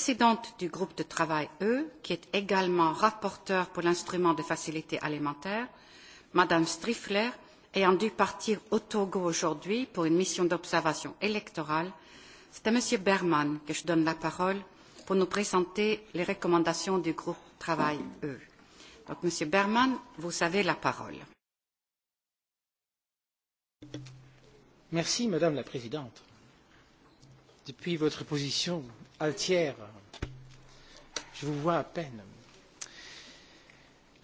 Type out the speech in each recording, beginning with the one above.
précédente du groupe de travail E, qui est également rapporteure pour l'instrument de facilité alimentaire, Madame striffler ayant dû partir au Togo aujourd'hui pour une mission d'observation électorale, c'est à m. Berman que je donne la parole pour nous présenter les recommandations du groupe Travail E. Donc, Monsieur Berman, vous avez la parole. Merci, Madame la Présidente. Depuis votre position Altière, je vous vois à peine.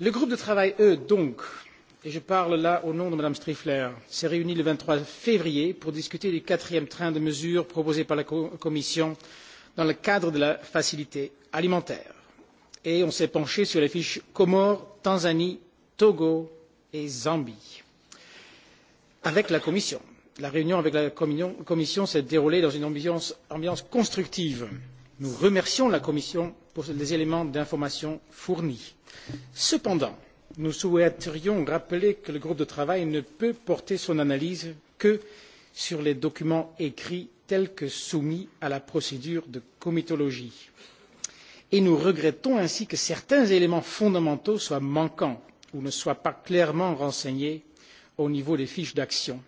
Le groupe de travail, E, donc, et je parle là au nom de Mme Striffler, s'est réuni le 23 février pour discuter du quatrième train de mesures proposées par la Commission dans le cadre de la facilité alimentaire. Et on s'est penché sur les fiches Comores, Tanzanie, Togo et Zambie avec la Commission. La réunion avec la Commission s'est déroulée dans une ambiance, ambiance constructive. Nous remercions la Commission pour les éléments d'information fournis. Cependant, nous souhaiterions rappeler que le groupe de travail ne peut porter son analyse que sur les documents écrits tels que soumis à la procédure de comitologie. Et nous regrettons ainsi que certains éléments fondamentaux soient manquants ou ne soient pas clairement renseignés au niveau des fiches d'action.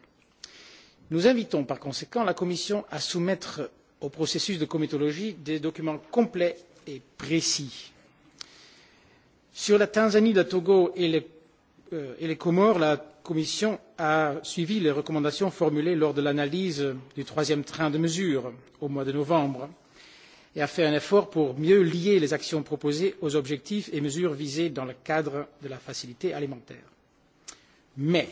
Nous invitons par conséquent la Commission à soumettre au processus de comitologie des documents complets et précis. Sur la Tanzanie, le Togo et les, euh, et les Comores, la Commission a suivi les recommandations formulées lors de l'analyse du troisième train de mesures au mois de novembre et a fait un effort pour mieux lier les actions proposées aux objectifs et mesures visés dans le cadre de la facilité alimentaire. Mais,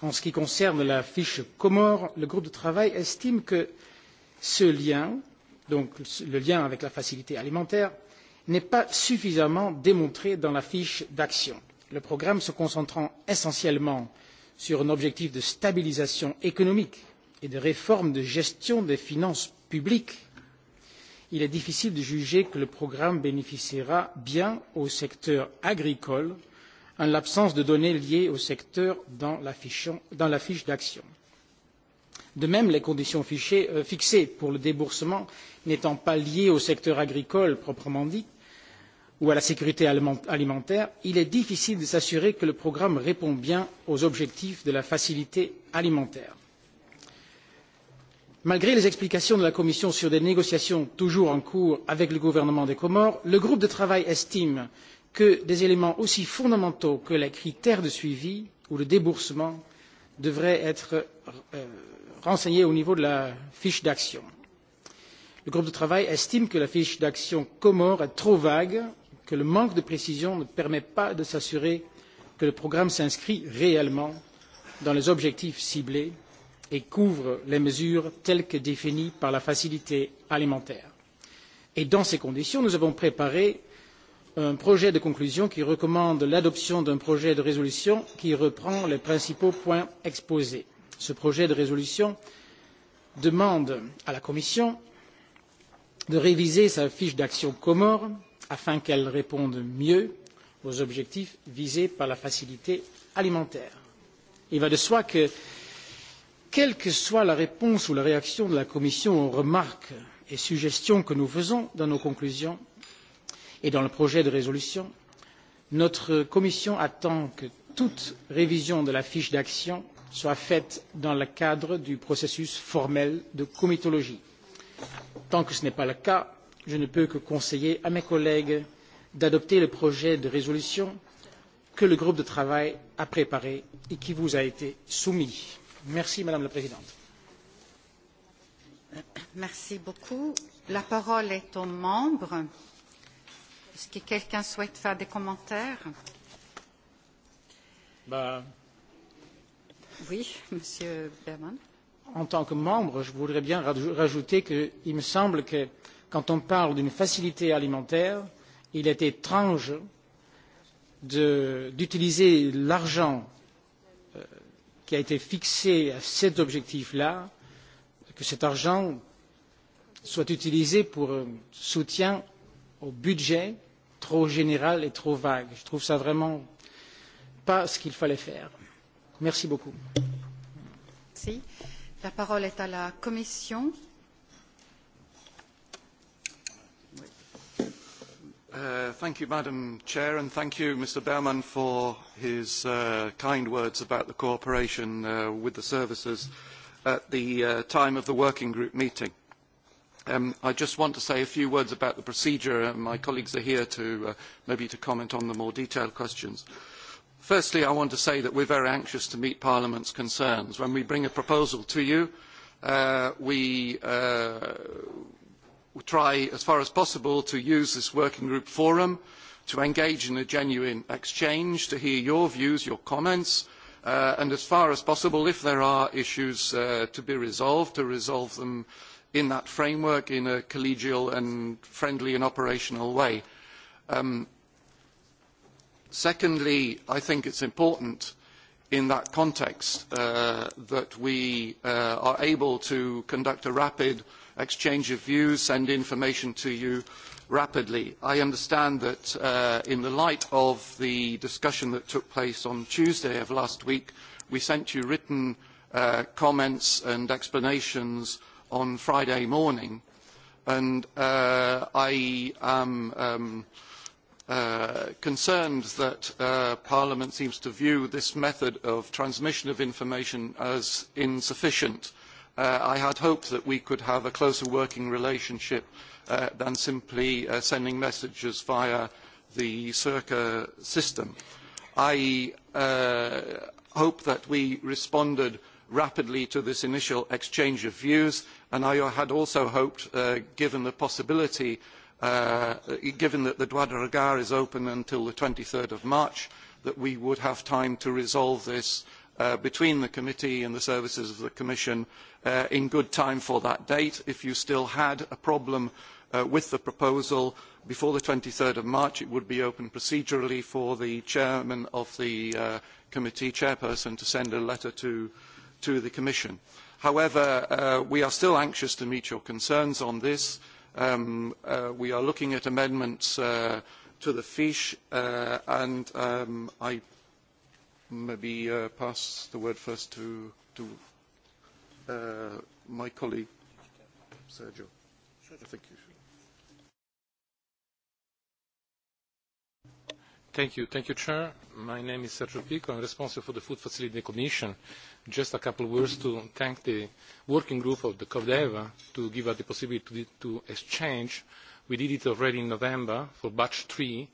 en ce qui concerne la fiche Comores, le groupe de travail estime que ce lien, donc le lien avec la facilité alimentaire, n'est pas suffisamment démontré dans la fiche d'action, le programme se concentrant essentiellement sur un objectif de stabilisation économique et de réforme de gestion des finances publiques, il est difficile de juger que le programme bénéficiera bien au secteur agricole en l'absence de données liées au secteur dans la fiche d'action. De même, les conditions euh, fixées pour le déboursement n'étant pas liées au secteur agricole proprement dit ou à la sécurité alimentaire, il est difficile de s'assurer que le programme répond bien aux objectifs de la facilité alimentaire. Malgré les explications de la Commission sur des négociations toujours en cours avec le gouvernement des Comores, le groupe de travail estime que des éléments aussi fondamentaux que les critères de suivi ou le déboursement devraient être euh, renseigner au niveau de la fiche d'action. Le groupe de travail estime que la fiche d'action Comores est trop vague, que le manque de précision ne permet pas de s'assurer que le programme s'inscrit réellement dans les objectifs ciblés et couvre les mesures telles que définies par la facilité alimentaire. Et dans ces conditions, nous avons préparé un projet de conclusion qui recommande l'adoption d'un projet de résolution qui reprend les principaux points exposés. Ce projet de résolution demande à la Commission de réviser sa fiche d'action Comore afin qu'elle réponde mieux aux objectifs visés par la facilité alimentaire. Il va de soi que, quelle que soit la réponse ou la réaction de la Commission aux remarques et suggestions que nous faisons dans nos conclusions et dans le projet de résolution, notre Commission attend que toute révision de la fiche d'action soit faite dans le cadre du processus formel de comitologie. Tant que ce n'est pas le cas, je ne peux que conseiller à mes collègues d'adopter le projet de résolution que le groupe de travail a préparé et qui vous a été soumis. Merci Madame la Présidente. Merci beaucoup. La parole est aux membres. Est-ce que quelqu'un souhaite faire des commentaires bah, en tant que membre, je voudrais bien rajouter qu'il me semble que quand on parle d'une facilité alimentaire, il est étrange d'utiliser l'argent euh, qui a été fixé à cet objectif-là, que cet argent soit utilisé pour un euh, soutien au budget trop général et trop vague. Je trouve ça vraiment pas ce qu'il fallait faire Merci beaucoup. Merci. La parole est à la Commission. Uh, thank you, Madam Chair, and thank you, Mr. Behrman, for his uh, kind words about the cooperation uh, with the services at the uh, time of the working group meeting. Um, I just want to say a few words about the procedure. and My colleagues are here to uh, maybe to comment on the more detailed questions. Uh, firstly i want to say that we are very anxious to meet parliament's concerns. when we bring a proposal to you uh, we, uh, try as far as possible to use this working group forum to engage in a genuine exchange to hear your views your comments uh, and as far as possible if there are issues uh, to be resolved to resolve them in that framework in a collegial and friendly and operational way. Um, Secondly, I think it's important in that context uh, that we uh, are able to conduct a rapid exchange of views, send information to you rapidly. I understand that uh, in the light of the discussion that took place on Tuesday of last week, we sent you written uh, comments and explanations on Friday morning, and uh, I am um, Uh, concerned that uh, Parliament seems to view this method of transmission of information as insufficient. Uh, I had hoped that we could have a closer working relationship uh, than simply uh, sending messages via the Circa system. I hope that we responded rapidly to this initial exchange of views, and I had also hoped, given the possibility uh, given that the Douadaragar is open until the 23rd of March, that we would have time to resolve this uh, between the committee and the services of the Commission uh, in good time for that date. If you still had a problem uh, with the proposal before the 23rd of March, it would be open procedurally for the chairman of the uh, committee chairperson to send a letter to, to the Commission. However, uh, we are still anxious to meet your concerns on this. Uh, Um, uh, we are looking at amendments uh, to the fish, uh, and um, I maybe uh, pass the word first to, to uh, my colleague, Sergio. Thank you. Thank you. Thank you, Chair. My name is Sergio Pico. I'm responsible for the Food Facility Commission. Uh, just a couple of words to thank the working group of the CODEVA to give us the possibility to, to exchange. We did it already in November for batch three,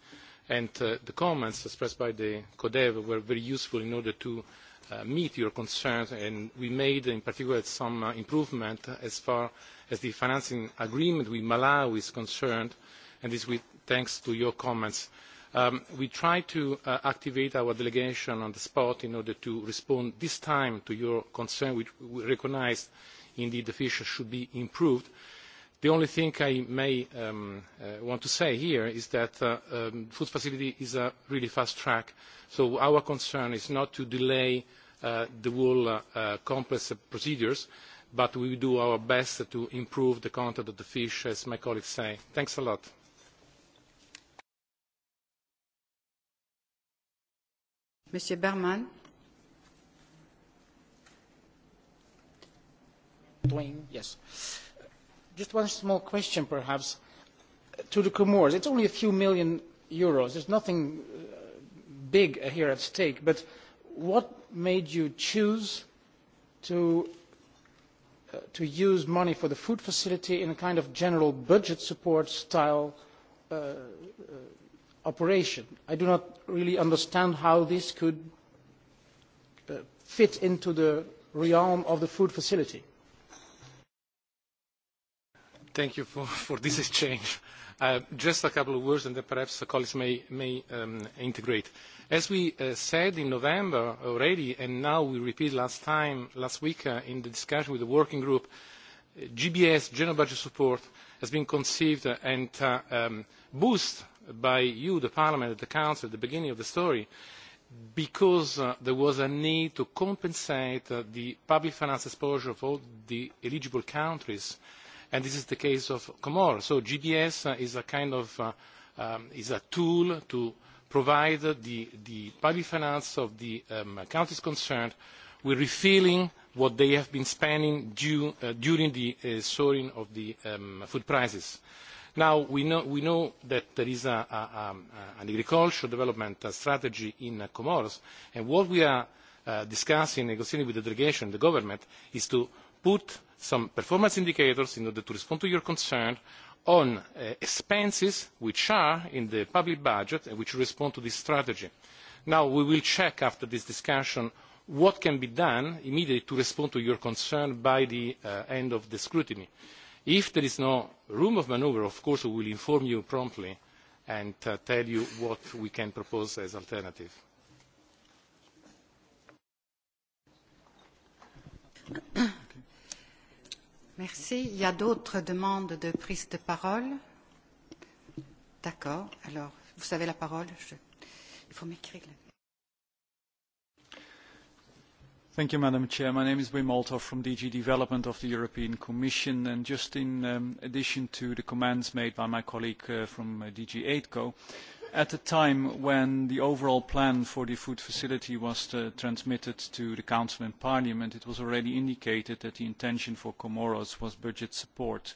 and uh, the comments expressed by the CODEVA were very useful in order to uh, meet your concerns, and we made in particular some uh, improvement as far as the financing agreement with Malawi is concerned, and this with thanks to your comments. Um, we try to uh, activate our delegation on the spot in order to respond this time to your concern, which we recognise indeed the fish should be improved. The only thing I may um, uh, want to say here is that uh, um, food facility is a really fast track, so our concern is not to delay uh, the whole uh, uh, complex procedures, but we do our best to improve the content of the fish, as my colleagues say. Thanks a lot. Monsieur Berman. yes. Just one small question, perhaps, to the Comores. It's only a few million euros. There's nothing uh, big here at stake. But what made you choose to uh, to use money for the food facility in a kind of general budget support style uh, uh, operation. I do not really understand how this could uh, fit into the realm of the food facility. Thank you for, for this exchange. Uh, just a couple of words and then perhaps the colleagues may, may um, integrate. As we uh, said in November already, and now we repeat last time, last week uh, in the discussion with the working group, uh, GBS, general budget support, has been conceived uh, and um, by you, the Parliament and the Council at the beginning of the story, because uh, there was a need to compensate uh, the public finance exposure of all the eligible countries, and this is the case of Comoros. So GBS uh, is a kind of um, is a tool to provide the, the public finance of the um, countries concerned with refilling what they have been spending during the soaring of the um, food prices. Now, we know, that there is an agricultural development strategy in Comoros, and what we are uh, discussing and negotiating with the delegation, the government, is to put some performance indicators in order to respond to your concern on uh, expenses which are in the public budget and which respond to this strategy. Now, we will check after this discussion what can be done immediately to respond to your concern by the uh, end of the scrutiny. If there is no room for manoeuvre, of course, we will inform you promptly and uh, tell you what we can propose as alternative. Merci. Il y a d'autres demandes de prise de parole D'accord. Alors, vous avez la parole. Je... Il faut m'écrire. Madam president My name is Wim althoff from DG Development of the European Commission. And just in um, addition to the comments made by my colleague uh, from uh, DG AIDCO, at a time when the overall plan for the food facility was uh, transmitted to the Council and Parliament, it was already indicated that the intention for Comoros was budget support.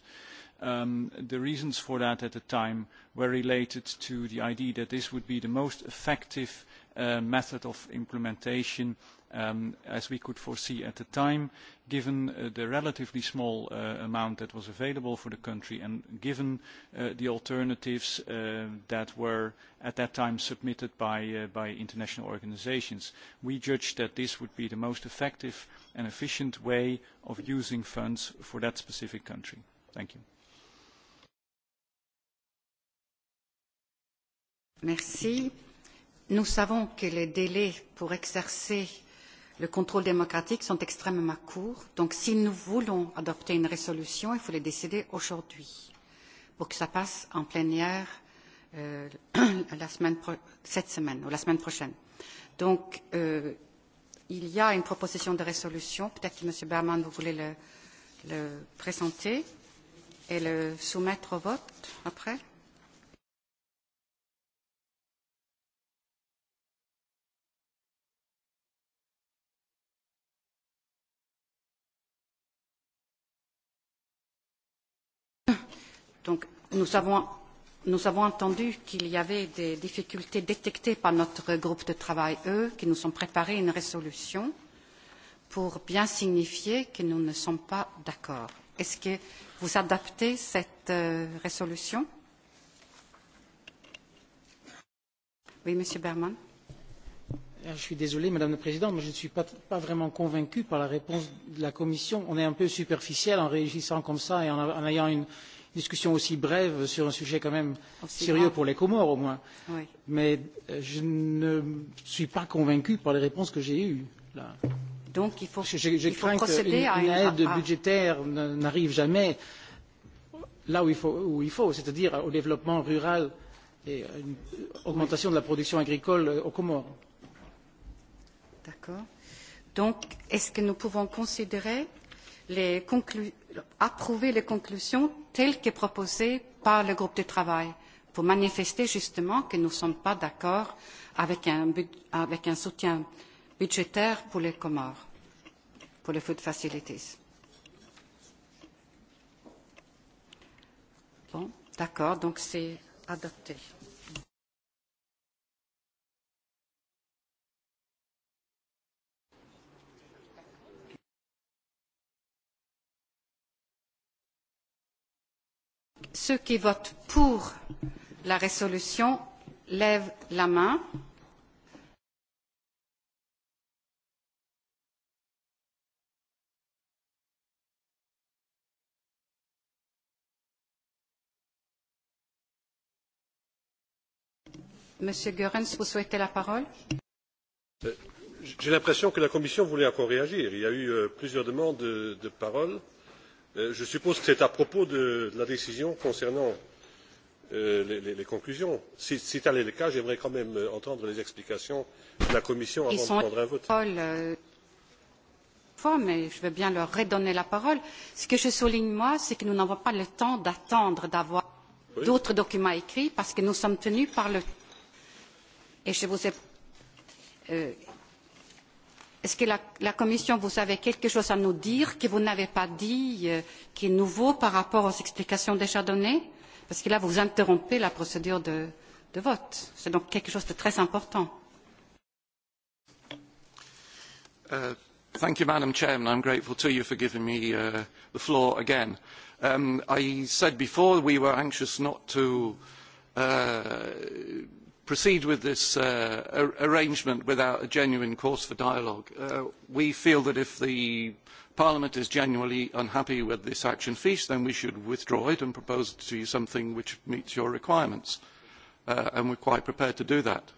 Um, the reasons for that at the time were related to the idea that this would be the most effective method of implementation and Um, as we could foresee at the time, given uh, the relatively small uh, amount that was available for the country and given uh, the alternatives uh, that were at that time submitted by, uh, by international organisations. We judged that this would be the most effective and efficient way of using funds for that specific country. Thank you. Merci. Nous savons que le délai pour exercer le contrôle démocratique sont extrêmement courts. Donc si nous voulons adopter une résolution, il faut la décider aujourd'hui pour que ça passe en plénière euh, la semaine cette semaine ou la semaine prochaine. Donc euh, il y a une proposition de résolution. Peut-être que monsieur Berman, vous voulez le, le présenter et le soumettre au vote après Donc, nous avons, nous avons entendu qu'il y avait des difficultés détectées par notre groupe de travail, eux, qui nous ont préparé une résolution pour bien signifier que nous ne sommes pas d'accord. Est-ce que vous adaptez cette euh, résolution Oui, Monsieur Berman. Euh, je suis désolé, Madame la Présidente, mais je ne suis pas, pas vraiment convaincu par la réponse de la Commission. On est un peu superficiel en réagissant comme ça et en, en ayant une, discussion aussi brève sur un sujet quand même sérieux grave. pour les Comores au moins. Oui. Mais euh, je ne suis pas convaincu par les réponses que j'ai eues. Là. Donc il faut, je, je il faut procéder à une, une aide à... budgétaire n'arrive jamais là où il faut, où il faut c'est-à-dire au développement rural et à une augmentation oui. de la production agricole euh, aux Comores. D'accord. Donc, est-ce que nous pouvons considérer approuver les conclusions telles que proposées par le groupe de travail pour manifester justement que nous ne sommes pas d'accord avec, avec un soutien budgétaire pour les Comores, pour les food facilities. Bon, d'accord, donc c'est adopté. Ceux qui votent pour la résolution lèvent la main. Monsieur Goerens, vous souhaitez la parole euh, J'ai l'impression que la Commission voulait encore réagir. Il y a eu euh, plusieurs demandes de, de parole. Euh, Euh, je suppose que c'est à propos de la décision concernant euh, les conclusions. si tel est le cas j'aimerais quand même euh, entendre les explications de la commission avant de prendre un vote. Mais je veux bien leur redonner la parole. Ce que je souligne, moi, c'est que nous n'avons pas le temps d'attendre d'avoir d'autres documents écrits parce que nous sommes tenus par le et je vous ai Est-ce que la, Commission, vous avez quelque chose à nous dire que vous n'avez pas dit, euh, qui est nouveau par rapport aux explications déjà données Parce que là, vous interrompez la procédure de, de vote. C'est donc quelque chose de très important. Uh, thank you, Madam I'm grateful to you for giving me uh, the floor again. Um, I said before we were anxious not to uh, proceed with this uh, arrangement without a genuine course for dialogue. Uh, we feel that if the Parliament is genuinely unhappy with this action feast, then we should withdraw it and propose to you something which meets your requirements. Uh, and we're quite prepared to do that.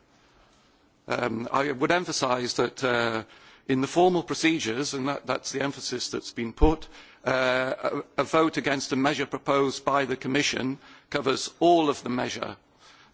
Um, I would emphasise that uh, in the formal procedures, and that, that's the emphasis that's been put, uh, a, a vote against a measure proposed by the Commission covers all of the measure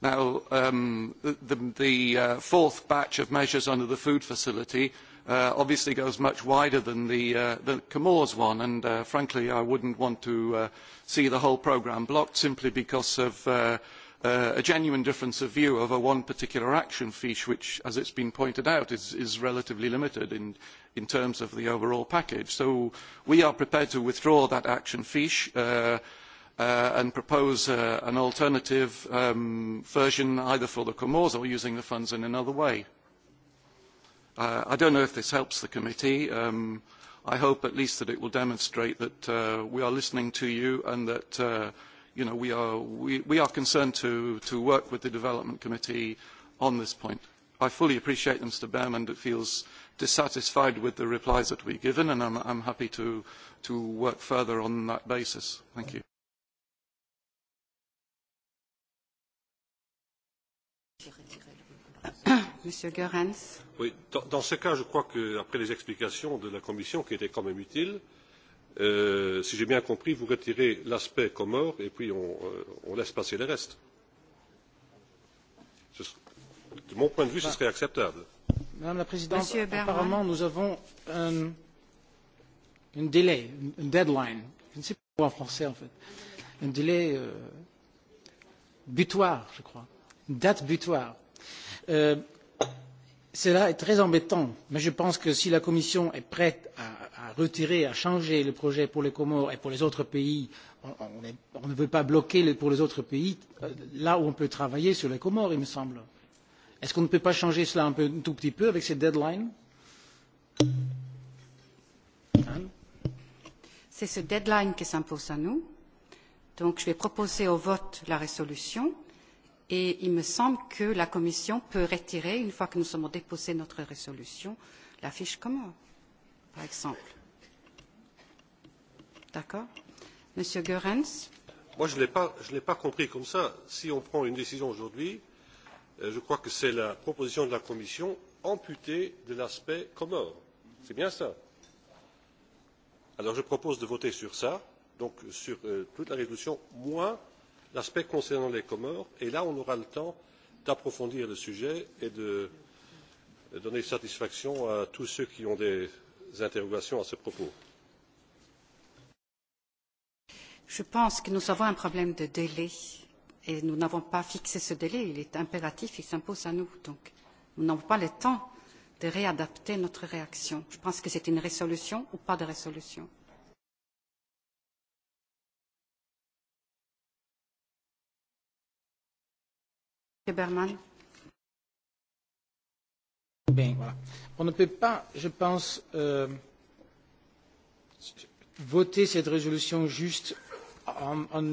Now, um, the, the uh, fourth batch of measures under the food facility uh, obviously goes much wider than the, uh, the Comores one, and uh, frankly, I wouldn't want to uh, see the whole programme blocked simply because of uh, uh, a genuine difference of view over one particular action fiche, which, as it's been pointed out, is, is relatively limited in, in terms of the overall package. So we are prepared to withdraw that action fiche. Uh, uh, and propose uh, an alternative um, version either for the Comores or using the funds in another way. Uh, I don't know if this helps the committee. Um, I hope at least that it will demonstrate that uh, we are listening to you and that uh, you know, we, are, we, we are concerned to, to work with the Development Committee on this point. I fully appreciate that Mr. Behrman feels dissatisfied with the replies that we've given, and I'm, I'm happy to, to work further on that basis. Thank you. Monsieur Goerens. Oui, dans, dans ce cas, je crois qu'après les explications de la Commission, qui étaient quand même utiles, euh, si j'ai bien compris, vous retirez l'aspect Comore et puis on, euh, on laisse passer le reste. Ce, de mon point de vue, ce serait acceptable. Madame la Présidente, apparemment, nous avons un, un délai, un deadline. Je ne sais pas en français, en fait. Un délai euh, butoir, je crois date butoir. Euh, cela est très embêtant, mais je pense que si la Commission est prête à, à retirer, à changer le projet pour les Comores et pour les autres pays, on, on, est, on ne veut pas bloquer le, pour les autres pays euh, là où on peut travailler sur les Comores, il me semble. Est-ce qu'on ne peut pas changer cela un, peu, un tout petit peu avec ces deadlines Anne C'est ce deadline qui s'impose à nous. Donc je vais proposer au vote la résolution et il me semble que la Commission peut retirer, une fois que nous aurons déposé notre résolution, la fiche commune, par exemple. D'accord Monsieur Goerens Moi, je ne l'ai pas compris comme ça. Si on prend une décision aujourd'hui, euh, je crois que c'est la proposition de la Commission amputée de l'aspect commun. C'est bien ça. Alors, je propose de voter sur ça, donc sur euh, toute la résolution, moins l'aspect concernant les comores et là on aura le temps d'approfondir le sujet et de donner satisfaction à tous ceux qui ont des interrogations à ce propos. je pense que nous avons un problème de délai et nous n'avons pas fixé ce délai il est impératif il s'impose à nous donc nous n'avons pas le temps de réadapter notre réaction. je pense que c'est une résolution ou pas de résolution. Berman. Bien, voilà. On ne peut pas, je pense, euh, voter cette résolution juste en, en,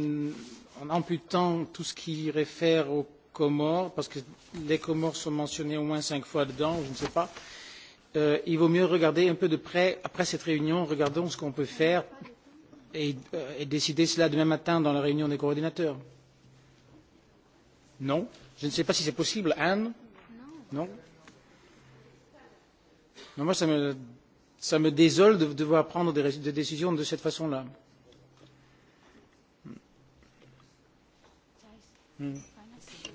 en amputant tout ce qui réfère aux Comores, parce que les Comores sont mentionnés au moins cinq fois dedans, je ne sais pas. Euh, il vaut mieux regarder un peu de près, après cette réunion, regardons ce qu'on peut faire et, euh, et décider cela demain matin dans la réunion des coordinateurs. Non. Je ne sais pas si c'est possible. Anne Non Non, moi, ça me, ça me désole de devoir prendre des, des décisions de cette façon-là. Hmm.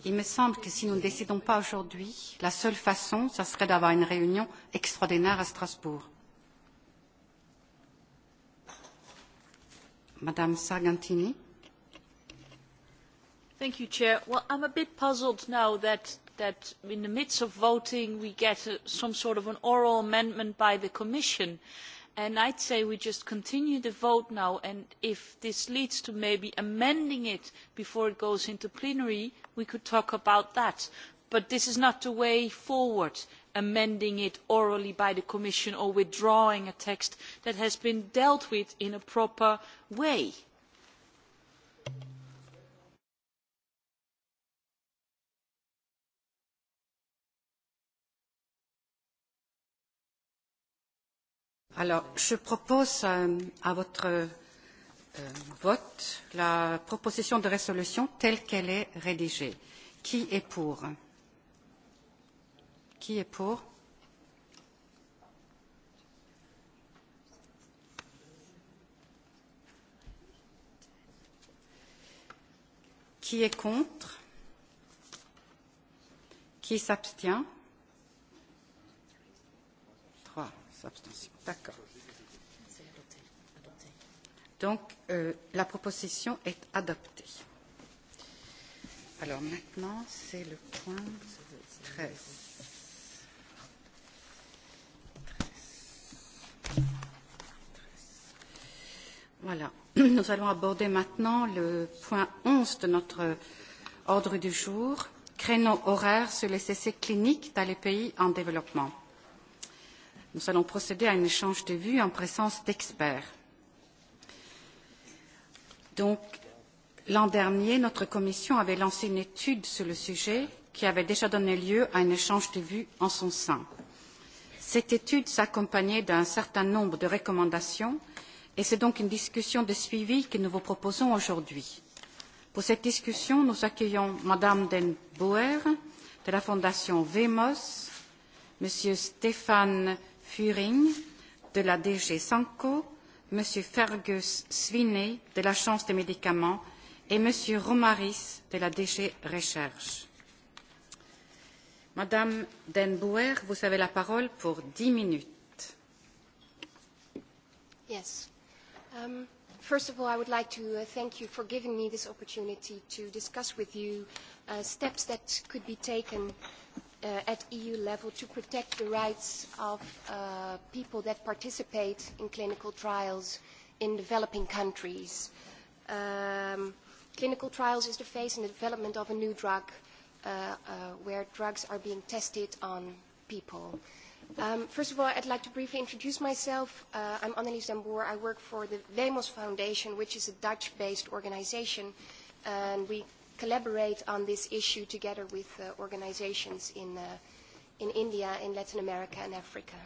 Il me semble que si nous ne décidons pas aujourd'hui, la seule façon, ce serait d'avoir une réunion extraordinaire à Strasbourg. Madame Sargentini Thank you, Chair. a bit puzzled now that, in the midst of voting we get some sort of an oral amendment by the Commission. And i would say we just continue the vote now, and if this leads to maybe amending it before it goes into plenary, we could talk about that. But this is not the way forward amending it orally by the Commission or withdrawing a text that has been dealt with in a proper way. Alors, je propose euh, à votre euh, vote la proposition de résolution telle qu'elle est rédigée. Qui est pour Qui est pour Qui est contre Qui s'abstient S'abstention. D'accord. Donc, euh, la proposition est adoptée. Alors maintenant, c'est le point 13. Voilà. Nous allons aborder maintenant le point 11 de notre ordre du jour, créneau horaire sur les essais cliniques dans les pays en développement. Nous allons procéder à un échange de vues en présence d'experts. Donc, l'an dernier, notre commission avait lancé une étude sur le sujet qui avait déjà donné lieu à un échange de vues en son sein. Cette étude s'accompagnait d'un certain nombre de recommandations et c'est donc une discussion de suivi que nous vous proposons aujourd'hui. Pour cette discussion, nous accueillons Madame Den Boer de la Fondation VEMOS, Monsieur Stéphane Furing de la DG Sanco, M. Fergus Swinney de l'Agence des médicaments et M. Romaris de la DG Recherche. Madame Den Bouwer, vous avez la parole pour dix minutes. Yes. Um, first of all, I would like to uh, thank you for giving me this opportunity to discuss with you uh, steps that could be taken uh, at EU level to protect the rights of uh, people that participate in clinical trials in developing countries. Um, clinical trials is the phase in the development of a new drug uh, uh, where drugs are being tested on people. Um, first of all, I'd like to briefly introduce myself. Uh, I'm Annelies den Boer. I work for the Demos Foundation, which is a Dutch-based organization, and we collaborate on this issue together with uh, organizations in, uh, in India, in Latin America and Africa.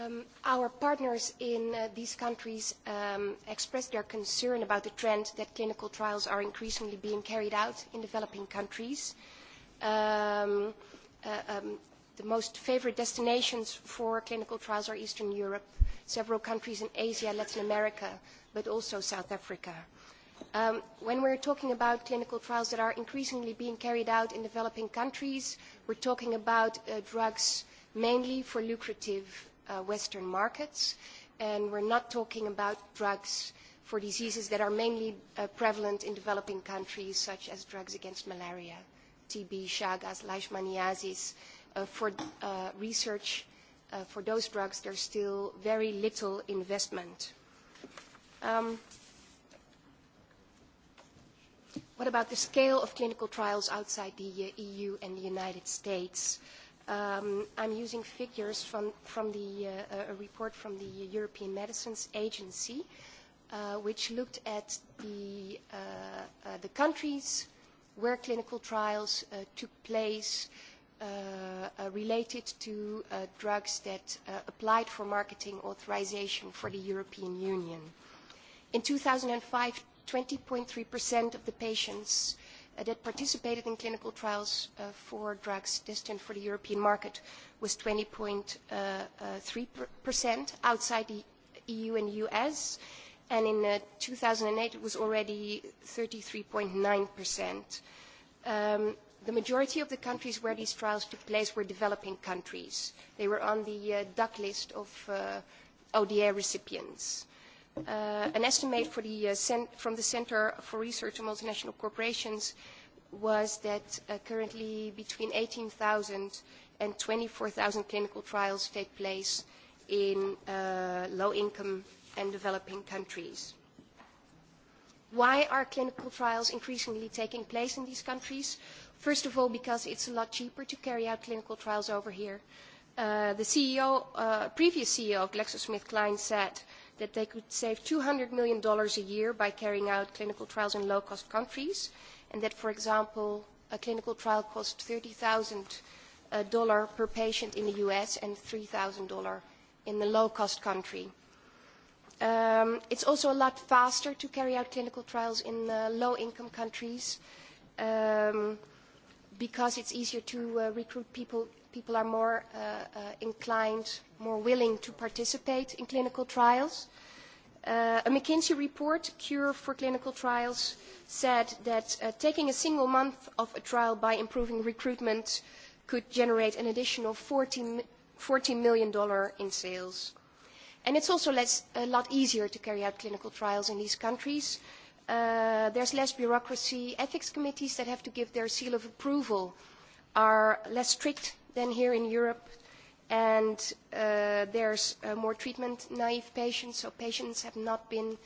Um, our partners in uh, these countries um, expressed their concern about the trend that clinical trials are increasingly being carried out in developing countries. Um, uh, um, the most favorite destinations for clinical trials are Eastern Europe, several countries in Asia, Latin America, but also South Africa. Um, when we're talking about clinical trials that are increasingly being carried out in developing countries, we're talking about uh, drugs mainly for lucrative uh, Western markets, and we're not talking about drugs for diseases that are mainly uh, prevalent in developing countries, such as drugs against malaria, TB, Chagas, Leishmaniasis. Uh, for uh, research uh, for those drugs, there's still very little investment. Um, what about the scale of clinical trials outside the uh, EU and the United States? Um, I'm using figures from, from the, uh, a report from the European Medicines Agency, uh, which looked at the, uh, uh, the countries where clinical trials uh, took place uh, uh, related to uh, drugs that uh, applied for marketing authorization for the European Union. In 2005, 20.3% of the patients uh, that participated in clinical trials uh, for drugs destined for the European market was 20.3% uh, uh, outside the EU and US, and in uh, 2008 it was already 33.9%. Um, the majority of the countries where these trials took place were developing countries. They were on the uh, duck list of uh, ODA recipients uh, an estimate for the, uh, from the Center for Research on Multinational Corporations was that uh, currently between 18,000 and 24,000 clinical trials take place in uh, low-income and developing countries. Why are clinical trials increasingly taking place in these countries? First of all, because it's a lot cheaper to carry out clinical trials over here. Uh, the CEO, uh, previous CEO of GlaxoSmithKline said uh, that they could save $200 million a year by carrying out clinical trials in low-cost countries, and that, for example, a clinical trial costs $30,000 uh, per patient in the US and $3,000 in the low-cost country. Um, it's also a lot faster to carry out clinical trials in uh, low-income countries um, because it's easier to uh, recruit people people are more uh, uh, inclined, more willing to participate in clinical trials. Uh, a McKinsey report, Cure for Clinical Trials, said that uh, taking a single month of a trial by improving recruitment could generate an additional $14, $14 million in sales. And it's also less, a lot easier to carry out clinical trials in these countries. Uh, there's less bureaucracy. Ethics committees that have to give their seal of approval are less strict than here in Europe. And uh, there's uh, more treatment-naive patients, so patients have not been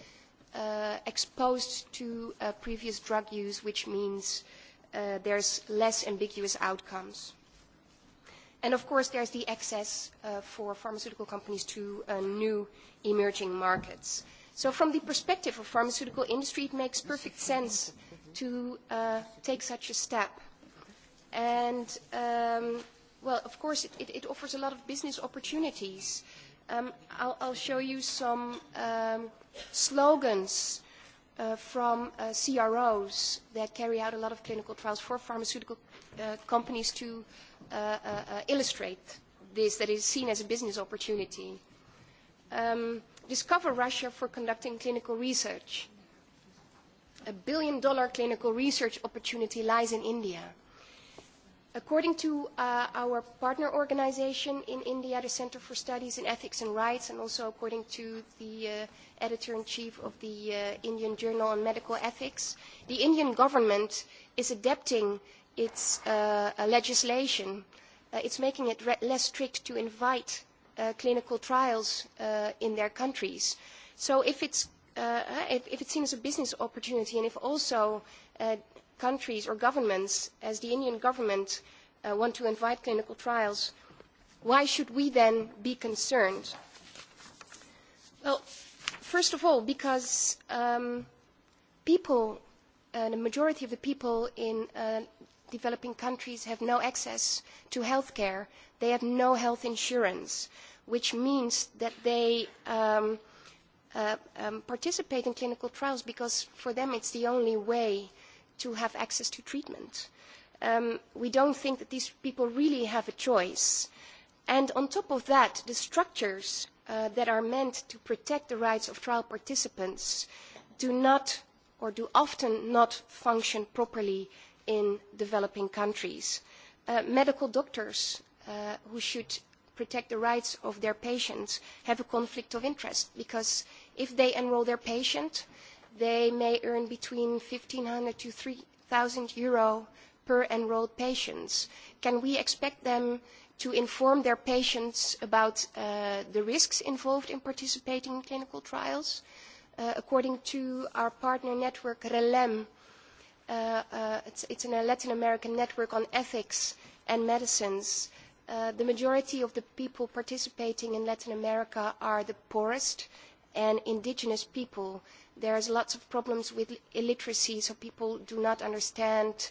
uh, exposed to uh, previous drug use, which means uh, there's less ambiguous outcomes. And of course, there's the access uh, for pharmaceutical companies to uh, new emerging markets. So from the perspective of pharmaceutical industry, it makes perfect sense to uh, take such a step. And um, well, of course, it, it, it offers a lot of business opportunities. Um, I'll, I'll show you some um, slogans uh, from uh, CROs that carry out a lot of clinical trials for pharmaceutical uh, companies to uh, uh, uh, illustrate this, that is seen as a business opportunity. Um, discover Russia for conducting clinical research. A billion dollar clinical research opportunity lies in India According to uh, our partner organization in India, the Center for Studies in Ethics and Rights, and also according to the uh, editor-in-chief of the uh, Indian Journal on Medical Ethics, the Indian government is adapting its uh, legislation. Uh, it's making it less strict to invite uh, clinical trials uh, in their countries. So if, it's, uh, if, if it seems a business opportunity and if also uh, countries or governments, as the Indian government, uh, want to invite clinical trials, why should we then be concerned? Well, first of all, because um, people, uh, the majority of the people in uh, developing countries have no access to health care. They have no health insurance, which means that they um, uh, um, participate in clinical trials because for them it's the only way to have access to treatment. Um, we don't think that these people really have a choice. And on top of that, the structures uh, that are meant to protect the rights of trial participants do not or do often not function properly in developing countries. Uh, medical doctors uh, who should protect the rights of their patients have a conflict of interest because if they enroll their patient, they may earn between 1,500 to 3,000 euro per enrolled patients. Can we expect them to inform their patients about uh, the risks involved in participating in clinical trials? Uh, according to our partner network, RELEM, uh, uh, it's, it's a Latin American network on ethics and medicines. Uh, the majority of the people participating in Latin America are the poorest and indigenous people There are lots of problems with illiteracy, so people do not understand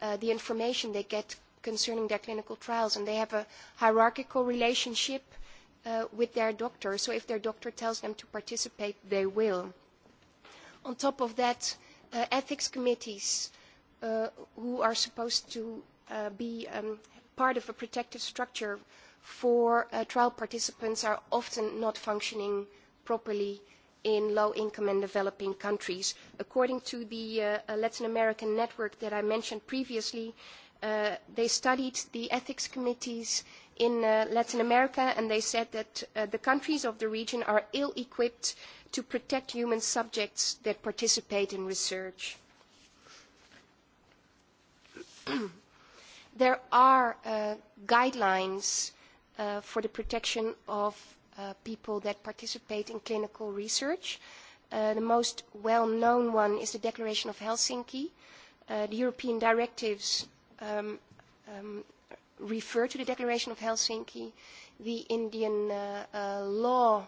uh, the information they get concerning their clinical trials, and they have a hierarchical relationship uh, with their doctor. So if their doctor tells them to participate, they will. On top of that, uh, ethics committees uh, who are supposed to uh, be um, part of a protective structure for uh, trial participants are often not functioning properly uh, in low-income and developing countries. According to the uh, uh, Latin American network that I mentioned previously, uh, they studied the ethics committees in uh, Latin America, and they said that uh, the countries of the region are ill-equipped to protect human subjects that participate in research. there are uh, guidelines uh, for the protection of Uh, people that participate in clinical research. Uh, the most well-known one is the Declaration of Helsinki. Uh, the European directives um, um, refer to the Declaration of Helsinki. The Indian uh, uh, law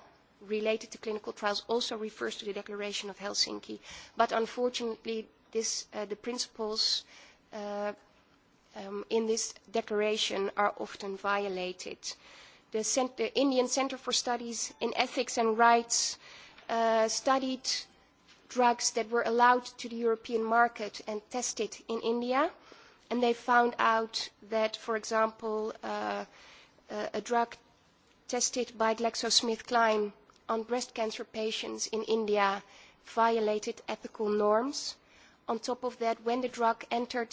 related to clinical trials also refers to the Declaration of Helsinki. But unfortunately, this, uh, the principles uh, um, in this declaration are often violated. Uh, the, Cent the Indian Center for Studies in Ethics and Rights uh, studied drugs that were allowed to the European market and tested in India. And they found out that, for example, uh, uh a drug tested by GlaxoSmithKline on breast cancer patients in India violated ethical norms. On top of that, when the drug entered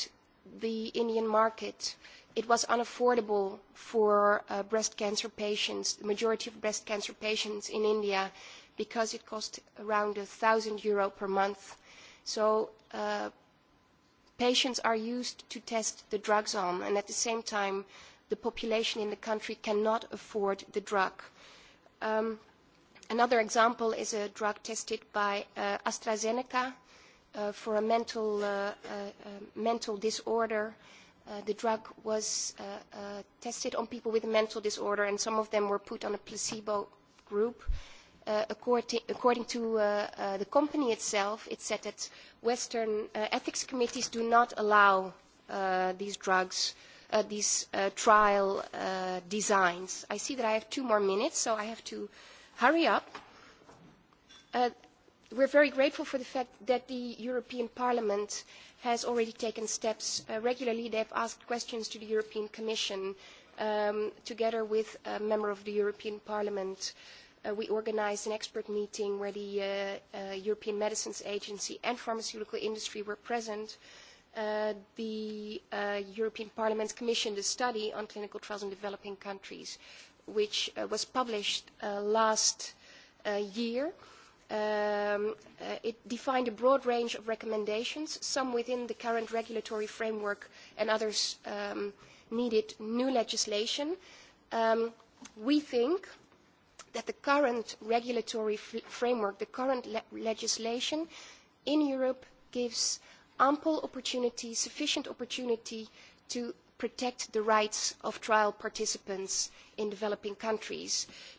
the Indian market, it was unaffordable for uh, breast cancer patients, the majority of breast cancer patients in India, because it cost around 1,000 euro per month. So uh, patients are used to test the drugs on, and at the same time, the population in the country cannot afford the drug. Um, another example is a drug tested by uh, AstraZeneca uh, for a mental, uh, uh, uh mental disorder. Uh, Uh, the drug was uh, uh, tested on people with a mental disorder, and some of them were put on a placebo group. Uh, according, according to uh, uh, the company itself, it said that Western uh, ethics committees do not allow uh, these drugs, uh, these uh, trial uh, designs. I see that I have two more minutes, so I have to hurry up. Uh, we are very grateful for the fact that the European Parliament has already taken steps uh, regularly. They have asked questions to the European Commission um, together with a member of the European Parliament. Uh, we organised an expert meeting where the uh, uh, European Medicines Agency and pharmaceutical industry were present. Uh, the uh, European Parliament commissioned a study on clinical trials in developing countries, which was published last year. Um, uh, it defined a broad range of recommendations, some within the current regulatory framework and others um, needed new legislation. Um, we think that the current regulatory framework, the current le legislation in Europe gives ample opportunity, sufficient opportunity to protect the rights of trial participants in developing countries.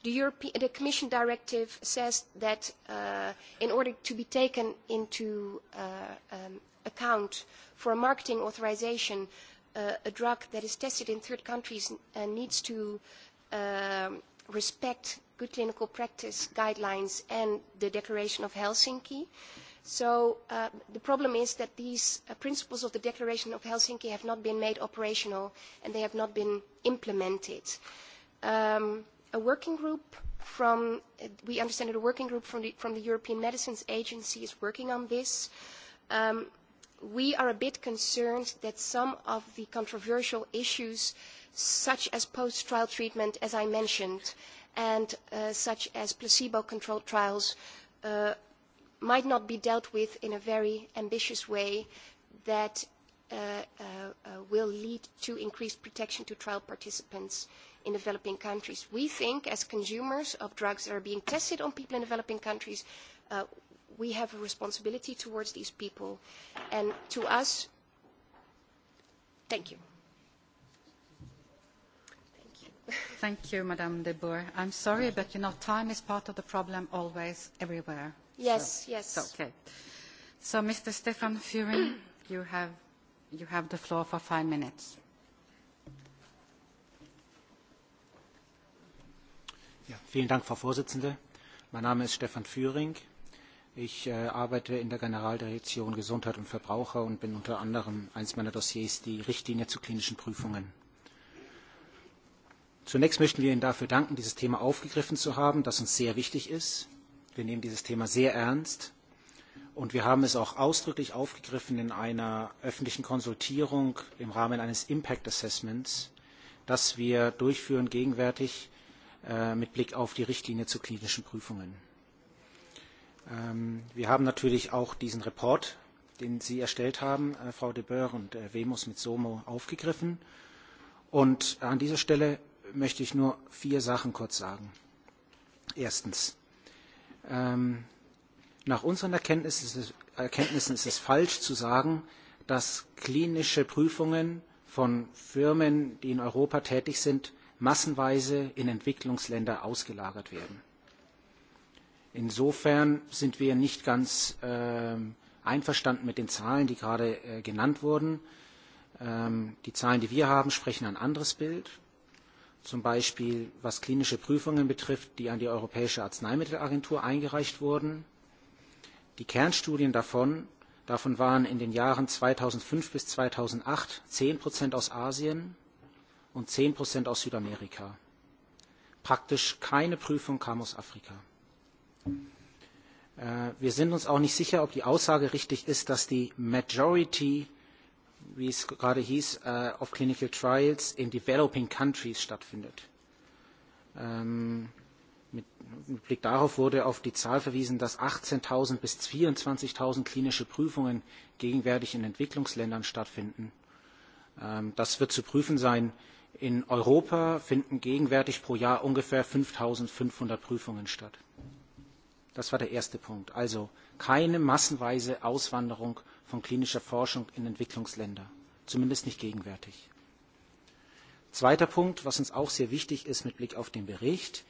The, Europe the Commission directive says that uh, in order to be taken into uh, um, account for a marketing authorization, uh, a drug that is tested in third countries uh, needs to um, respect good clinical practice guidelines and the Declaration of Helsinki. So uh, the problem is that these uh, principles of the Declaration of Helsinki have not been made operational and they have not been implemented. Um, a working group from, uh, we understand that a working group from the, from the European Medicines Agency is working on this. Um, we are a bit concerned that some of the controversial issues, such as post-trial treatment, as I mentioned, and uh, such as placebo-controlled trials, uh, might not be dealt with in a very ambitious way that uh, uh, uh, will lead to increased protection to trial participants in developing countries. We think, as consumers of drugs that are being tested on people in developing countries, we have a responsibility towards these people. And to us, thank you. Thank you, Madame de Boer. I'm sorry, but you know, time is part of the problem always, everywhere Yes, yes. Okay. So, Mr. Stefan Furin, you have, you have the floor for five minutes. Ja, vielen Dank, Frau Vorsitzende. Mein Name ist Stefan Führing. Ich äh, arbeite in der Generaldirektion Gesundheit und Verbraucher und bin unter anderem eines meiner Dossiers die Richtlinie zu klinischen Prüfungen. Zunächst möchten wir Ihnen dafür danken, dieses Thema aufgegriffen zu haben, das uns sehr wichtig ist. Wir nehmen dieses Thema sehr ernst. Und wir haben es auch ausdrücklich aufgegriffen in einer öffentlichen Konsultierung im Rahmen eines Impact Assessments, das wir durchführen gegenwärtig äh, mit Blick auf die Richtlinie zu klinischen Prüfungen. Ähm, wir haben natürlich auch diesen Report, den Sie erstellt haben, äh, Frau de Boer und äh, Wemus mit Somo, aufgegriffen. Und an dieser Stelle möchte ich nur vier Sachen kurz sagen. Erstens. Ähm, nach unseren Erkenntnissen ist, es, Erkenntnissen ist es falsch zu sagen, dass klinische Prüfungen von Firmen, die in Europa tätig sind, massenweise in Entwicklungsländer ausgelagert werden. Insofern sind wir nicht ganz äh, einverstanden mit den Zahlen, die gerade äh, genannt wurden. Ähm, die Zahlen, die wir haben, sprechen ein anderes Bild zum Beispiel was klinische Prüfungen betrifft, die an die Europäische Arzneimittelagentur eingereicht wurden. Die Kernstudien davon, davon waren in den Jahren 2005 bis 2008 10 Prozent aus Asien und 10 Prozent aus Südamerika. Praktisch keine Prüfung kam aus Afrika. Äh, wir sind uns auch nicht sicher, ob die Aussage richtig ist, dass die Majority wie es gerade hieß, äh, of clinical trials in developing countries stattfindet. Ähm, mit, mit Blick darauf wurde auf die Zahl verwiesen, dass 18.000 bis 24.000 klinische Prüfungen gegenwärtig in Entwicklungsländern stattfinden. Ähm, das wird zu prüfen sein. In Europa finden gegenwärtig pro Jahr ungefähr 5.500 Prüfungen statt. Das war der erste Punkt. Also keine massenweise Auswanderung von klinischer Forschung in Entwicklungsländer, zumindest nicht gegenwärtig. Zweiter Punkt, was uns auch sehr wichtig ist mit Blick auf den Bericht.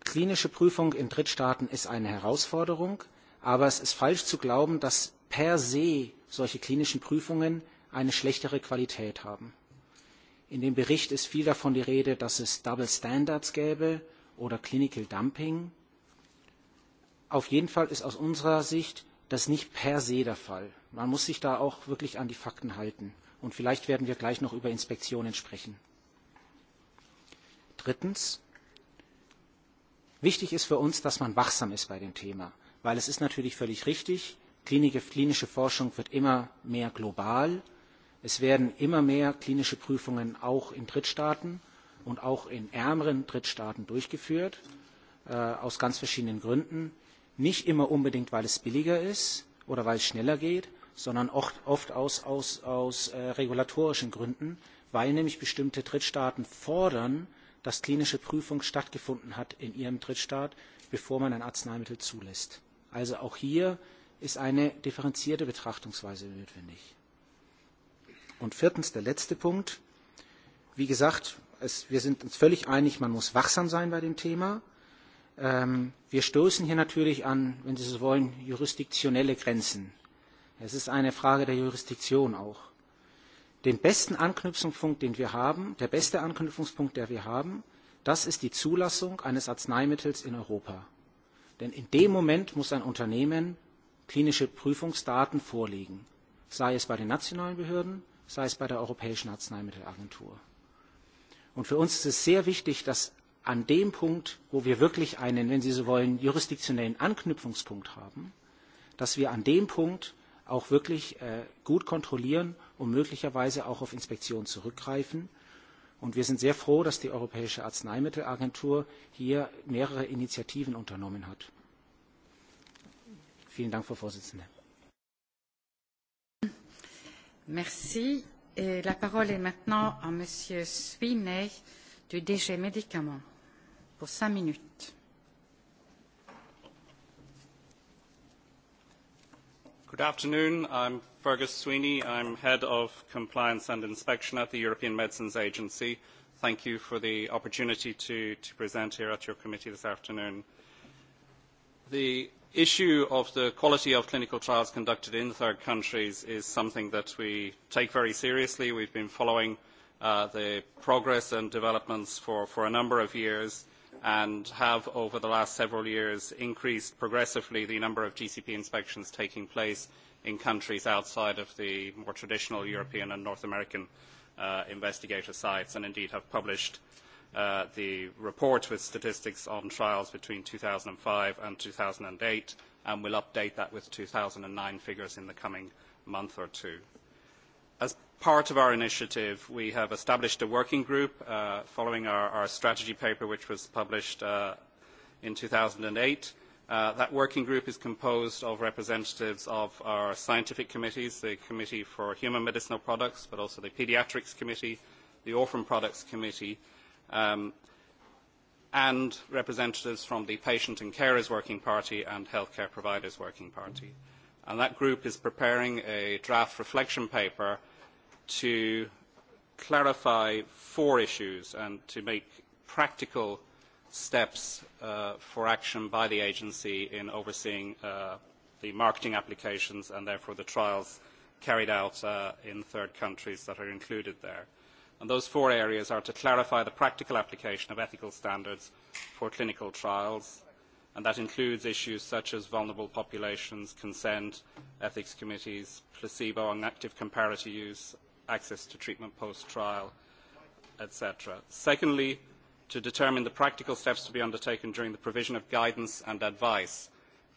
Klinische Prüfung in Drittstaaten ist eine Herausforderung, aber es ist falsch zu glauben, dass per se solche klinischen Prüfungen eine schlechtere Qualität haben. In dem Bericht ist viel davon die Rede, dass es Double Standards gäbe oder Clinical Dumping. Auf jeden Fall ist aus unserer Sicht das ist nicht per se der Fall. Man muss sich da auch wirklich an die Fakten halten. Und vielleicht werden wir gleich noch über Inspektionen sprechen. Drittens. Wichtig ist für uns, dass man wachsam ist bei dem Thema, weil es ist natürlich völlig richtig, klinische Forschung wird immer mehr global. Es werden immer mehr klinische Prüfungen auch in Drittstaaten und auch in ärmeren Drittstaaten durchgeführt, äh, aus ganz verschiedenen Gründen. Nicht immer unbedingt, weil es billiger ist oder weil es schneller geht, sondern oft, oft aus, aus, aus äh, regulatorischen Gründen, weil nämlich bestimmte Drittstaaten fordern, dass klinische Prüfung stattgefunden hat in ihrem Drittstaat, bevor man ein Arzneimittel zulässt. Also auch hier ist eine differenzierte Betrachtungsweise notwendig. Und viertens, der letzte Punkt. Wie gesagt, es, wir sind uns völlig einig, man muss wachsam sein bei dem Thema. Ähm, wir stoßen hier natürlich an, wenn Sie so wollen, jurisdiktionelle Grenzen. Es ist eine Frage der Jurisdiktion auch. Den besten Anknüpfungspunkt, den wir haben, der beste Anknüpfungspunkt, der wir haben, das ist die Zulassung eines Arzneimittels in Europa. Denn in dem Moment muss ein Unternehmen klinische Prüfungsdaten vorlegen, sei es bei den nationalen Behörden, sei es bei der Europäischen Arzneimittelagentur. Und für uns ist es sehr wichtig, dass an dem Punkt, wo wir wirklich einen, wenn Sie so wollen, jurisdiktionellen Anknüpfungspunkt haben, dass wir an dem Punkt auch wirklich äh, gut kontrollieren und möglicherweise auch auf Inspektionen zurückgreifen. Und wir sind sehr froh, dass die Europäische Arzneimittelagentur hier mehrere Initiativen unternommen hat. Vielen Dank, Frau Vorsitzende. Merci. Et la parole est maintenant à Monsieur Swinney du DG Médicaments pour cinq minutes. Good afternoon. I'm Fergus Sweeney. I'm head of compliance and inspection at the European Medicines Agency. Thank you for the opportunity to, to present here at your committee this afternoon. The issue of the quality of clinical trials conducted in third countries is something that we take very seriously. We've been following uh, the progress and developments for, for a number of years and have over the last several years increased progressively the number of GCP inspections taking place in countries outside of the more traditional European and North American uh, investigator sites and indeed have published uh, the report with statistics on trials between 2005 and 2008 and will update that with 2009 figures in the coming month or two. As part of our initiative, we have established a working group uh, following our, our strategy paper, which was published uh, in 2008. Uh, that working group is composed of representatives of our scientific committees, the Committee for Human Medicinal Products, but also the Pediatrics Committee, the Orphan Products Committee, um, and representatives from the Patient and Carers Working Party and Healthcare Providers Working Party. And that group is preparing a draft reflection paper uh, to clarify four issues and to make practical steps uh, for action by the agency in overseeing uh, the marketing applications and therefore the trials carried out uh, in third countries that are included there. And those four areas are to clarify the practical application of ethical standards for clinical trials, and that includes issues such as vulnerable populations, consent, ethics committees, placebo and active comparator use, access to treatment post-trial, etc. Secondly, to determine the practical steps to be undertaken during the provision of guidance and advice.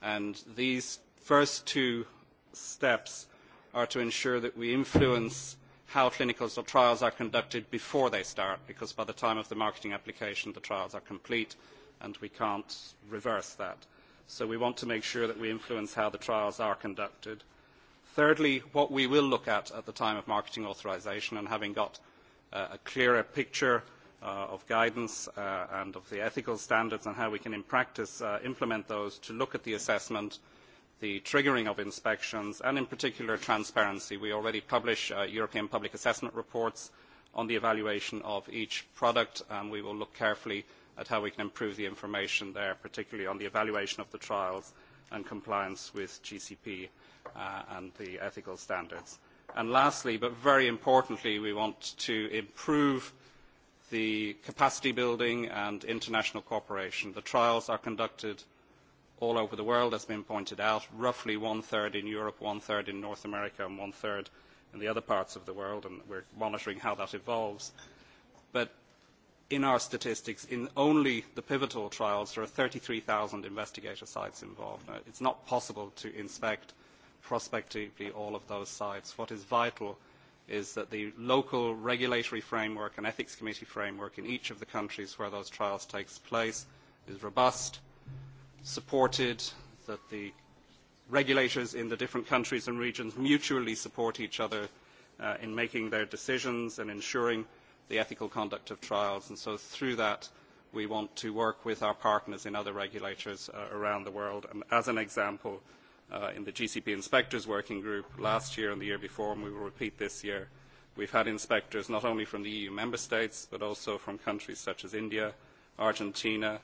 And these first two steps are to ensure that we influence how clinicals or trials are conducted before they start, because by the time of the marketing application, the trials are complete and we can't reverse that. So we want to make sure that we influence how the trials are conducted. Thirdly, what we will look at at the time of marketing authorization and having got uh, a clearer picture uh, of guidance uh, and of the ethical standards and how we can in practice uh, implement those to look at the assessment, the triggering of inspections and in particular transparency. We already publish uh, European public assessment reports on the evaluation of each product and we will look carefully at how we can improve the information there, particularly on the evaluation of the trials and compliance with GCP uh, and the ethical standards. And lastly, but very importantly, we want to improve the capacity building and international cooperation. The trials are conducted all over the world, as has been pointed out, roughly one-third in Europe, one-third in North America, and one-third in the other parts of the world, and we're monitoring how that evolves. But in our statistics, in only the pivotal trials, there are 33,000 investigator sites involved. Now, it's not possible to inspect prospectively all of those sites. What is vital is that the local regulatory framework and ethics committee framework in each of the countries where those trials takes place is robust, supported, that the regulators in the different countries and regions mutually support each other uh, in making their decisions and ensuring the ethical conduct of trials. And so through that, we want to work with our partners in other regulators uh, around the world. And as an example, uh, in the GCP inspectors working group last year and the year before, and we will repeat this year. We've had inspectors not only from the EU member states, but also from countries such as India, Argentina,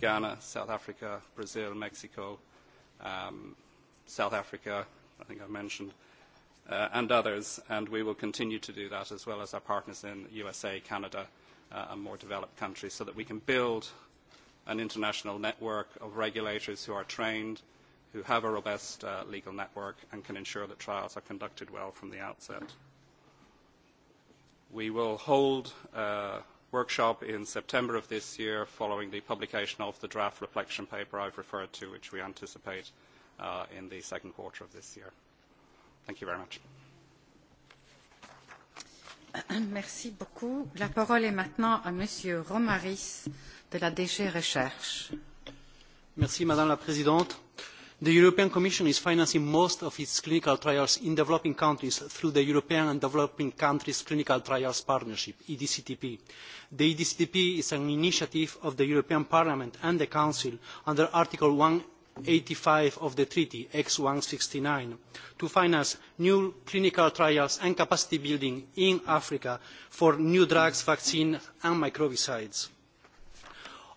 Ghana, South Africa, Brazil, Mexico, um, South Africa, I think I mentioned, uh, and others, and we will continue to do that as well as our partners in USA, Canada, uh, and more developed countries so that we can build an international network of regulators who are trained, who have a robust uh, legal network and can ensure that trials are conducted well from the outset. We will hold a workshop in September of this year following the publication of the draft reflection paper I've referred to, which we anticipate uh, in the second quarter of this year. Thank you very much. Merci beaucoup. La parole est maintenant à Monsieur Romaris de la DG Recherche. Merci Madame la Présidente The European Commission is financing most of its clinical trials in developing countries through the European and Developing Countries Clinical Trials Partnership, EDCTP. The EDCTP is an initiative of the European Parliament and the Council under Article 185 of the Treaty, X169, to finance new clinical trials and capacity building in Africa for new drugs, vaccines and microbicides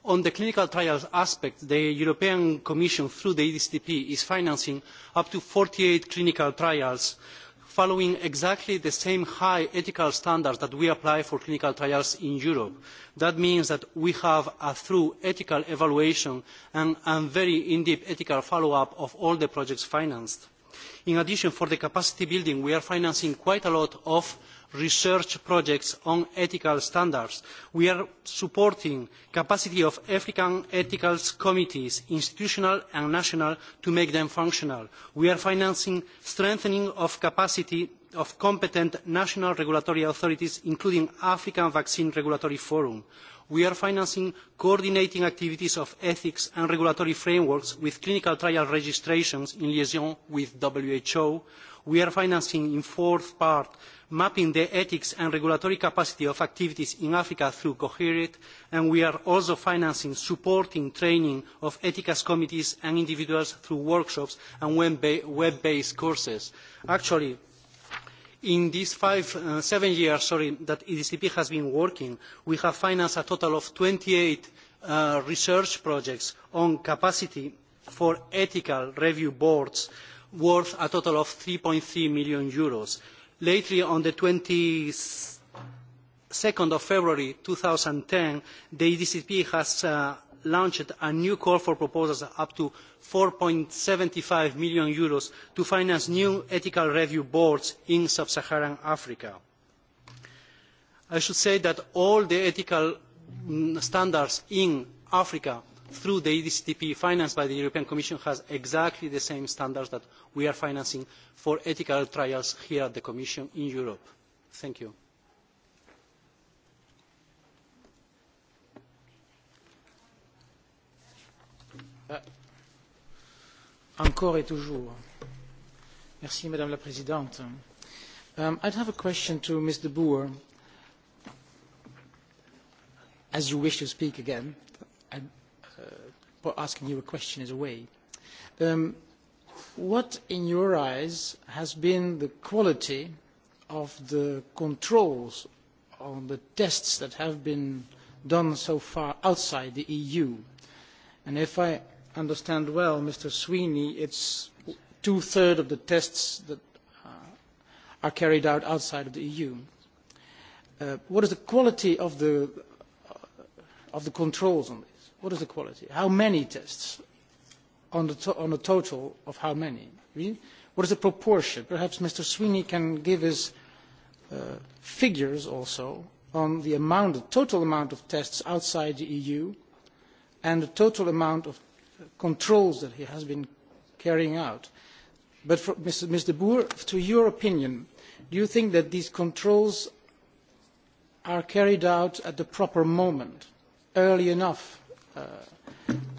on the clinical trials aspect, the European Commission, through the EDCP, is financing up to 48 clinical trials following exactly the same high ethical standards that we apply for clinical trials in Europe. That means that we have a thorough ethical evaluation and, and very in-depth ethical follow-up of all the projects financed. In addition, for the capacity building, we are financing quite a lot of research projects on ethical standards. We are supporting capacity of African ethical committees, institutional and national, to make them functional. We are financing strengthening of capacity of competent national regulatory authorities, including African Vaccine Regulatory Forum we are financing coordinating activities of ethics and regulatory frameworks with clinical trial registrations in liaison with WHO. We are financing, in fourth part, mapping the ethics and regulatory capacity of activities in Africa through COHERIT, and we are also financing supporting training of ethics committees and individuals through workshops and web-based courses. Actually, In these five, uh, seven years sorry, that EDCP has been working, we have financed a total of 28 uh, research projects on capacity for ethical review boards worth a total of 3.3 million euros. Lately, on the 22nd of February 2010, the EDCP has uh, launched a new call for proposals up to four seventy five million to finance new ethical review boards in sub-Saharan Africa. I should say that all the ethical mm, standards in Africa through the edcp financed by the European Commission have exactly the same standards that we are financing for ethical trials here at the Commission in Europe. Thank you. encore et toujours. Merci, Madame la Présidente. Um, I'd have a question to Mr. Boer. As you wish to speak again, I'm uh, asking you a question as a way. Um, what, in your eyes, has been the quality of the controls on the tests that have been done so far outside the EU? And if I understand well, Mr. Sweeney, it's two-thirds of the tests that uh, are carried out outside of the EU. Uh, what is the quality of the, uh, of the controls on this? What is the quality? How many tests on the, to on the total of how many? What is the proportion? Perhaps Mr. Sweeney can give us uh, figures also on the amount, the total amount of tests outside the EU and the total amount of controls that he has been carrying out. But for, Mr. Mr. Boer, to your opinion, do you think that these controls are carried out at the proper moment, early enough, uh,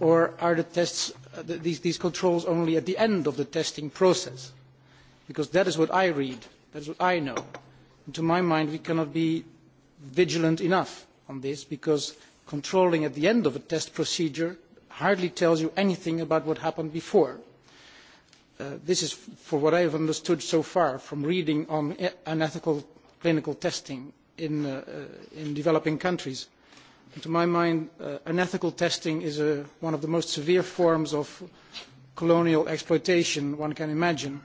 or are the tests, uh, the, these, these controls only at the end of the testing process? Because that is what I read, that is what I know. And to my mind, we cannot be vigilant enough on this because controlling at the end of a test procedure hardly tells you anything about what happened before. Uh, this is, for what I have understood so far from reading on unethical e, clinical testing in, uh, uh, in developing countries. And to my mind, unethical uh, testing is a, uh, one of the most severe forms of colonial exploitation one can imagine.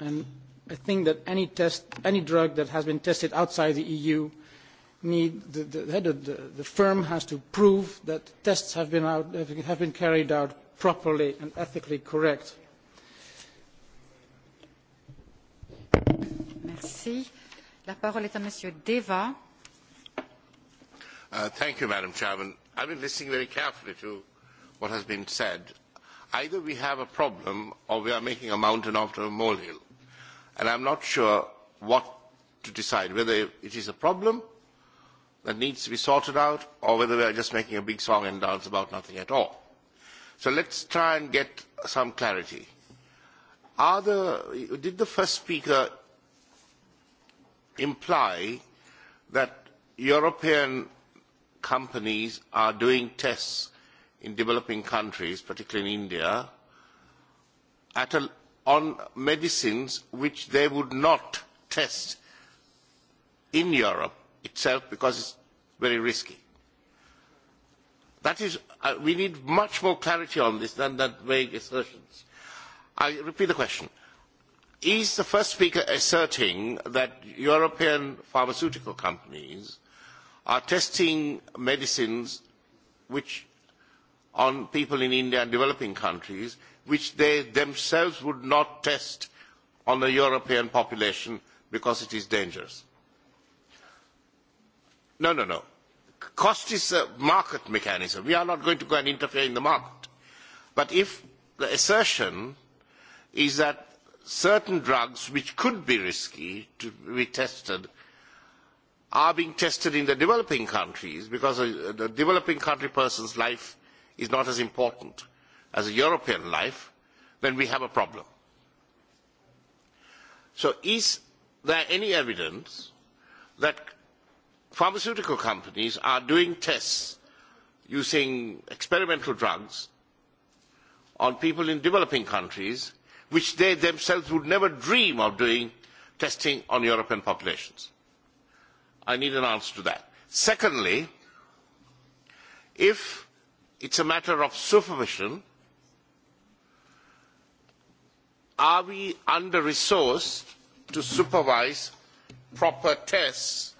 And I think that any, test, any drug that has been tested outside the EU need the, the, the, the firm has to prove that tests have been, out, have been carried out properly and ethically correct. Merci. La parole est à Monsieur Deva. Uh, thank you, Madam Chairman. I've been listening very carefully to what has been said. Either we have a problem or we are making a mountain after a molehill. And I'm not sure what to decide, whether it is a problem that needs to be sorted out or whether we are just making a big song and dance about nothing at all. So let's try and get some clarity. Are the, did the first speaker imply that European companies are doing tests in developing countries, particularly in India, at a, on medicines which they would not test in Europe itself because it's very risky. That is, uh, we need much more clarity on this than that vague assertions. I repeat the question. Is the first speaker asserting that European pharmaceutical companies are testing medicines which on people in India and developing countries, which they themselves would not test on the European population because it is dangerous? No, no, no. Cost is a market mechanism. We are not going to go and interfere in the market. But if the assertion is that certain drugs which could be risky to be tested are being tested in the developing countries because the developing country person's life is not as important as a European life, then we have a problem. So is there any evidence that pharmaceutical companies are doing tests using experimental drugs on people in developing countries, which they themselves would never dream of doing testing on European populations. I need an answer to that. Secondly, if it's a matter of supervision, are we under-resourced to supervise proper tests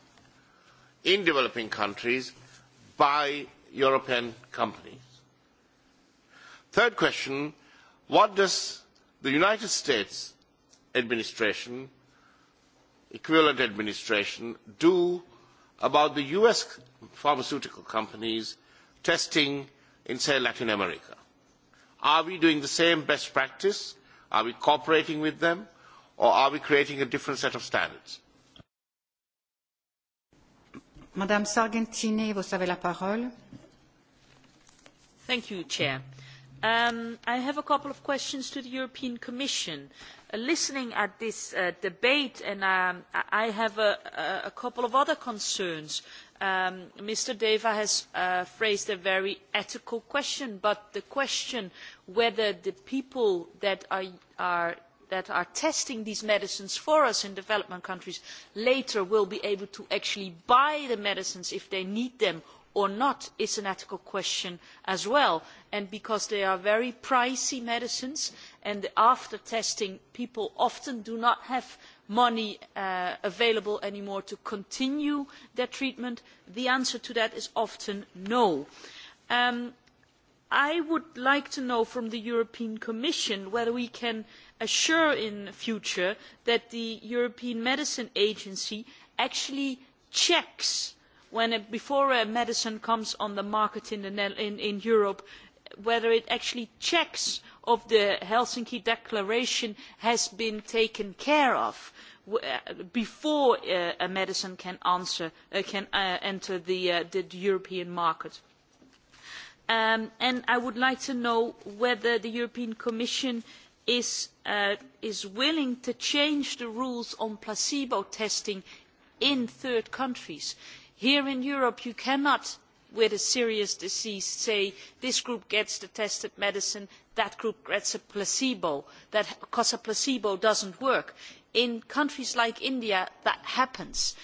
in developing countries by European companies. Third question, what does the United States administration, equivalent administration, do about the US pharmaceutical companies testing in, say, Latin America? Are we doing the same best practice? Are we cooperating with them? Or are we creating a different set of standards? Madame Sargentini, vous avez la parole. Thank you, Chair. Um, I have a couple of questions to the European Commission. Uh, listening at this uh, debate, and um, I have a, a, couple of other concerns. Um, Mr. Deva has uh, phrased a very ethical question, but the question whether the people that are, are that are testing these medicines for us in developing countries later will be able to actually buy the medicines if they need them or not is an ethical question as well. And because they are very pricey medicines and after testing people often do not have money uh, available anymore to continue their treatment, the answer to that is often no. Um, I would like to know from the European Commission whether we can uh, assure in future that the European Medicines Agency actually checks before a medicine comes on the market in, Europe whether it actually checks if the Helsinki Declaration has been taken care of uh, before uh, a medicine can, uh, enter the, European market. Um, and I would like to know whether the European Commission Uh, is, willing to change the rules on placebo testing in third countries. Here in Europe you cannot with a serious disease say this group gets the tested medicine, that group gets a placebo, because a placebo does not work. In countries like India that happens.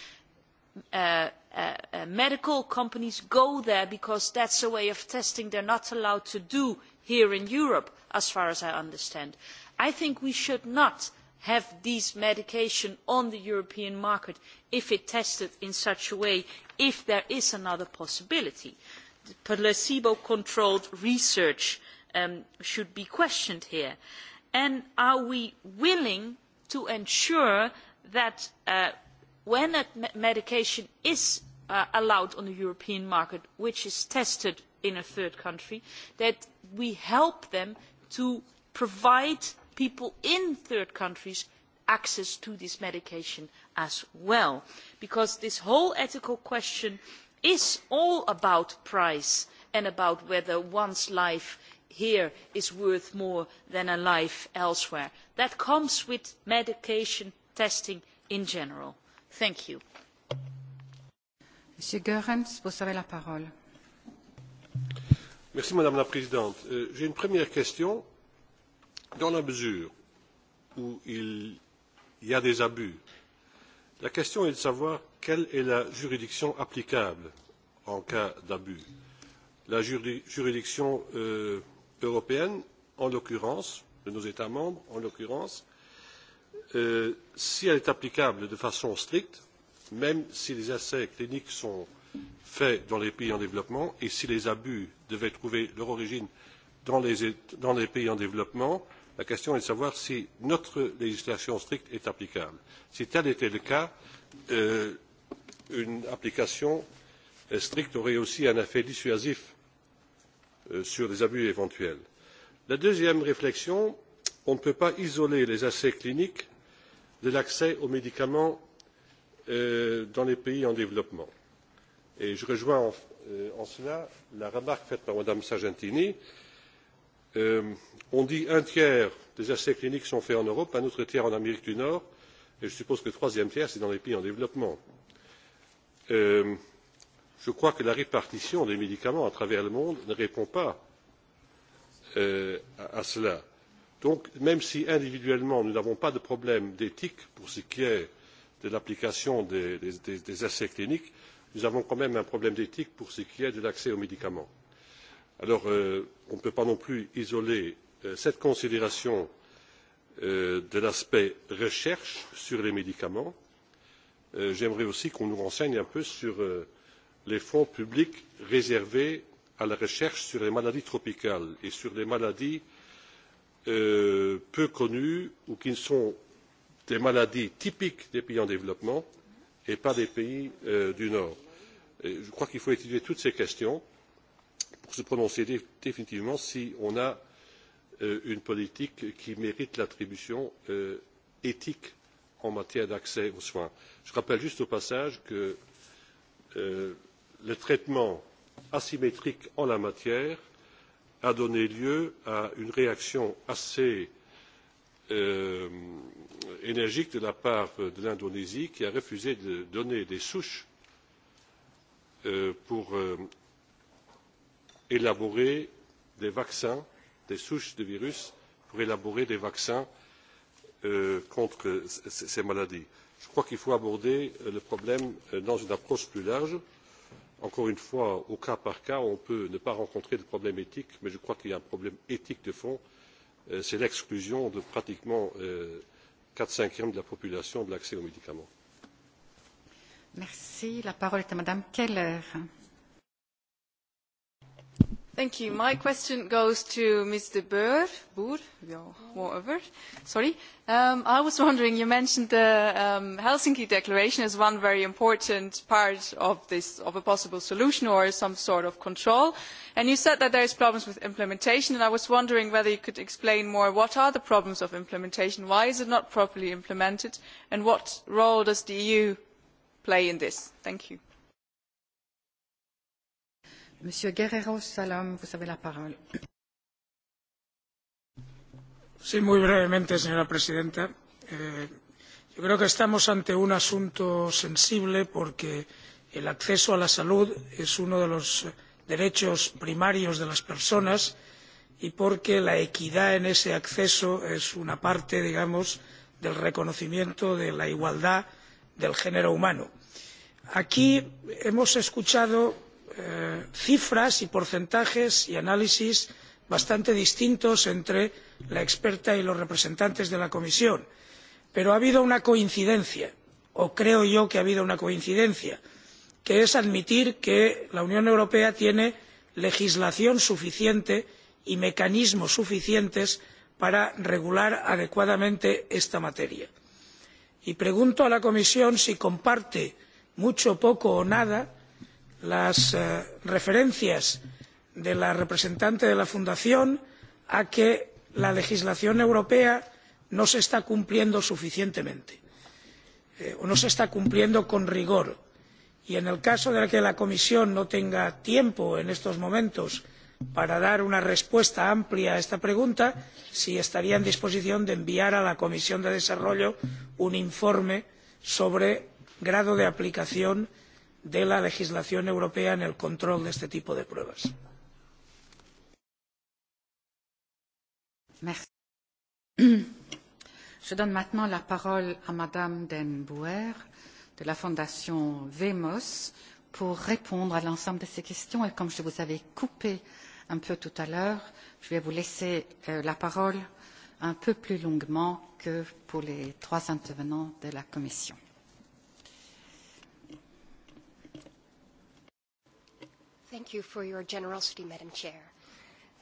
Uh, uh, medical companies go there because that is a way of testing they are not allowed to do here in europe as far as i understand. i think we should not have these medications on the european market if they are tested in such a way if there is another possibility. placebo controlled research um, should be questioned here. and are we willing to ensure that uh, when a medication is uh, allowed on the european market which is tested in a third country that we help them to provide people in third countries access to this medication as well because this whole ethical question is all about price and about whether one's life here is worth more than a life elsewhere. That comes with medication testing in general. Thank you. Madame la Présidente. Euh, j'ai une première question. Dans la mesure où il y a des abus, la question est de savoir quelle est la juridiction applicable en cas d'abus. La juridiction euh, européenne, en l'occurrence, de nos États membres, en l'occurrence, euh, si elle est applicable de façon stricte, même si les essais cliniques sont faits dans les pays en développement et si les abus devaient trouver leur origine dans les, pays en développement la question est de savoir si notre législation stricte est applicable. si tel était le cas euh, une application euh, stricte aurait aussi un effet dissuasif euh, sur les abus éventuels. la deuxième réflexion on ne peut pas isoler les essais cliniques de l'accès aux médicaments dans les pays en développement et je rejoins euh, en, cela la remarque faite par mme sargentini euh, on dit qu'un tiers des essais cliniques sont faits en europe un autre tiers en amérique du nord et je suppose que le troisième tiers c'est dans les pays en développement. Euh, je crois que la répartition des médicaments à travers le monde ne répond pas à, cela. donc même si individuellement nous n'avons pas de problème d'éthique pour ce qui est de l'application des essais cliniques nous avons quand même un problème d'éthique pour ce qui est de l'accès aux médicaments. Alors, euh, on ne peut pas non plus isoler euh, cette considération euh, de l'aspect recherche sur les médicaments. J'aimerais aussi qu'on nous renseigne un peu sur les fonds publics réservés à la recherche sur les maladies tropicales et sur les maladies peu connues ou qui sont des maladies typiques des pays en développement et pas des pays euh, du nord. je crois qu'il faut étudier toutes ces questions pour se prononcer définitivement si on a euh, une politique qui mérite l'attribution euh, éthique en matière d'accès aux soins. je rappelle juste au passage que le traitement asymétrique en la matière a donné lieu à une réaction assez Euh, énergique de la part de l'indonésie qui a refusé de donner des souches euh, pour euh, élaborer des vaccins des souches de virus pour élaborer des vaccins contre ces maladies. je crois qu'il faut aborder le problème dans une approche plus large encore une fois au cas par cas on peut ne pas rencontrer de problème éthique mais je crois qu'il y a un problème éthique de fond Euh, c'est l'exclusion de pratiquement euh, quatre cinquièmes de la population de l'accès aux médicaments. La parole est à Madame Keller. Thank you. My question goes to Mr. Boer. Boer, whatever. Sorry. Um, I was wondering, you mentioned the um, Helsinki Declaration as one very important part of, this, of a possible solution or some sort of control. And you said that there is problems with implementation, and I was wondering whether you could explain more what are the problems of implementation, why is it not properly implemented, and what role does the EU play in this? Thank you. Monsieur Guerrero Salom, vous avez la parole. Sí, muy brevemente, señora presidenta. Eh, yo creo que estamos ante un asunto sensible porque el acceso a la salud es uno de los derechos primarios de las personas y porque la equidad en ese acceso es una parte digamos del reconocimiento de la igualdad del género humano. aquí hemos escuchado Eh, cifras y porcentajes y análisis bastante distintos entre la experta y los representantes de la comisión pero ha habido una coincidencia o creo yo que ha habido una coincidencia que es admitir que la unión europea tiene legislación suficiente y mecanismos suficientes para regular adecuadamente esta materia. y pregunto a la comisión si comparte mucho poco o nada las eh, referencias de la representante de la fundación a que la legislación europea no se está cumpliendo suficientemente eh, o no se está cumpliendo con rigor y en el caso de que la comisión no tenga tiempo en estos momentos para dar una respuesta amplia a esta pregunta si estaría en disposición de enviar a la comisión de desarrollo un informe sobre grado de aplicación y de la legislación europea en el control de este tipo de pruebas. Je donne maintenant la parole à Madame Den Bouwer de la Fondation VEMOS pour répondre à l'ensemble de ces questions. Et comme je vous avais coupé un peu tout à l'heure, je vais vous laisser euh, la parole un peu plus longuement que pour les trois intervenants de la Commission. Thank you for your generosity, Madam Chair.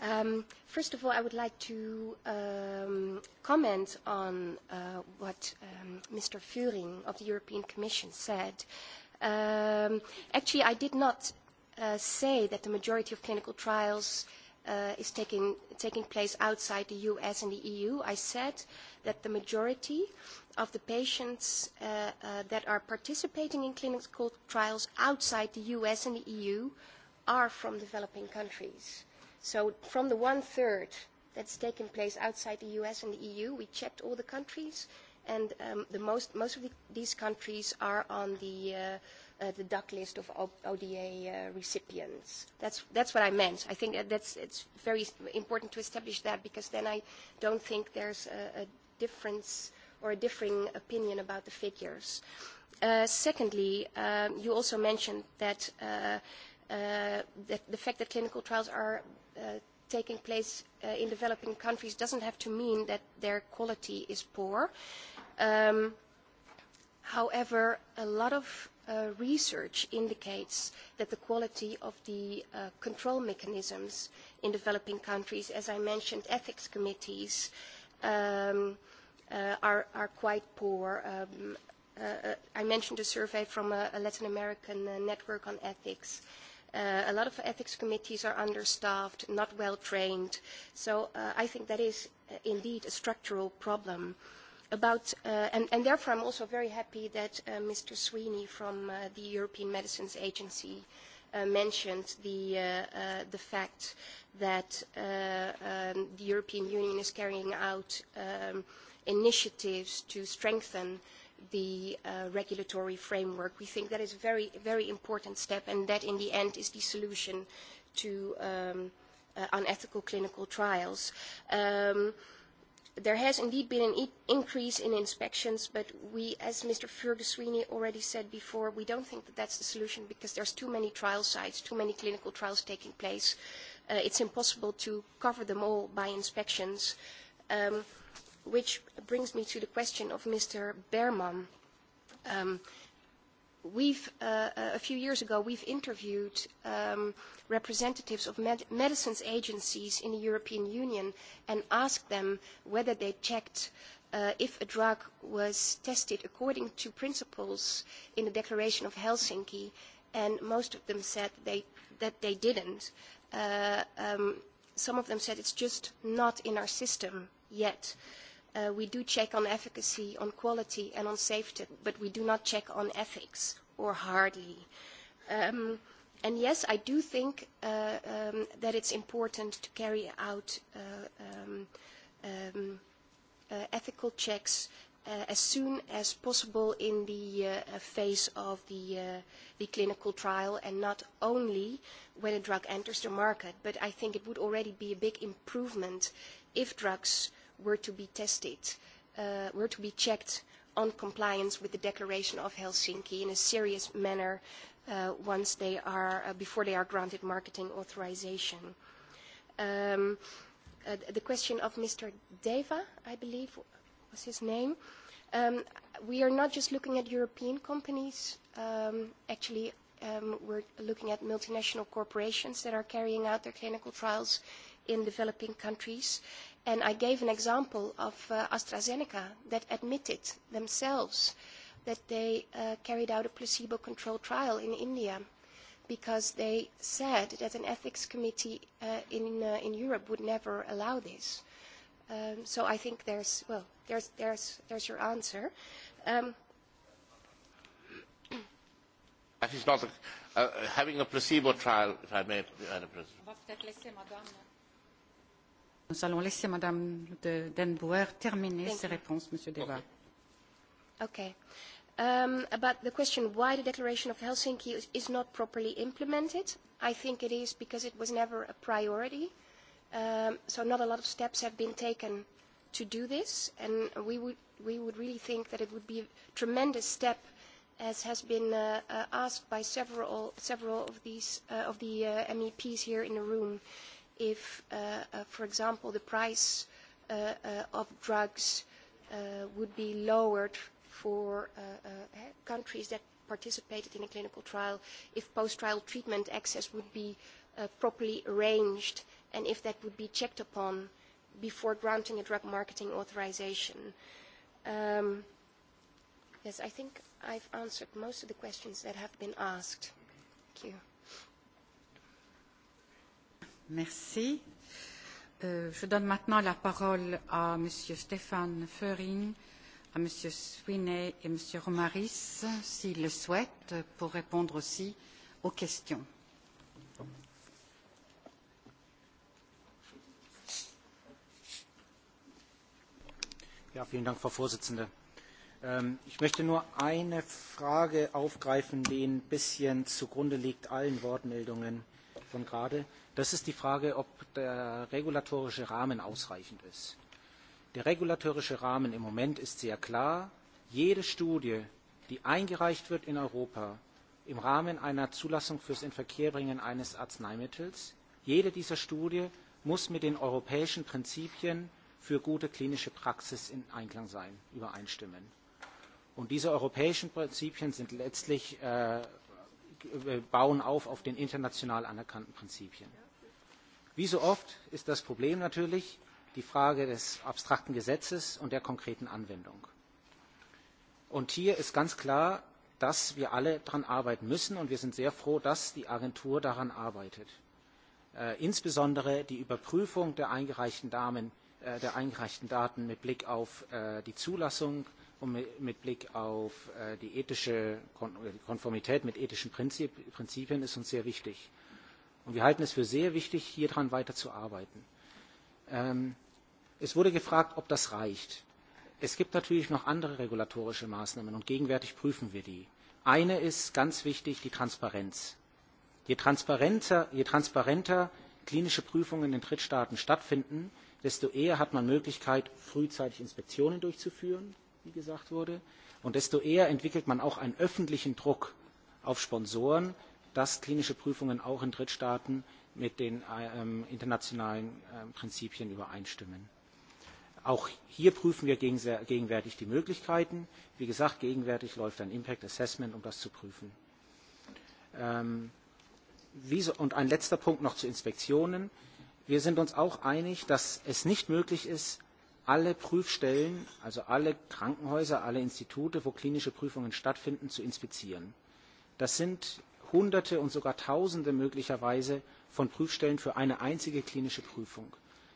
Um, first of all, I would like to um, comment on uh, what um, Mr. Furing of the European Commission said. Um, actually, I did not uh, say that the majority of clinical trials uh, is taking, taking place outside the US and the EU. I said that the majority of the patients uh, uh, that are participating in clinical trials outside the US and the EU uh, are from developing countries. So from the one-third that's taken place outside the US and the EU, we checked all the countries, and um, the most, most of the, these countries are on the, uh, uh, the DUC list of ODA uh, recipients. That's, that's what I meant. I think that that's, it's very important to establish that because then I don't think there's a, a difference or a differing opinion about the figures. Uh, secondly, um, you also mentioned that uh, Uh, the fact that clinical trials are uh, taking place uh, in developing countries doesn't have to mean that their quality is poor. Um, however, a lot of uh, research indicates that the quality of the uh, control mechanisms in developing countries, as I mentioned, ethics committees, um, uh, are, are quite poor. Um, uh, uh I mentioned a survey from a, a Latin American uh, network on ethics uh, Uh, a lot of ethics committees are understaffed, not well trained. So uh, I think that is uh, indeed a structural problem. About, uh, and, and therefore I'm also very happy that uh, Mr. Sweeney from uh, the European Medicines Agency uh, mentioned the, uh, uh, the fact that uh, um, the European Union is carrying out um, initiatives to strengthen uh, the uh, regulatory framework. We think that is a very, very important step and that in the end is the solution to um, uh, unethical clinical trials. Um, there has indeed been an e increase in inspections, but we, as Mr. Fergusweeney already said before, we don't think that that's the solution because there's too many trial sites, too many clinical trials taking place. Uh, it's impossible to cover them all by inspections. Um, which brings me to the question of Mr. Berman. Um, we've, uh, uh, a few years ago, we've interviewed um, representatives of med medicines agencies in the European Union and asked them whether they checked uh, if a drug was tested according to principles in the Declaration of Helsinki, and most of them said they, that they didn't. Uh, um, some of them said it's just not in our system yet. Uh, uh, we do check on efficacy, on quality, and on safety, but we do not check on ethics, or hardly. Um, and yes, I do think uh, um, that it's important to carry out uh, um, um, uh, ethical checks uh, as soon as possible in the uh, phase of the, uh, the clinical trial and not only when a drug enters the market. But I think it would already be a big improvement if drugs uh, were to be tested, uh, were to be checked on compliance with the Declaration of Helsinki in a serious manner uh, once they are, uh, before they are granted marketing authorization. Um, uh, the question of Mr. Deva, I believe, was his name. Um, we are not just looking at European companies. Um, actually, um, we're looking at multinational corporations that are carrying out their clinical trials in developing countries. And I gave an example of uh, AstraZeneca that admitted themselves that they uh, carried out a placebo-controlled trial in India because they said that an ethics committee uh, in, uh, in Europe would never allow this. Um, so I think there's, well, there's, there's, there's your answer. Um, that is not a, uh, having a placebo trial, if I may, Madam President. Nous allons laisser Madame de Denbouwer terminer Thank ses you. réponses, Monsieur Deva. Okay. okay. Um, about the question why the Declaration of Helsinki is, is not properly implemented, I think it is because it was never a priority. Um, so not a lot of steps have been taken to do this, and we would, we would really think that it would be a tremendous step, as has been uh, uh, asked by several, several of, these, uh, of the uh, MEPs here in the room, if, uh, uh, for example, the price uh, of drugs would be lowered for eh, countries that participated in a clinical trial, if post-trial treatment access would be properly arranged, and if that would be checked upon before granting a drug marketing authorization. Um, yes, I think I've answered most of the questions that have been asked. Thank you. Merci. Euh, je donne maintenant la parole à Monsieur Stéphane Feuring, à Monsieur Swinney et Monsieur Romaris, s'ils le souhaitent, pour répondre aussi aux questions. Ja, vielen Dank, Frau Vorsitzende. Ähm, ich möchte nur eine Frage aufgreifen, die ein bisschen zugrunde liegt allen Wortmeldungen von gerade, das ist die Frage, ob der regulatorische Rahmen ausreichend ist. Der regulatorische Rahmen im Moment ist sehr klar. Jede Studie, die eingereicht wird in Europa im Rahmen einer Zulassung fürs Inverkehrbringen eines Arzneimittels, jede dieser Studie muss mit den europäischen Prinzipien für gute klinische Praxis in Einklang sein, übereinstimmen. Und diese europäischen Prinzipien sind letztlich äh, Äh, bauen auf auf den international anerkannten Prinzipien. Wie so oft ist das Problem natürlich die Frage des abstrakten Gesetzes und der konkreten Anwendung. Und hier ist ganz klar, dass wir alle daran arbeiten müssen und wir sind sehr froh, dass die Agentur daran arbeitet. Äh, insbesondere die Überprüfung der eingereichten, Damen, äh, der eingereichten Daten mit Blick auf äh, die Zulassung, äh, und mit Blick auf äh, die ethische äh, Konformität mit ethischen Prinzipien ist uns sehr wichtig. Und wir halten es für sehr wichtig, hier dran weiterzuarbeiten. Ähm, es wurde gefragt, ob das reicht. Es gibt natürlich noch andere regulatorische Maßnahmen und gegenwärtig prüfen wir die. Eine ist ganz wichtig, die Transparenz. Je transparenter, je transparenter klinische Prüfungen in Drittstaaten stattfinden, desto eher hat man Möglichkeit, frühzeitig Inspektionen durchzuführen, wie gesagt wurde. Und desto eher entwickelt man auch einen öffentlichen Druck auf Sponsoren, dass klinische Prüfungen auch in Drittstaaten mit den ähm, internationalen ähm, Prinzipien übereinstimmen. Auch hier prüfen wir gegenwärtig die Möglichkeiten. Wie gesagt, gegenwärtig läuft ein Impact Assessment, um das zu prüfen. Ähm, wie so, und ein letzter Punkt noch zu Inspektionen. Wir sind uns auch einig, dass es nicht möglich ist, alle Prüfstellen, also alle Krankenhäuser, alle Institute, wo klinische Prüfungen stattfinden, zu inspizieren. Das sind Hunderte und sogar Tausende möglicherweise von Prüfstellen für eine einzige klinische Prüfung.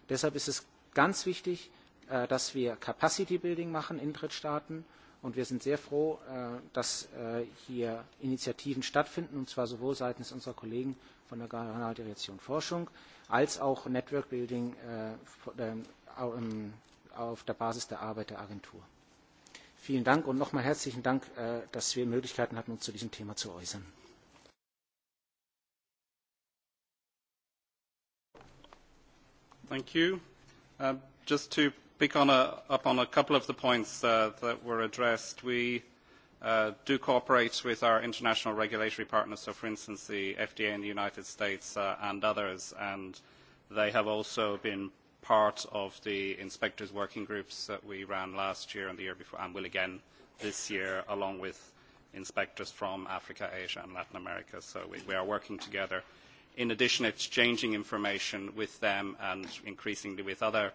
Deshalb ist es ganz wichtig, äh, dass wir Capacity Building machen in Drittstaaten. Und wir sind sehr froh, äh, dass äh, hier Initiativen stattfinden, und zwar sowohl seitens unserer Kollegen von der Generaldirektion Forschung als auch Network Building ähm, auf der Basis der Arbeit der Agentur. Vielen Dank und nochmal herzlichen Dank, äh, dass wir Möglichkeiten hatten, uns zu diesem Thema zu äußern. Thank you. Uh, just to pick on a, up on a couple of the points uh, that were addressed, we uh, do cooperate with our international regulatory partners, so for instance the FDA in the United States uh, and others, and they have also been part of the inspectors working groups that we ran last year and the year before and will again this year along with inspectors from Africa, Asia and Latin America. So we, we are working together. In addition, exchanging information with them and increasingly with other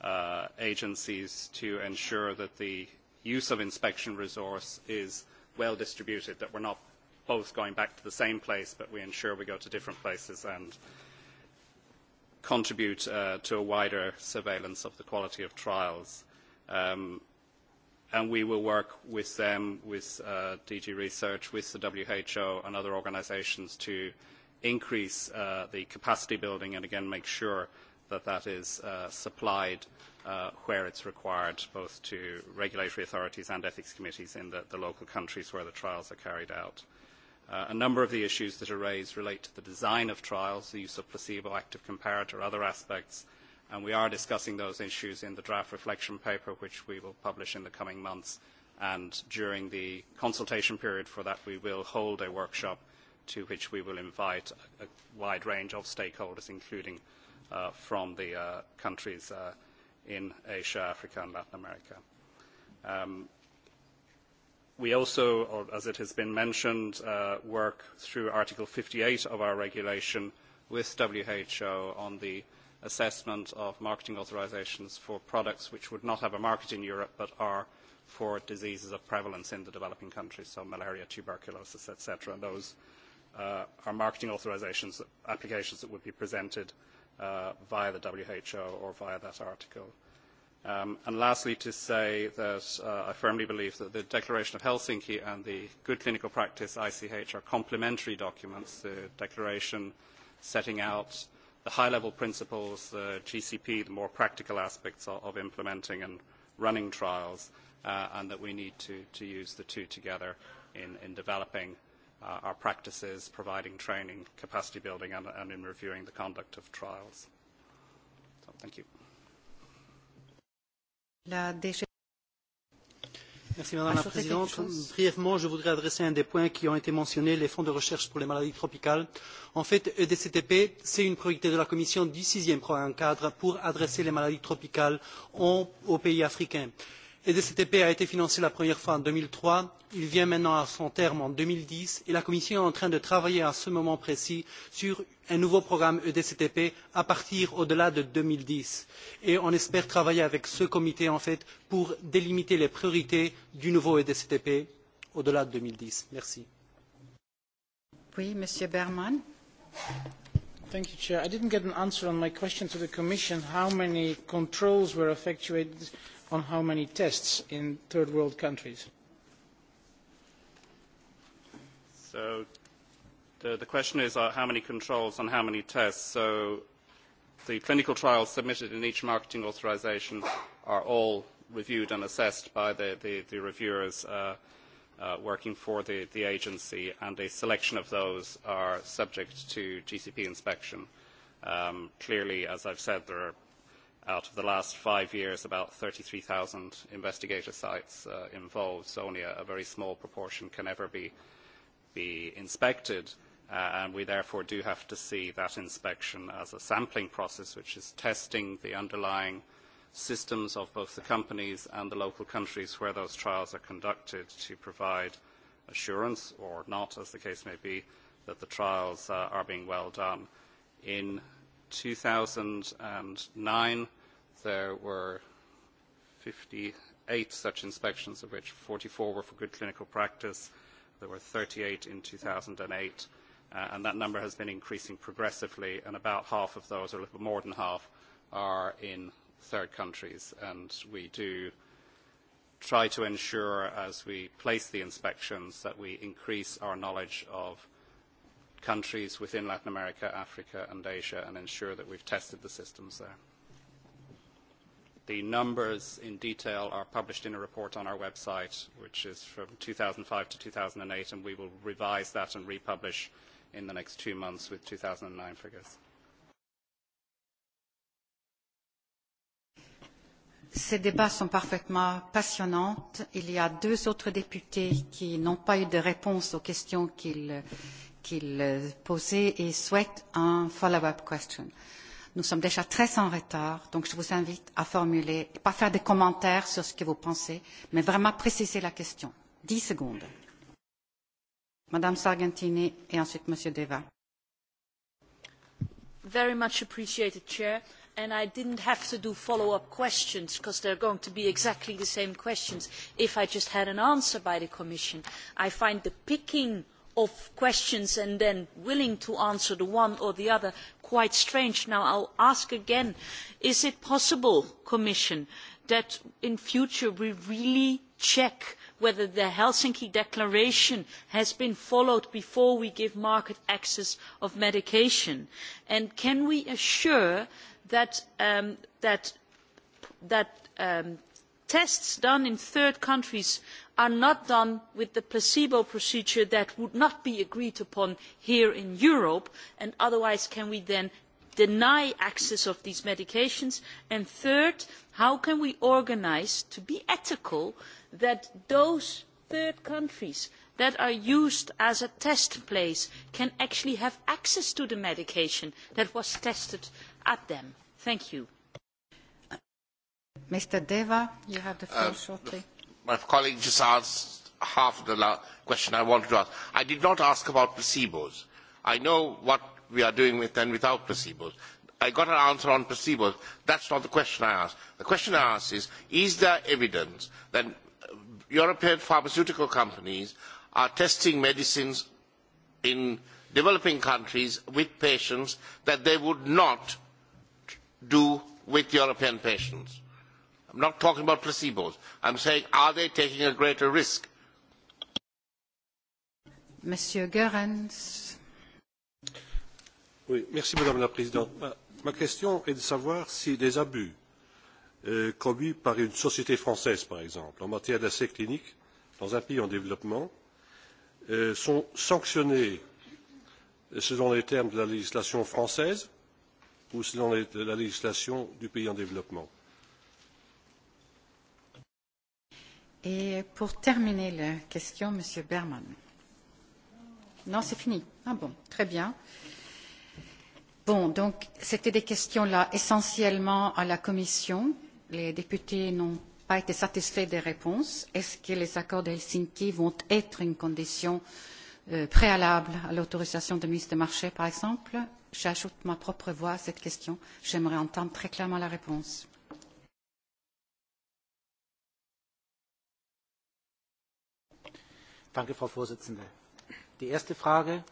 uh, agencies to ensure that the use of inspection resource is well distributed, that we're not both going back to the same place, but we ensure we go to different places and contribute uh, to a wider surveillance of the quality of trials. Um, and we will work with them, with uh, DG Research, with the WHO and other organisations to increase uh, the capacity building and again make sure that that is uh, supplied uh, where it's required, both to regulatory authorities and ethics committees in the, the local countries where the trials are carried out. Uh, Uh, a number of the issues that are raised relate to the design of trials, the use of placebo, active comparator, other aspects, and we are discussing those issues in the draft reflection paper, which we will publish in the coming months. And during the consultation period for that, we will hold a workshop to which we will invite a, a wide range of stakeholders, including uh, from the uh, countries uh, in Asia, Africa, and Latin America. Um, We also, or as it has been mentioned, uh, work through Article 58 of our regulation with WHO on the assessment of marketing authorisations for products which would not have a market in Europe but are for diseases of prevalence in the developing countries, so malaria, tuberculosis, etc. Those uh, are marketing authorisations applications that would be presented uh, via the WHO or via that article. Um, and lastly, to say that uh, I firmly believe that the Declaration of Helsinki and the Good Clinical Practice ICH are complementary documents. The declaration setting out the high-level principles, the GCP, the more practical aspects of, of implementing and running trials, uh, and that we need to, to use the two together in, in developing uh, our practices, providing training, capacity building, and, and in reviewing the conduct of trials. So, thank you. La Merci Madame la Présidente. Brièvement, je voudrais adresser un des points qui ont été mentionnés, les fonds de recherche pour les maladies tropicales. En fait, EDCTP, c'est une priorité de la Commission du sixième programme cadre pour adresser les maladies tropicales aux pays africains le dctp a été financé la première fois en deux mille trois il vient maintenant à son terme en deux mille dix et la commission est en train de travailler en ce moment précis sur un nouveau programme edctp à partir au delà de deux mille dix et on espère travailler avec ce comité en fait pour délimiter les priorités du nouveau edctp au delà de. deux mille dix merci. Thank you, Chair. I didn't get an answer on my question to the Commission, how many controls were effectuated on how many tests in third world countries? So the, the question is uh, how many controls on how many tests. So the clinical trials submitted in each marketing authorization are all reviewed and assessed by the, the, the reviewers uh, uh, working for the, the agency, and a selection of those are subject to GCP inspection. Um, clearly, as I've said, there are, out of the last five years, about 33,000 investigator sites uh, involved, so only a, a very small proportion can ever be, be inspected. Uh, and we therefore do have to see that inspection as a sampling process, which is testing the underlying systems of both the companies and the local countries where those trials are conducted to provide assurance or not, as the case may be, that the trials uh, are being well done. In 2009, there were 58 such inspections, of which 44 were for good clinical practice. There were 38 in 2008, uh, and that number has been increasing progressively, and about half of those, or a little more than half, are in third countries. And we do try to ensure as we place the inspections that we increase our knowledge of countries within Latin America, Africa and Asia and ensure that we've tested the systems there. The numbers in detail are published in a report on our website, which is from 2005 to 2008, and we will revise that and republish in the next two months with 2009 figures. Ces débats sont parfaitement passionnants. Il y a deux autres députés qui n'ont pas eu de réponse aux questions qu'ils posaient et souhaitent un follow-up question. Nous sommes déjà très en retard, donc je vous invite à formuler, pas faire des commentaires sur ce que vous pensez, mais vraiment préciser la question. Dix secondes. Madame Sargentini et ensuite Monsieur Deva. Very much appreciated, Chair and I did not have to do follow-up questions because they are going to be exactly the same questions if I just had an answer by the Commission. I find the picking of questions and then willing to answer the one or the other quite strange. Now i will ask again, is it possible, Commission, that in future we really check whether the Helsinki Declaration has been followed before we give market access of medication? And can we assure that, um, um, tests done in third countries are not done with the placebo procedure that would not be agreed upon here in europe and otherwise can we then deny access to these medications? and third how can we organise to be ethical that those third countries that are used as a test place can actually have access to the medication that was tested at them. Thank you. Mr. Deva, you have the floor uh, shortly. My colleague just asked half the question I wanted to ask. I did not ask about placebos. I know what we are doing with and without placebos. I got an answer on placebos. That's not the question I asked. The question I asked is, is there evidence that European pharmaceutical companies are testing medicines in developing countries with patients that they would not do with European patients? I'm not talking about placebos. I'm saying, are they taking a greater risk? Monsieur Goerens. Oui, merci Madame la Présidente. Ma, ma question est de savoir si des abus euh, commis par une société française, par exemple, en matière d'essais cliniques dans un pays en développement, euh, sont sanctionnés selon les termes de la législation française ou selon la législation du pays en développement. Et pour terminer la question, Monsieur Berman. Non, c'est fini. Ah bon, très bien. Bon, donc c'était des questions là essentiellement à la Commission. Les députés n'ont pas été satisfaits des réponses. Est-ce que les accords d'Helsinki vont être une condition euh, préalable à l'autorisation de mise de marché, par exemple j'ajoute ma propre voix à cette question. J'aimerais entendre très clairement la réponse. Danke, Frau Vorsitzende. Die erste Frage.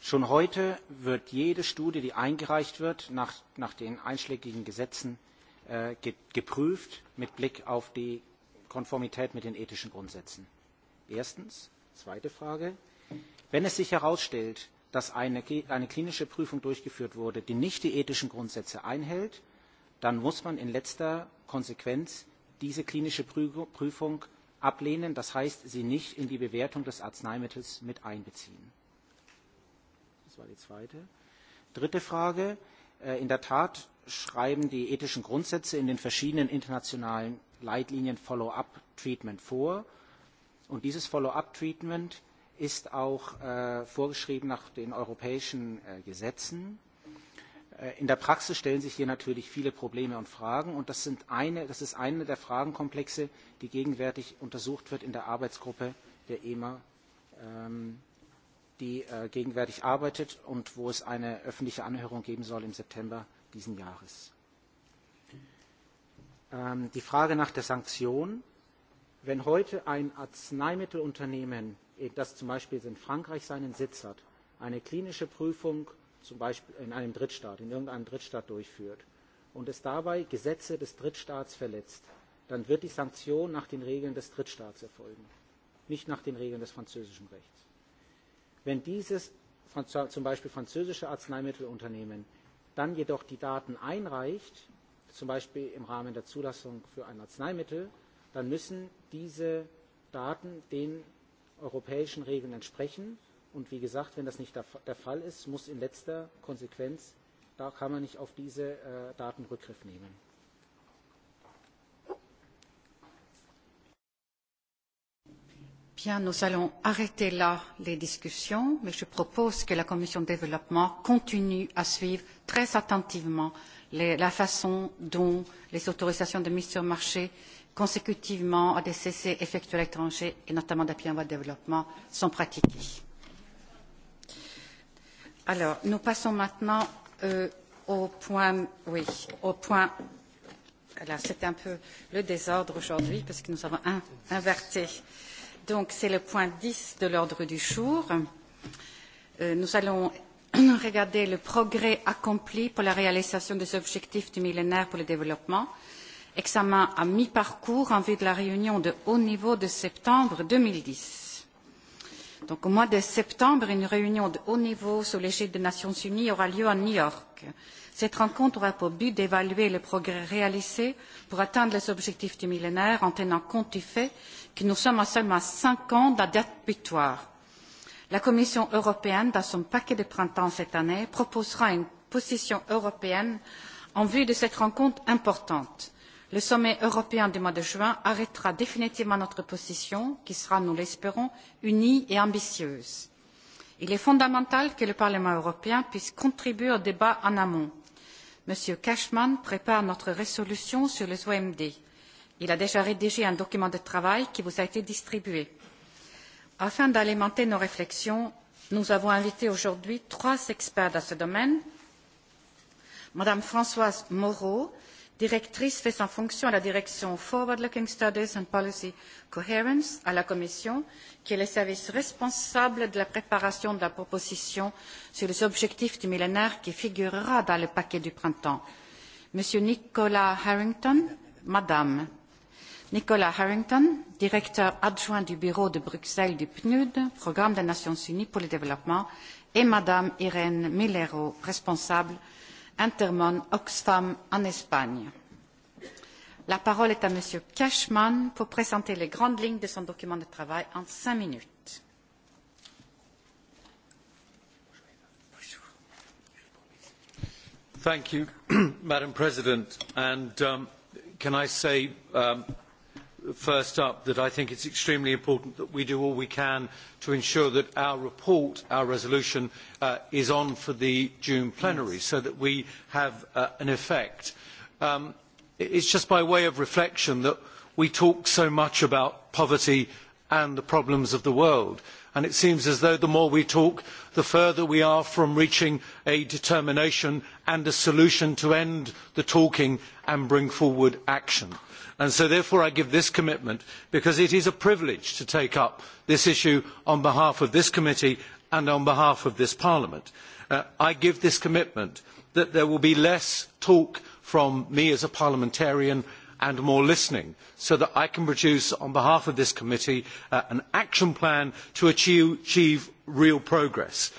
Schon heute wird jede Studie, die eingereicht wird, nach, nach den einschlägigen Gesetzen äh, geprüft mit Blick auf die Konformität mit den ethischen Grundsätzen. Erstens. Zweite Frage. Wenn es sich herausstellt, dass eine, eine klinische Prüfung durchgeführt wurde, die nicht die ethischen Grundsätze einhält, dann muss man in letzter Konsequenz diese klinische Prüfung ablehnen, das heißt, sie nicht in die Bewertung des Arzneimittels mit einbeziehen. Das war die zweite. Dritte Frage. Äh, in der Tat schreiben die ethischen Grundsätze in den verschiedenen internationalen Leitlinien Follow-up-Treatment vor. Und dieses Follow-up-Treatment ist auch äh, vorgeschrieben nach den europäischen äh, Gesetzen. Äh, in der Praxis stellen sich hier natürlich viele Probleme und Fragen und das, sind eine, das ist eine der Fragenkomplexe, die gegenwärtig untersucht wird in der Arbeitsgruppe der EMA, ähm, die äh, gegenwärtig arbeitet und wo es eine öffentliche Anhörung geben soll im September diesen Jahres. Ähm, die Frage nach der Sanktion wenn heute ein Arzneimittelunternehmen, eh, das zum Beispiel in Frankreich seinen Sitz hat, eine klinische Prüfung zum Beispiel in einem Drittstaat, in irgendeinem Drittstaat durchführt und es dabei Gesetze des Drittstaats verletzt, dann wird die Sanktion nach den Regeln des Drittstaats erfolgen, nicht nach den Regeln des französischen Rechts. Wenn dieses zum Beispiel französische Arzneimittelunternehmen dann jedoch die Daten einreicht, zum Beispiel im Rahmen der Zulassung für ein Arzneimittel, dann müssen diese Daten den europäischen Regeln entsprechen. Und wie gesagt, wenn das nicht der, der Fall ist, muss in letzter Konsequenz, da kann man nicht auf diese äh, Daten Rückgriff nehmen. Bien, nous allons arrêter là les discussions, mais je propose que la Commission de développement continue à suivre très attentivement les, la façon dont les autorisations de mise sur marché consécutivement à des essais effectués à l'étranger et notamment d'appui en voie de développement sont pratiqués. Alors, nous passons maintenant euh, au point. Oui, au point. Alors, c'est un peu le désordre aujourd'hui parce que nous avons un, inverté. Donc, c'est le point 10 de l'ordre du jour. Euh, nous allons regarder le progrès accompli pour la réalisation des objectifs du millénaire pour le développement. Euh, examen à mi-parcours en vue de la réunion de haut niveau de septembre deux mille dix Donc au mois de septembre, une réunion de haut niveau sous l'égide des Nations Unies aura lieu à New York. Cette rencontre aura pour but d'évaluer les progrès réalisés pour atteindre les objectifs du millénaire en tenant compte du fait que nous sommes à seulement cinq ans de la date butoir. La Commission européenne, dans son paquet de printemps cette année, proposera une position européenne en vue de cette rencontre importante le sommet européen du mois de juin arrêtera définitivement notre position qui sera nous l'espérons unie et ambitieuse. il est fondamental que le parlement européen puisse contribuer au débat en amont. m. cashman prépare notre résolution sur les omd. il a déjà rédigé un document de travail qui vous a été distribué. afin d'alimenter nos réflexions nous avons invité aujourd'hui trois experts dans ce domaine mme françoise moreau directrice fait sa fonction à la direction Forward Looking Studies and Policy Coherence à la Commission, qui est le service responsable de la préparation de la proposition sur les objectifs du millénaire qui figurera dans le paquet du printemps. Monsieur Nicola Harrington, Madame Nicola Harrington, directeur adjoint du bureau de Bruxelles du PNUD, Programme des Nations Unies pour le développement, et Madame Irène Millero, responsable Intermon Oxfam en Espagne. La parole est à Monsieur Cashman pour présenter les grandes lignes de son document de travail en cinq minutes. madam president um, can i say and um, that i am to have say um, first up that I think it's extremely important that we do all we can to ensure that our report, our resolution, uh, is on for the June plenary so that we have uh, an effect. Um, it's just by way of reflection that we talk so much about poverty and the problems of the world and it seems as though the more we talk the further we are from reaching a determination and a solution to end the talking and bring forward action. And so therefore I give this commitment because it is a privilege to take up this issue on behalf of this committee and on behalf of this Parliament. Uh, I give this commitment that there will be less talk from me as a parliamentarian and more listening so that I can produce on behalf of this committee uh, an action plan to achieve, real progress.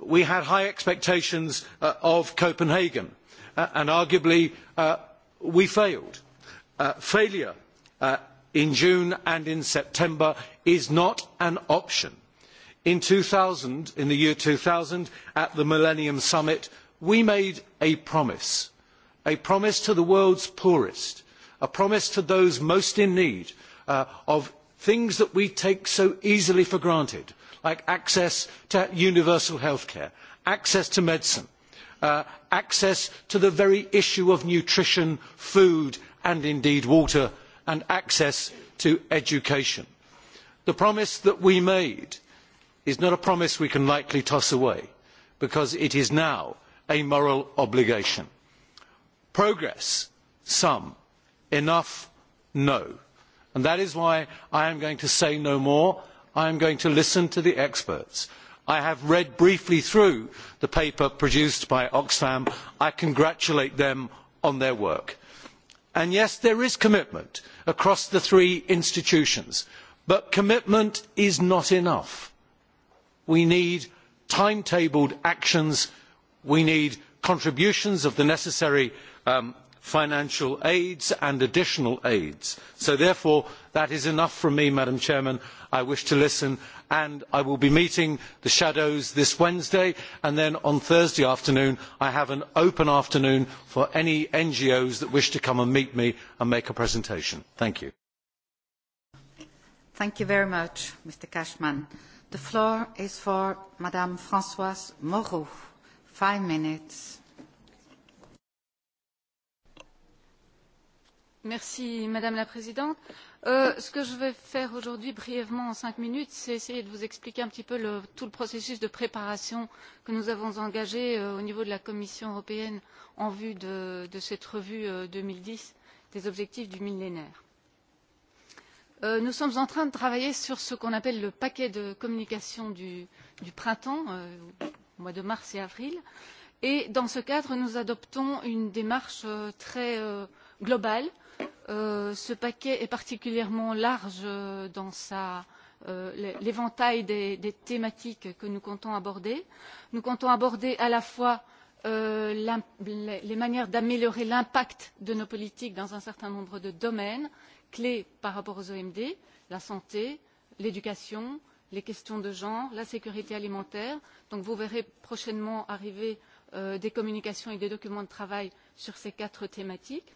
We had high expectations uh, of Copenhagen and arguably we failed Uh, failure uh, in june and in september is not an option. in, the year two thousand at the millennium summit we made a promise a promise to the world's poorest a promise to those most in need uh, of things that we take so easily for granted like access to universal health care access to medicine access to the very issue of nutrition food and indeed water and access to education. The promise that we made is not a promise we can lightly toss away because it is now a moral obligation. Progress, some. Enough, no. And that is why I am going to say no more. I am going to listen to the experts. I have read briefly through the paper produced by Oxfam. I congratulate them on their work and yes there is commitment across the three institutions but commitment is not enough. we need timetabled actions we need contributions of the necessary um, financial aids and additional aids. So therefore that is enough from me madam president i wish to listen and i will be meeting the shadows this wednesday and then on thursday afternoon i have an open afternoon for any ngos that wish to come and meet me and make a presentation. thank you. thank you very much mr cashman. the floor is for madam francoise moreau five minutes. madame la présidente euh, ce que je vais faire aujourd'hui brièvement en cinq minutes c'est essayer de vous expliquer un petit peu tout le processus de préparation que nous avons engagé euh, au niveau de la commission européenne en vue de, cette revue euh, deux mille dix des objectifs du millénaire. nous sommes en train de travailler sur ce qu'on appelle le paquet de communication du, du printemps au mois de mars et avril et dans ce cadre nous adoptons une démarche très global. Euh, ce paquet est particulièrement large euh, dans sa euh, l'éventail des, des thématiques que nous comptons aborder. Nous comptons aborder à la fois euh, la, les manières d'améliorer l'impact de nos politiques dans un certain nombre de domaines clés par rapport aux OMD, la santé, l'éducation, les questions de genre, la sécurité alimentaire. Donc vous verrez prochainement arriver euh, des communications et des documents de travail sur ces quatre thématiques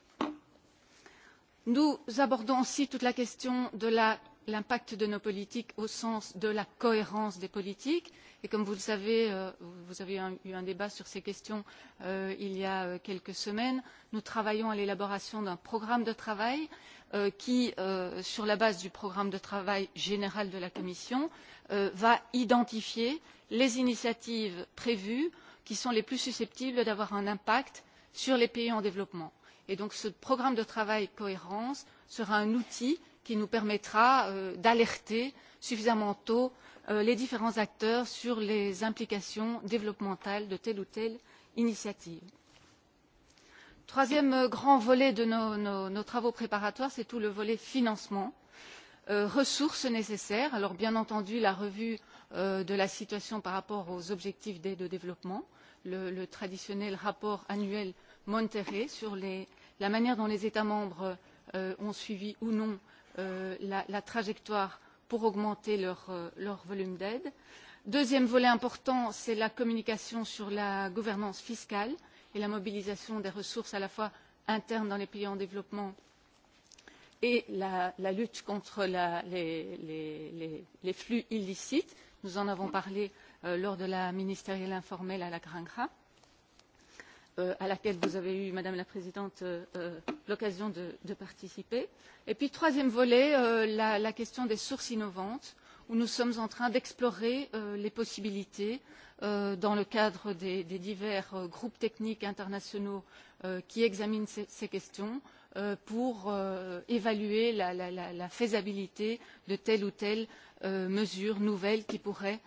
nous abordons aussi toute la question de l'impact de nos politiques au sens de la cohérence des politiques et comme vous le savez euh, vous avez eu un débat sur ces questions euh, il y a euh, quelques semaines nous travaillons à l'élaboration d'un programme de travail qui sur la base du programme de travail général de la commission va identifier les initiatives prévues qui sont les plus susceptibles d'avoir un impact sur les pays en développement et donc ce programme de travail cohérence sera un outil qui nous permettra euh, d'alerter suffisamment tôt euh, les différents acteurs sur les implications développementales de telle ou telle initiative. Troisième euh, grand volet de nos, nos, nos travaux préparatoires, c'est tout le volet financement, euh, ressources nécessaires. Alors bien entendu, la revue euh, de la situation par rapport aux objectifs d'aide au développement, le, le traditionnel rapport annuel euh, Monterrey sur les, la manière dont les États membres euh, ont suivi ou non euh, la, la trajectoire pour augmenter leur, euh, leur volume d'aide. Deuxième volet important, c'est la communication sur la gouvernance fiscale et la mobilisation des ressources à la fois internes dans les pays en développement et la, la lutte contre la, les, les, les, les flux illicites. Nous en avons parlé euh, lors de la ministérielle informelle à la Granja. Euh, Euh, à laquelle vous avez eu madame la présidente euh, euh, l'occasion de, de participer et puis troisième volet la, la question des sources innovantes où nous sommes en train d'explorer les possibilités dans le cadre des, des divers groupes techniques internationaux qui examinent ces, ces questions pour évaluer la, la, la faisabilité de telle ou telle mesure nouvelle qui pourrait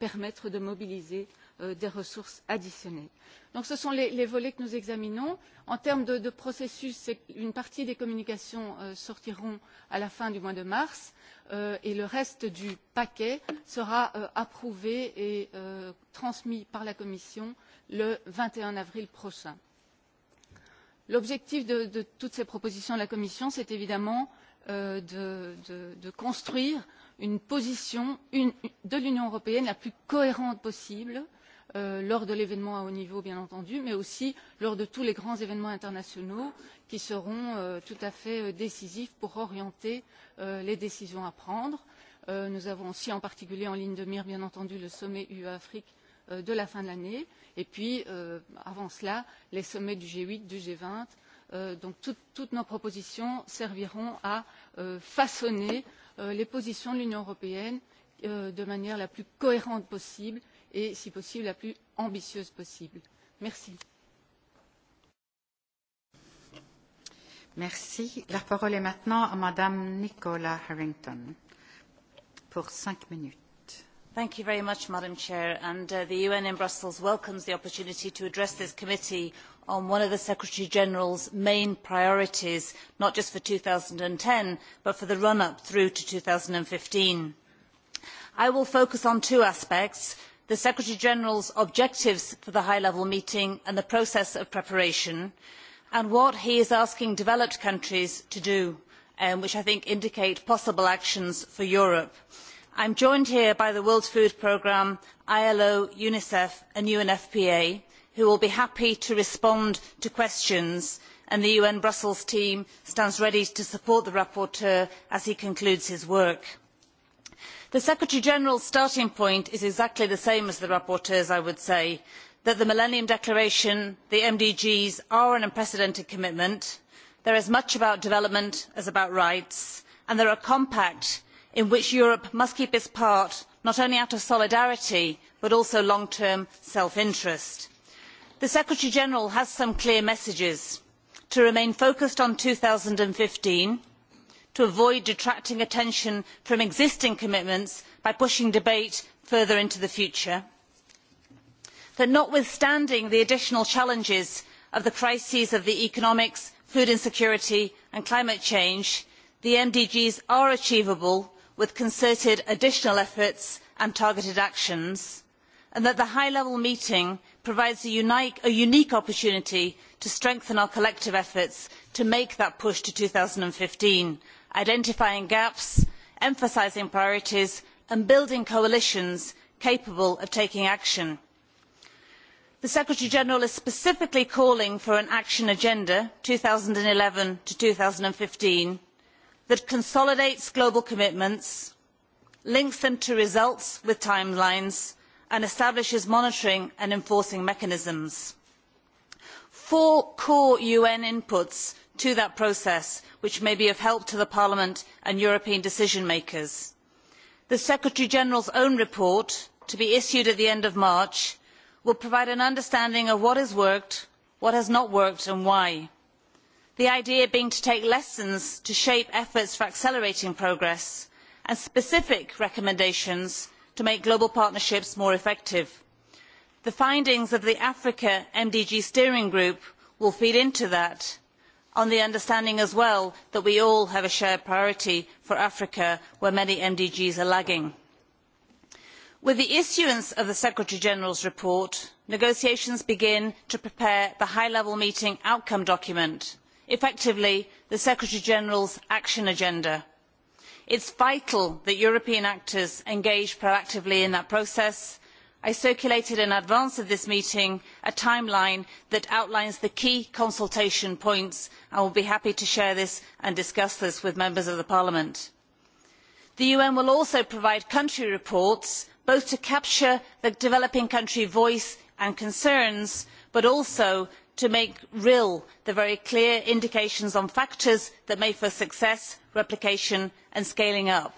permettre de mobiliser Euh, des ressources additionnelles. Donc, ce sont les, les volets que nous examinons. En termes de, de processus, une partie des communications euh, sortiront à la fin du mois de mars euh, et le reste du paquet sera euh, approuvé et euh, transmis par la Commission le 21 avril prochain. L'objectif de, de toutes ces propositions de la Commission, c'est évidemment euh, de, de, de construire une position une, de l'Union européenne la plus cohérente possible euh, Euh, lors de l'événement à haut niveau bien entendu mais aussi lors de tous les grands événements internationaux qui seront euh, tout à fait euh, décisifs pour orienter les décisions à prendre. nous avons aussi en particulier en ligne de mire bien entendu le sommet ue afrique de la fin de l'année et puis avant cela les sommets du g huit du g vingt donc tout, toutes nos propositions serviront à façonner les positions de l'union européenne de manière la plus cohérente possible et si possible la plus ambitieuse possible. merci. La parole est maintenant à mme Nicola Harrington pour cinq minutes. Thank you very Madam Chair. Uh, the UN in Brussels welcomes the opportunity to address this committee on one of the Secretary General's main priorities, not just for two thousand and ten but for the run-up through to two thousand and fifteen I will focus on two aspects the secretary general's objectives for the high level meeting and the process of preparation and what he is asking developed countries to do um, which i think indicate possible actions for europe. i am joined here by the world food programme ilo unicef and unfpa who will be happy to respond to questions and the un brussels team stands ready to support the rapporteur as he concludes his work the secretary general's starting point is exactly the same as the rapporteur's i would say that the millennium declaration the mdgs are an unprecedented commitment they are as much about development as about rights and they are a compact in which europe must keep its part not only out of solidarity but also long term self interest. the secretary general has some clear messages to remain focused on two thousand and fifteen to avoid detracting attention from existing commitments by pushing debate further into the future that notwithstanding the additional challenges of the crises of the economics food insecurity and climate change the mdgs are achievable with concerted additional efforts and targeted actions and that the high level meeting provides a unique opportunity to strengthen our collective efforts to make that push to two thousand and fifteen identifying gaps emphasising priorities and building coalitions capable of taking action. the secretary general is specifically calling for an action agenda two thousand and eleven two thousand and fifteen that consolidates global commitments links them to results with timelines and establishes monitoring and enforcing mechanisms. four core un inputs to that process which may be of help to parliament and european decision makers. the secretary general's own report to be issued at the end of march will provide an understanding of what has worked what has not worked and why the idea being to take lessons to shape efforts for accelerating progress and specific recommendations to make global partnerships more effective. the findings of the africa mdg steering group will feed into that on the understanding as well that we all have a shared priority for africa where many mdgs are lagging. with the issuance of the secretary general's report negotiations begin to prepare the high level meeting outcome document effectively the secretary general's action agenda. it is vital that european actors engage proactively in that process i circulated in advance of this meeting a timeline that outlines the key consultation points and will be happy to share this and discuss this with members of parliament. the un will also provide country reports both to capture the developing country voice and concerns but also to make real the very clear indications on factors that make for success replication and scaling up.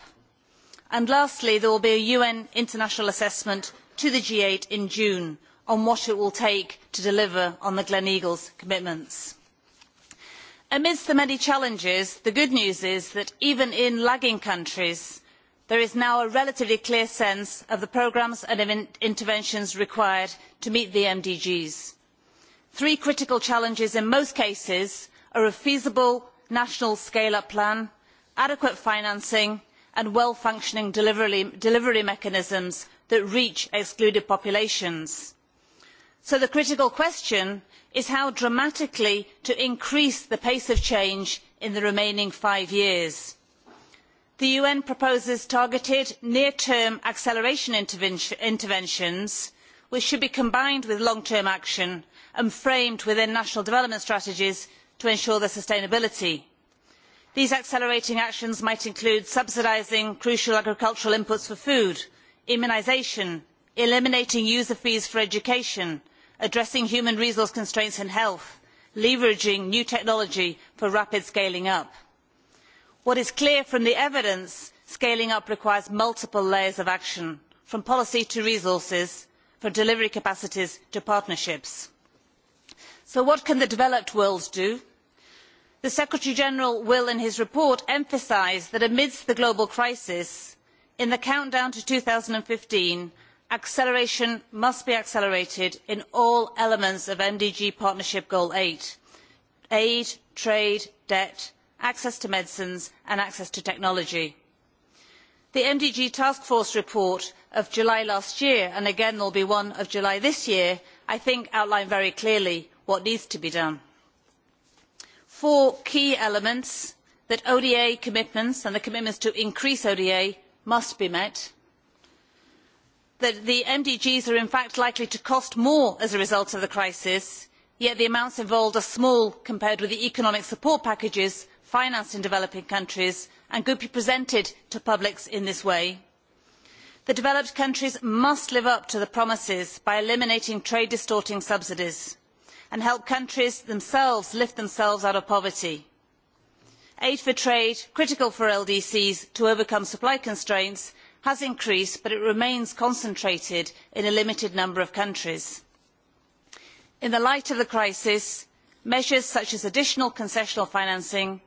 And lastly there will be a un international assessment to the g eight in june on what it will take to deliver on the gleneagles commitments. amidst the many challenges the good news is that even in lagging countries there is now a relatively clear sense of the programmes and interventions required to meet the mdgs. three critical challenges in most cases are a feasible national scale up plan adequate financing and well functioning delivery mechanisms that reach excluded populations. so the critical question is how dramatically to increase the pace of change in the remaining five years. the un proposes targeted near term acceleration interventions which should be combined with long term action and framed within national development strategies to ensure their sustainability. these accelerating actions might include subsidising crucial agricultural inputs for food immunisation eliminating user fees for education addressing human resource constraints in health leveraging new technology for rapid scaling up. what is clear from the evidence is that scaling up requires multiple layers of action from policy to resources from delivery capacities to partnerships. so what can the developed world do? the secretary general will in his report emphasise that amidst the global crisis in the countdown to two thousand and fifteen acceleration must be accelerated in all elements of mdg partnership goal eight aid trade debt access to medicines and access to technology. the mdg task force report of july last year and again there will be one of july this year i think outline very clearly what needs to be done. four key elements that oda commitments and the commitments to increase oda must be met that the mdgs are in fact likely to cost more as a result of the crisis yet the amounts involved are small compared with the economic support packages financed in developing countries and could be presented to publics in this way. the developed countries must live up to the promises by eliminating trade distorting subsidies and help countries themselves lift themselves out of poverty aid for trade critical for ldcs to overcome supply constraints has increased but it remains concentrated in a limited number of countries. in the light of the crisis measures such as additional concessional financing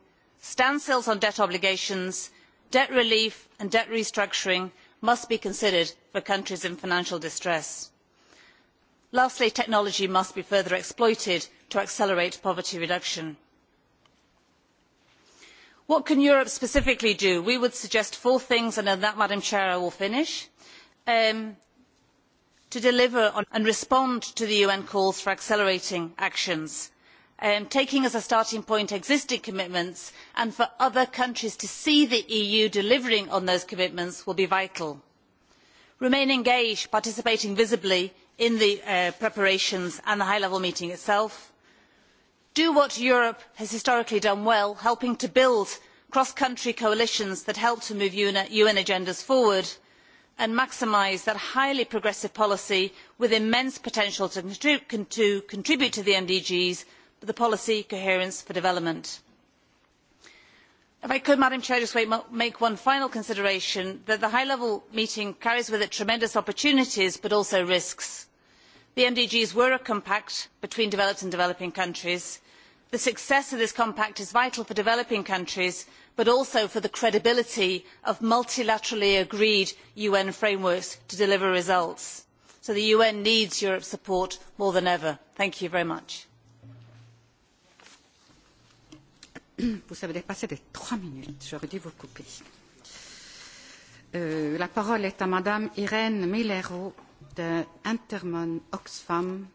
standstills on debt obligations debt relief and debt restructuring must be considered for countries in financial distress. lastly technology must be further exploited to accelerate poverty reduction what can europe specifically do? we would suggest four things and on that madam chair i will finish um, to deliver on and respond to the un calls for accelerating actions um, taking as a starting point existing commitments and for other countries to see the eu delivering on those commitments will be vital. remain engaged participating visibly in the uh, preparations and the high level meeting itself; do what europe has historically done well helping to build cross country coalitions that help to move un agendas forward and maximise that highly progressive policy with immense potential to contribute to the mdgs the policy coherence for development. if i could madam chair just make one final consideration that the high level meeting carries with it tremendous opportunities but also risks. the mdgs were a compact between developed and developing countries the success of this compact is vital for developing countries but also for the credibility of multilaterally agreed un frameworks to deliver results so the un needs europe's support more than ever. thank you very much. Euh, Intermon Oxfam.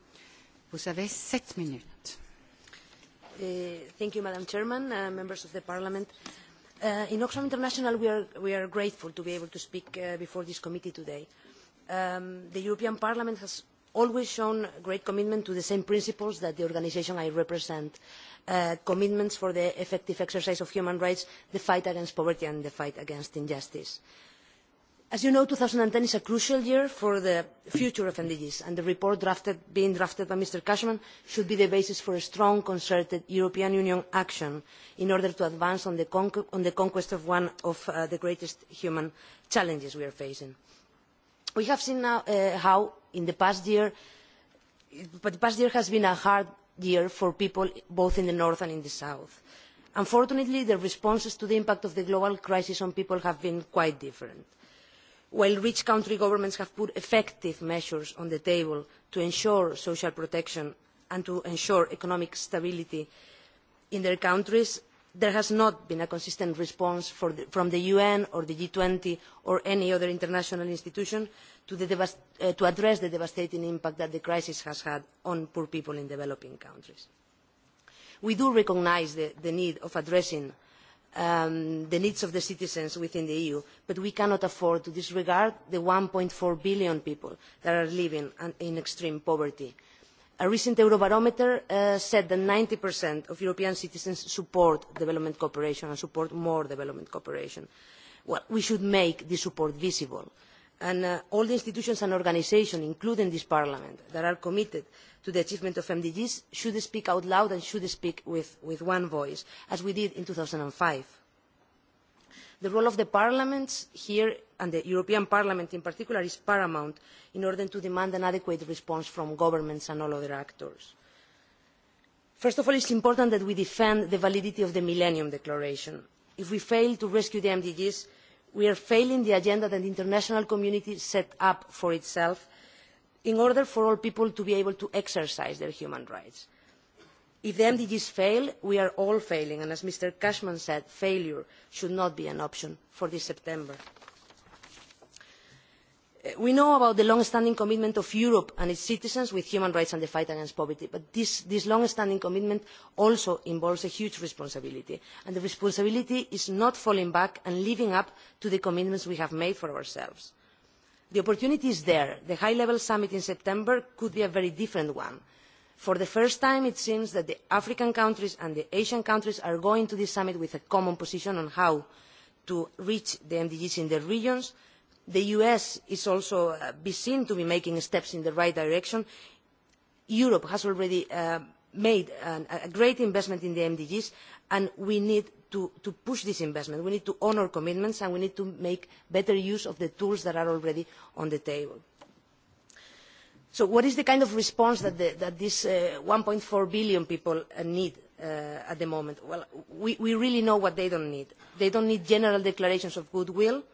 Uh, Madam president uh, members of the Parliament. Uh, in Oxfam International, we are, grateful to be able to speak before this committee today. Um, the European Parliament has always shown great commitment to the same principles that the organisation I represent, commitments for the effective exercise of human rights, the fight against poverty and the fight against injustice as you know two thousand and ten is a crucial year for the future of mdgs and the report drafted, being drafted by mr cashman should be the basis for a strong concerted european union action in order to advance on the, conqu on the conquest of one of uh, the greatest human challenges we are facing. we have seen now uh, how in the past year but the past year has been a hard year for people both in the north and in the south. unfortunately the responses to the impact of the global crisis on people have been quite different while rich country governments have put effective measures on the table to ensure social protection and to ensure economic stability in their countries, there has not been a consistent response from the UN or the G20 or any other international institution uh, to, address the devastating impact that the crisis has had on poor people in developing countries. We do recognise the, the need of addressing Um, the needs of the citizens within the EU, but we cannot afford to disregard the 1.4 billion people that are living in extreme poverty. A recent Eurobarometer uh, said that 90% of European citizens support development cooperation and support more development cooperation. we should make this support visible and uh, all the institutions and organisations, including this Parliament, that are committed to the achievement of MDGs should speak out loud and should speak with, with one voice, as we did in 2005. The role of the parliaments here, and the European Parliament in particular, is paramount in order to demand an adequate response from governments and all other actors. First of all, it's important that we defend the validity of the Millennium Declaration. If we fail to rescue the MDGs, we are failing the agenda that the international community set up for itself in order for all people to be able to exercise their human rights. If the MDGs fail, we are all failing, and as Mr. Cashman said, failure should not be an option for this September we know about the long standing commitment of europe and its citizens with human rights and the fight against poverty but this, this long standing commitment also involves a huge responsibility and the responsibility is not falling back and living up to the commitments we have made for ourselves. the opportunity is there. the high level summit in september could be a very different one. for the first time it seems that the african countries and the asian countries are going to this summit with a common position on how to reach the mdgs in their regions the us is also uh, seen to be making steps in the right direction. europe has already uh, made a great investment in the mdgs and we need to, push this investment. we need to honour commitments and we need to make better use of the tools that are already on the table. so what is the kind of response that, these uh, one four billion people need? at the moment. Well, we, really know what they do not need. They do not need general declarations of goodwill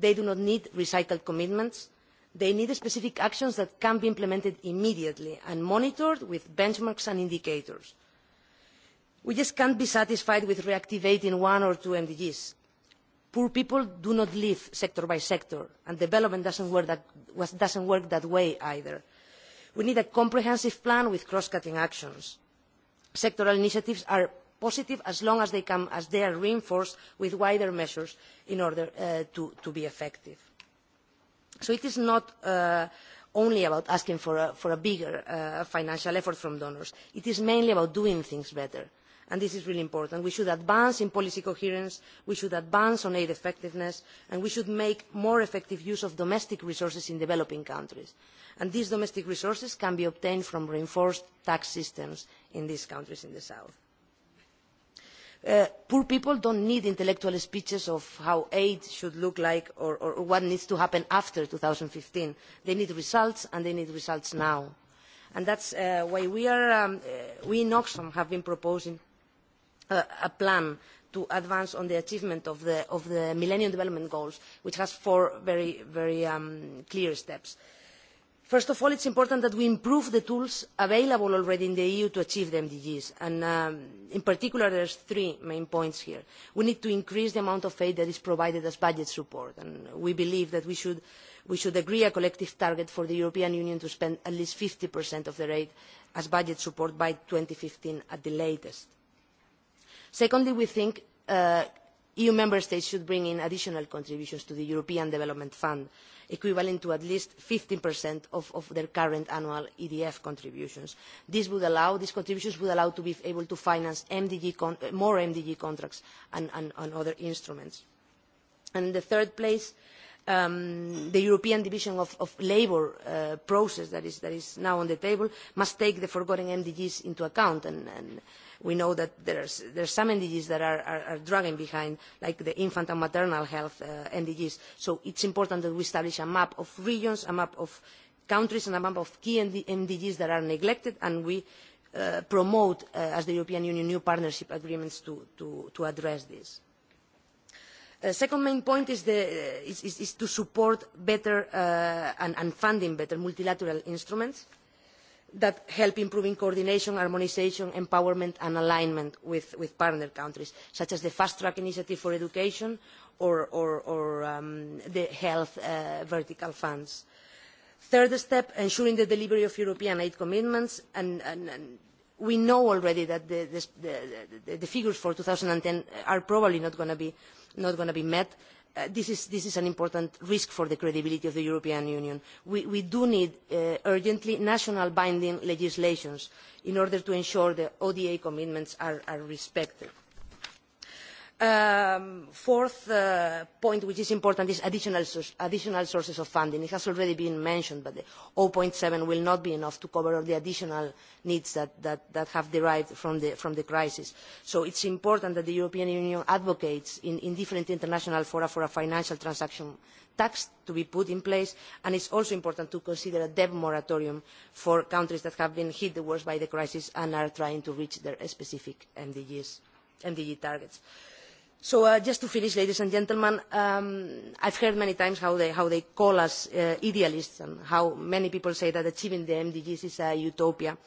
they do not need recital commitments they need specific actions that can be implemented immediately and monitored with benchmarks and indicators. we just cannot be satisfied with reactivating one or two mdgs. poor people do not live sector by sector and development does not work that, way either. we need a comprehensive plan with cross cutting actions. sectoral initiatives positive as long as they, are reinforced with wider measures in order uh, to, be effective. so it is not uh, only about asking for a, bigger uh, financial effort from donors it is mainly about doing things better and this is really important. we should advance in policy coherence we should advance on aid effectiveness and we should make more effective use of domestic resources in developing countries and these domestic resources can be obtained from reinforced tax systems in these countries in the south Uh, poor people do not need intellectual speeches on how aid should look like or, what needs to happen after two thousand and fifteen they need results and they need results now. that is uh, why um, uh, we, in oxfam have been proposing a plan to advance on the achievement of the, millennium development goals which has four very, um, clear steps first of all it is important that we improve the tools available already in the eu to achieve the mdgs and um, in particular there are three main points here. we need to increase the amount of aid that is provided as budget support and we believe that we should, agree a collective target for the european union to spend at least fifty of their aid as budget support by two thousand and fifteen at the latest. secondly we think uh, eu member states should bring in additional contributions to the european development fund equivalent to at least fifteen of, their current annual edf contributions. This would allow, these contributions would allow to be able to finance uh, more mdg contracts and, other instruments. And in the third place um, the european division of, labour uh, process that is, that is now on the table must take the forgotten mdgs into account and we know that there are some NDGs that are, dragging behind, like the infant and maternal health uh, NDGs. So it is important that we establish a map of regions, a map of countries, and a map of key ndgs that are neglected, and we uh, promote, uh, as the European Union, new partnership agreements to, address this. The second main point is, to support better and, fund better multilateral instruments that help improving coordination, harmonisation, empowerment and alignment with, partner countries, such as the Fast Track Initiative for Education or, um, the health uh, vertical funds. Third step, ensuring the delivery of European aid commitments. And, we know already that the, figures for two figures for 2010 are probably not going to be not going to be met Uh, this, is, an important risk for the credibility of the European Union. We, do need uh, urgently national binding legislation in order to ensure that ODA commitments are respected. Um, fourth uh, point, which is important, is additional, additional sources of funding. It has already been mentioned, but the 0.7 will not be enough to cover all the additional needs that, that, that have derived from the, from the crisis. So it's important that the European Union advocates in, in different international fora for a financial transaction tax to be put in place, and it's also important to consider a debt moratorium for countries that have been hit the worst by the crisis and are trying to reach their specific MDGs, MDG targets. So uh, just to finish, ladies and gentlemen, um, I've heard many times how they, how they call us uh, idealists and how many people say that achieving the MDGs is a utopia.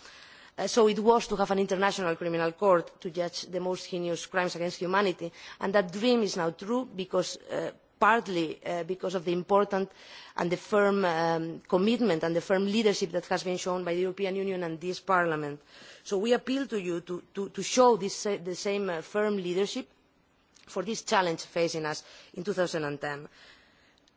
Uh, so it was to have an international criminal court to judge the most heinous crimes against humanity. And that dream is now true because uh, partly uh, because of the important and the firm um, commitment and the firm leadership that has been shown by the european union and this parliament. so we appeal to you to, to, to show this, uh, the same uh, firm leadership for this challenge facing us in 2010.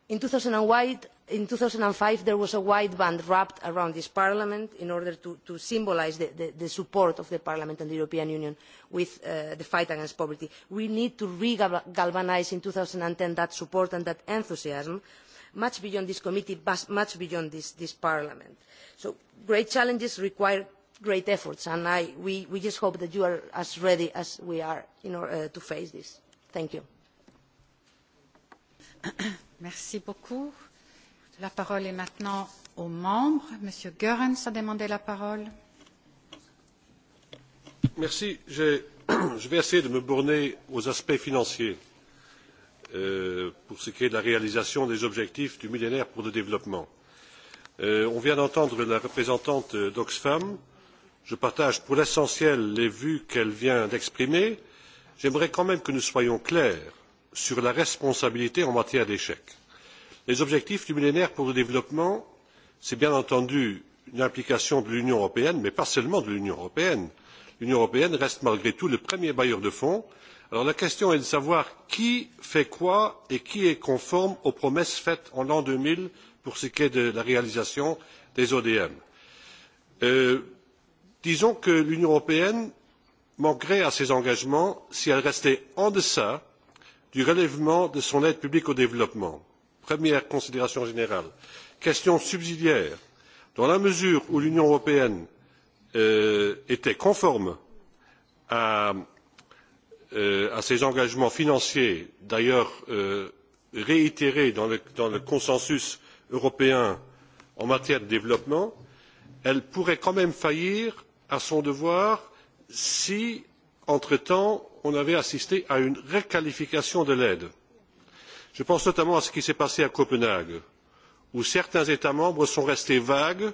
In 2005, there was a white band wrapped around this Parliament in order to, symbolise the, support of the Parliament and the European Union with uh, the fight against poverty. We need to re-galvanise in 2010 that support and that enthusiasm much beyond this committee, much beyond this, Parliament. So great challenges require great efforts, and we, just hope that you are as ready as we are in order uh, to face this. Thank you. Merci beaucoup. La parole est maintenant aux membres. Monsieur Goerens a demandé la parole. Merci. Je, je vais essayer de me borner aux aspects financiers euh, pour ce qui est de la réalisation des objectifs du millénaire pour le développement. Euh, on vient d'entendre la représentante d'Oxfam. Je partage pour l'essentiel les vues qu'elle vient d'exprimer. Euh, j'aimerais quand même que nous soyons clairs sur la responsabilité en matière d'échecs. les objectifs du millénaire pour le développement c'est bien entendu une implication de l'union européenne mais pas seulement de l'union européenne. l'union européenne reste malgré tout le premier bailleur de fonds. alors la question est de savoir qui fait quoi et qui est conforme aux promesses faites en l'an deux mille pour ce qui est de la réalisation des odm. Euh, disons que l'union européenne manquerait à ses engagements si elle restait en deçà du relèvement de son aide publique au développement. première considération générale. question subsidiaire dans la mesure où l'union européenne euh, était conforme euh, à, ses engagements financiers d'ailleurs euh, réitérés dans le consensus européen en matière de développement elle pourrait quand même faillir à son devoir si entre temps on avait assisté à une requalification de l'aide. je pense notamment à ce qui s'est passé à copenhague où certains états membres sont restés vagues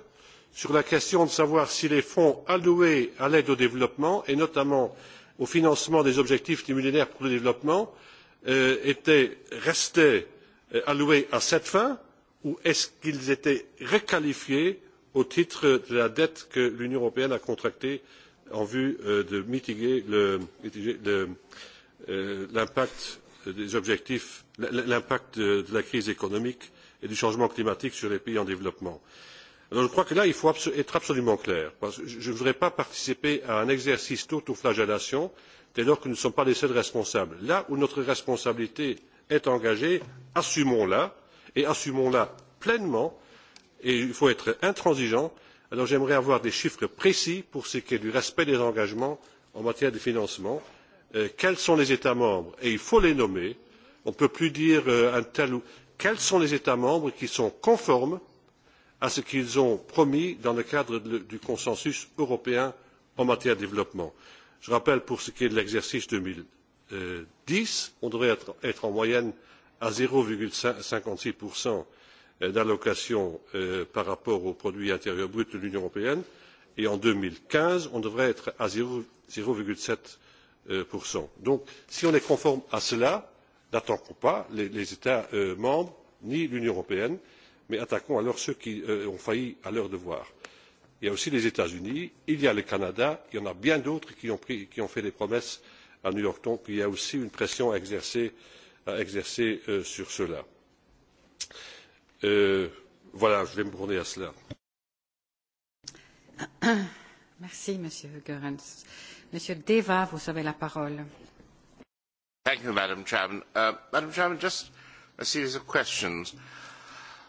sur la question de savoir si les fonds alloués à l'aide au développement et notamment au financement des objectifs du millénaire pour le développement euh, étaient restés euh, alloués à cette fin ou est ce qu'ils étaient requalifiés au titre de la dette que l'union européenne a contractée en vue euh, de mitiger l'impact de la crise économique et du changement climatique sur les pays en développement. je crois que là il faut être absolument clair parce que je ne voudrais pas participer à un exercice d'autoflagellation dès lors que nous ne sommes pas les seuls responsables. là où notre responsabilité est engagée assumons la et assumons la pleinement et il faut être intransigeant alors j'aimerais avoir des chiffres précis pour ce qui est du respect des engagements en matière de financement euh, quels sont les états membres et il faut les nommer on ne peut plus dire euh, un tel ou quels sont les états membres qui sont conformes à ce qu'ils ont promis dans le cadre du consensus européen en matière de développement? je rappelle pour ce qui est de l'exercice deux mille euh, dix on devrait être en moyenne à zéro cinquante six Euh, d'allocation euh, par rapport au produit intérieur brut de l'union européenne et en deux mille quinze on devrait être à zéro sept euh, donc si on est conforme à cela n'attaquons pas les états membres ni l'union européenne mais attaquons alors ceux qui ont failli à leur devoir. il y a aussi les états unis il y a le canada il y en a bien d'autres qui ont fait des promesses à new york donc il y a aussi une pression à exercer sur ceux là. Euh, voilà je vais me borner à cela. Monsieur Goerens. Monsieur Deva, vous avez la parole. Madam president uh, just a series of questions.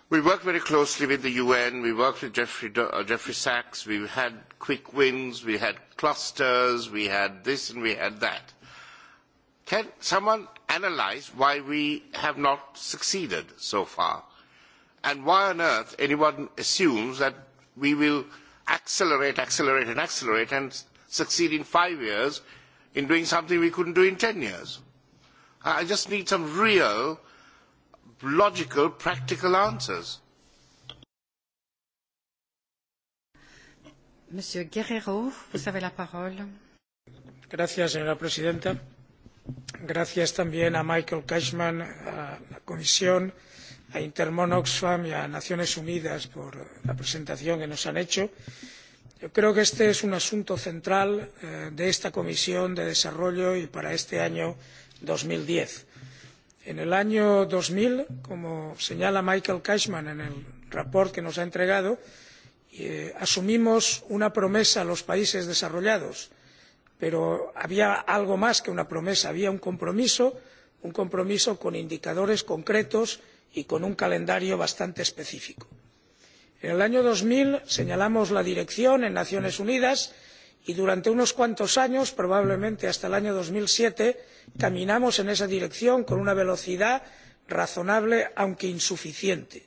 We work very closely with the UN. We work with Jeffrey uh, Sachs. We had quick wins. We had clusters. We had this and we had that. Can someone analyse why we have not succeeded so far? And why on earth anyone assumes that we will accelerate, accelerate, and accelerate and succeed in five years in doing something we couldn't do in ten years? I just need some real, logical, practical answers. Monsieur Guerrero, vous avez la parole. Gracias, señora presidenta. Gracias también a Michael Cashman, a la Comisión a Intermon Oxfam y a Naciones Unidas por la presentación que nos han hecho. Yo creo que este es un asunto central eh, de esta Comisión de Desarrollo y para este año 2010. En el año 2000, como señala Michael Cashman en el reporte que nos ha entregado, eh, asumimos una promesa a los países desarrollados, pero había algo más que una promesa, había un compromiso, un compromiso con indicadores concretos y con un calendario bastante específico. en el año dos mil señalamos la dirección en las naciones unidas y durante unos cuantos años probablemente hasta el año dos mil siete caminamos en esa dirección con una velocidad razonable aunque insuficiente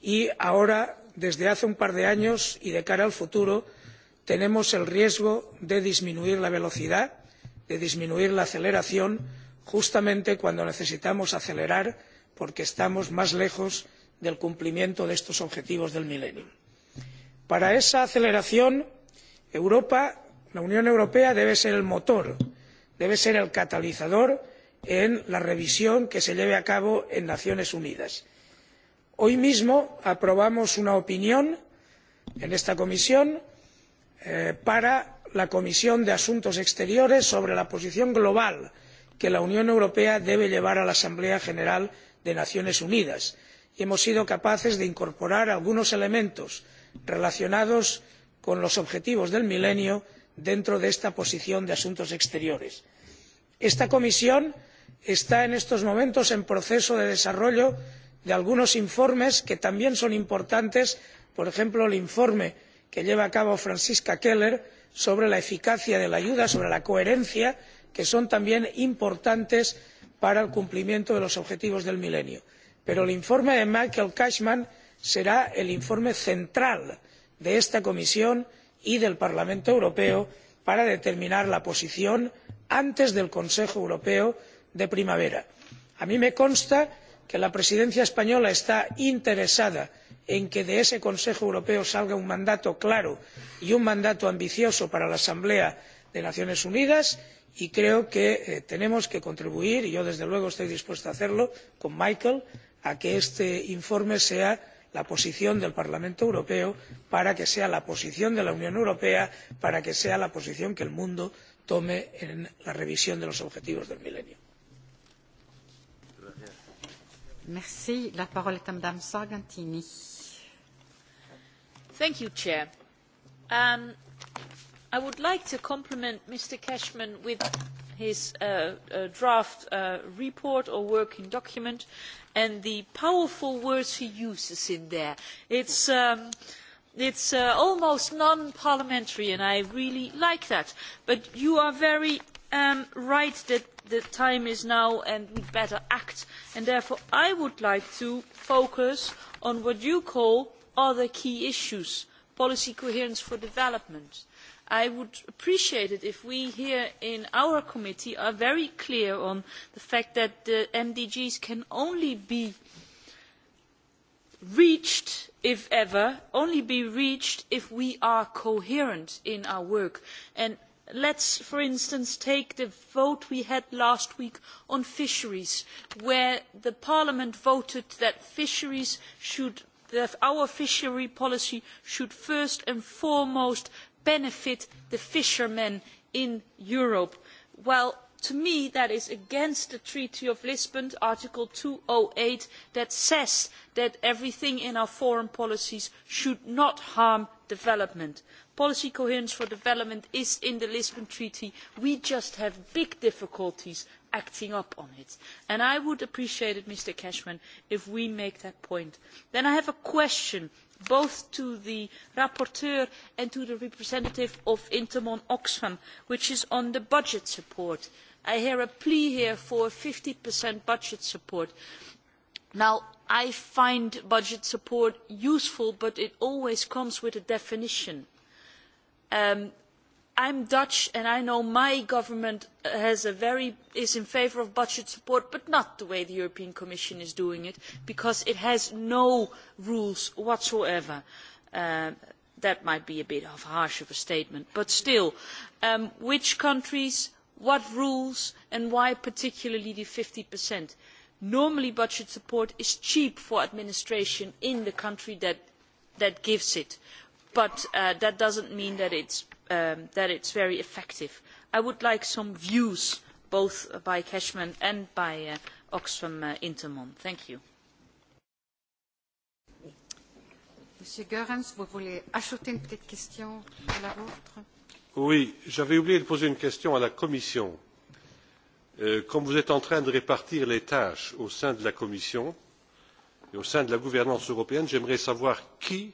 y ahora desde hace un par de años y de cara al futuro tenemos el riesgo de disminuir la velocidad de disminuir la aceleración justamente cuando necesitamos acelerar porque estamos más lejos del cumplimiento de estos objetivos del milenio. para esa aceleración europa la unión europea debe ser el motor debe ser el catalizador en la revisión que se lleve a cabo en las naciones unidas. hoy mismo aprobamos una opinión en esta comisión eh, para la comisión de asuntos exteriores sobre la posición global que la unión europea debe llevar a la asamblea general de de las naciones unidas y hemos sido capaces de incorporar algunos elementos relacionados con los objetivos del milenio dentro de esta posición de asuntos exteriores. esta comisión está en estos momentos en proceso de desarrollo de algunos informes que también son importantes por ejemplo el informe que lleva a cabo franziska keller sobre la eficacia de la ayuda sobre la coherencia que son también importantes para el cumplimiento de los objetivos del milenio pero el informe de michael cashman será el informe central de esta comisión y del parlamento europeo para determinar la posición antes del consejo europeo de primavera. a mí me consta que la presidencia española está interesada en que de ese consejo europeo salga un mandato claro y un mandato ambicioso para la asamblea de las naciones unidas y y creo que eh, tenemos que contribuir y yo desde luego estoy dispuesto a hacerlo con michael a que este informe sea la posición del parlamento europeo para que sea la posición de la unión europea para que sea la posición que el mundo tome en la revisión de los objetivos del milenio. I would like to compliment Mr. Cashman with his uh, uh, draft uh, report or working document and the powerful words he uses in there. It's, um, is almost non-parliamentary and I really like that. But you are very um, right that the time is now and we better act. And therefore I would like to focus on what you call other key issues, policy coherence for development I would appreciate it if we here in our committee are very clear on the fact that the MDGs can only be reached if ever only be reached if we are coherent in our work and let's for instance take the vote we had last week on fisheries where the parliament voted that fisheries should that our fishery policy should first and foremost benefit the fishermen in europe? well to me that is against the treaty of lisbon article two hundred oh and eight which says that everything in our foreign policies should not harm development. policy coherence for development is in the lisbon treaty we just have big difficulties acting up on it and i would appreciate it mr cashman if we make that point. then i have a question both to the rapporteur and to the representative of intermon oxfam which is on the budget support. i hear a plea here for fifty budget support. Now, I find budget support useful, but it always comes with a definition. i am um, Dutch, and I know my government is in favour of budget support, but not the way the European Commission is doing it, because it has no rules whatsoever. Um, that might be a bit of harsh of a statement, but still, um, which countries, what rules, and why particularly the fifty percent? normally budget support is cheap for administration in the country that, gives it but uh, that does not mean that it um, is very effective. i would like some views both by cashman and by uh, oxfam uh, intermon. thank you. j'avais oublié de poser une question à la Commission Euh, comme vous êtes en train de répartir les tâches au sein de la commission et au sein de la gouvernance européenne j'aimerais savoir qui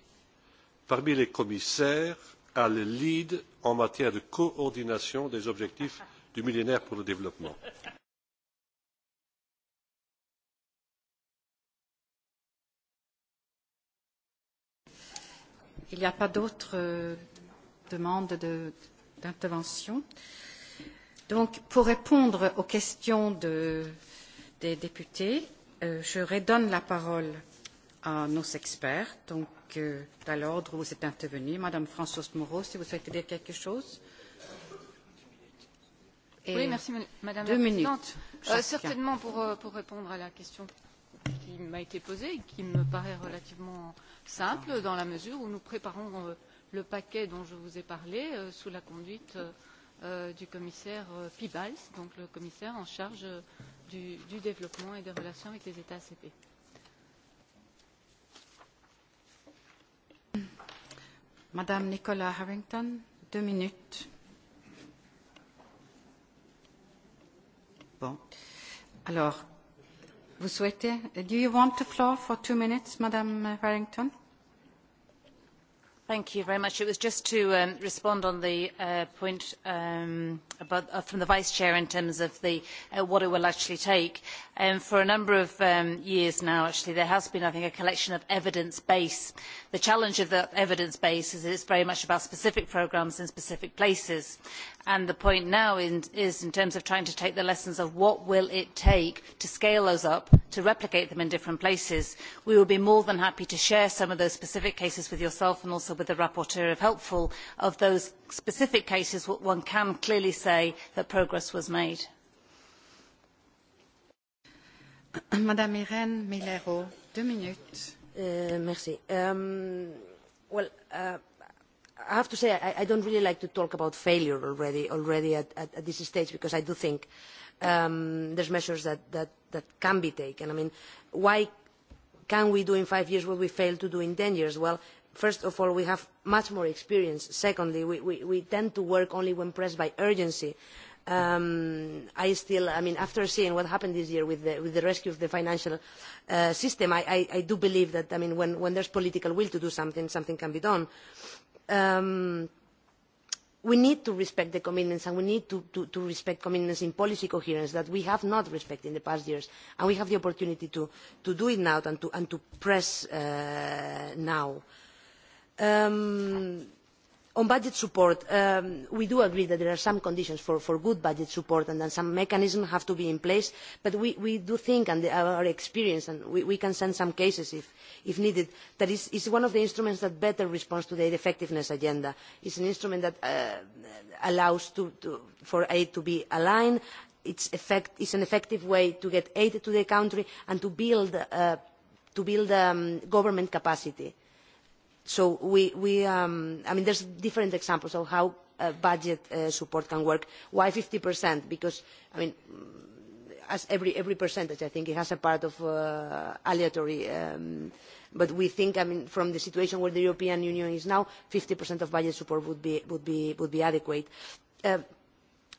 parmi les commissaires a le lead en matière de coordination des objectifs du millénaire pour le développement. il n'y a pas d'autres euh, demandes d'intervention. De, Donc, pour répondre aux questions de, des députés, euh, je redonne la parole à nos experts, donc euh, dans l'ordre où vous êtes intervenus. Madame Françoise Moreau, si vous souhaitez dire quelque chose. Et oui, merci Madame deux la Présidente. Euh, certainement pour, euh, pour répondre à la question qui m'a été posée et qui me paraît relativement simple ah. dans la mesure où nous préparons euh, le paquet dont je vous ai parlé euh, sous la conduite euh, Euh, du commissaire euh, Pibals, donc le commissaire en charge euh, du, du développement et des relations avec les États ACP. Madame Nicola Harrington, deux minutes. Bon. Alors, vous souhaitez... Do you want the floor for two minutes, Madame Harrington? Thank you very much. It was just to um, respond on the uh, point um, about, uh, from the Vice Chair in terms of the, uh, what it will actually take. Um, for a number of um, years now, actually, there has been, I think, a collection of evidence base. The challenge of the evidence base is that it's very much about specific programmes in specific places and the point now is in terms of trying to take the lessons of what will it take to scale those up to replicate them in different places we will be more than happy to share some of those specific cases with yourself and also with the rapporteur if helpful of those specific cases where one can clearly say that progress was made Madame Irene Milero, deux minutes. Uh, merci. Um, well, uh I have to say I, I don't really like to talk about failure already, already at, at, at this stage because I do think um, there's measures that, that, that can be taken. I mean, why can we do in five years what we failed to do in ten years? Well, first of all, we have much more experience. Secondly, we, we, we tend to work only when pressed by urgency. Um, I still, I mean, after seeing what happened this year with the, with the rescue of the financial uh, system, I, I, I do believe that, I mean, when, when there's political will to do something, something can be done um, we need to respect the commitments and we need to, to, to respect commitments in policy coherence that we have not respected in the past years and we have the opportunity to, to do it now and to, and to press uh, now. Um, on budget support um, we do agree that there are some conditions for, good budget support and that some mechanisms have to be in place but we, do think and our experience and we, can send some cases if, needed that it is one of the instruments that better responds to the aid effectiveness agenda. it is an instrument that uh, allows for aid to be aligned it is an effective way to get aid to the country and to build, uh, um, government capacity So we, um, I mean, there's different examples of how uh, budget uh, support can work. Why 50%? Because, I mean, as every, every percentage, I think it has a part of uh, aleatory, um, but we think, I mean, from the situation where the European Union is now, 50% of budget support would be, would be, would be adequate. Uh,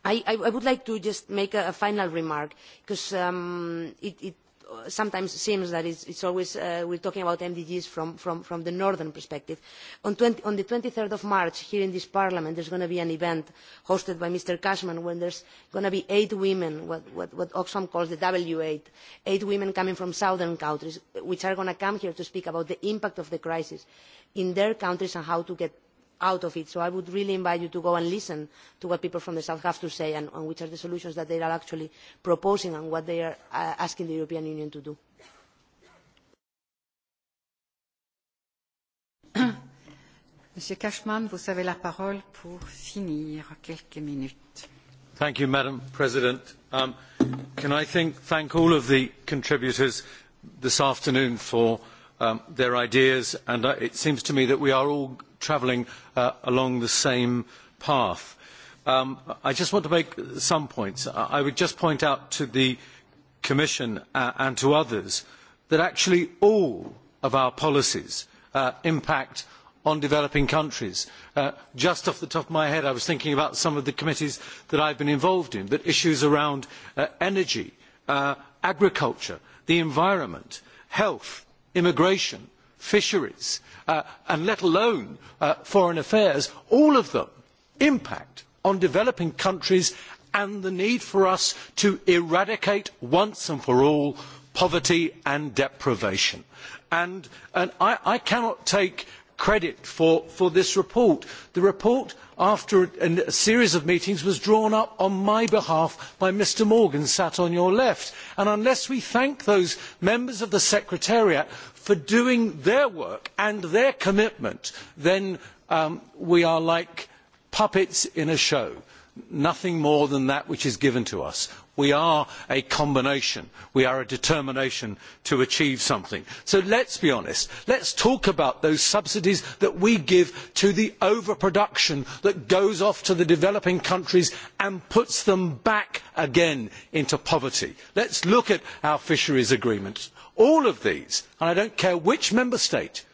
I, I would like to just make a, a final remark, because um, it, it sometimes seems that it's, it's always uh, we're talking about MDGs from, from, from the northern perspective. On, 20, on the 23rd of March, here in this Parliament, there's going to be an event hosted by Mr. Cashman when there's going to be eight women, what, what, what Oxfam calls the W8, eight women coming from southern countries, which are going to come here to speak about the impact of the crisis in their countries and how to get out of it. So I would really invite you to go and listen to what people from the South have to say and, which are the solutions that they are actually proposing and what they are uh, asking the European Union to do. Monsieur Cashman, vous avez la parole pour finir quelques minutes. Thank you, Madam President. Um, can I think, thank all of the contributors this afternoon for um, their ideas, and uh, it seems to me that we are all travelling uh, along the same path. Um, I just want to make some points. I would just point out to the Commission uh, and to others that actually all of our policies uh, impact on developing countries. Uh, just off the top of my head, I was thinking about some of the committees that I've been involved in, that issues around uh, energy, uh, agriculture, the environment, health, immigration, fisheries, uh, and let alone uh, foreign affairs, all of them impact on developing countries and the need for us to eradicate once and for all poverty and deprivation. And, and I, I cannot take credit for, for this report. The report, after a, a series of meetings, was drawn up on my behalf by Mr Morgan, sat on your left. And unless we thank those members of the Secretariat for doing their work and their commitment, then um, we are like puppets in a show. Nothing more than that which is given to us. We are a combination. We are a determination to achieve something. So let's be honest. Let's talk about those subsidies that we give to the overproduction that goes off to the developing countries and puts them back again into poverty. Let's look at our fisheries agreements all of these and i do not care which member state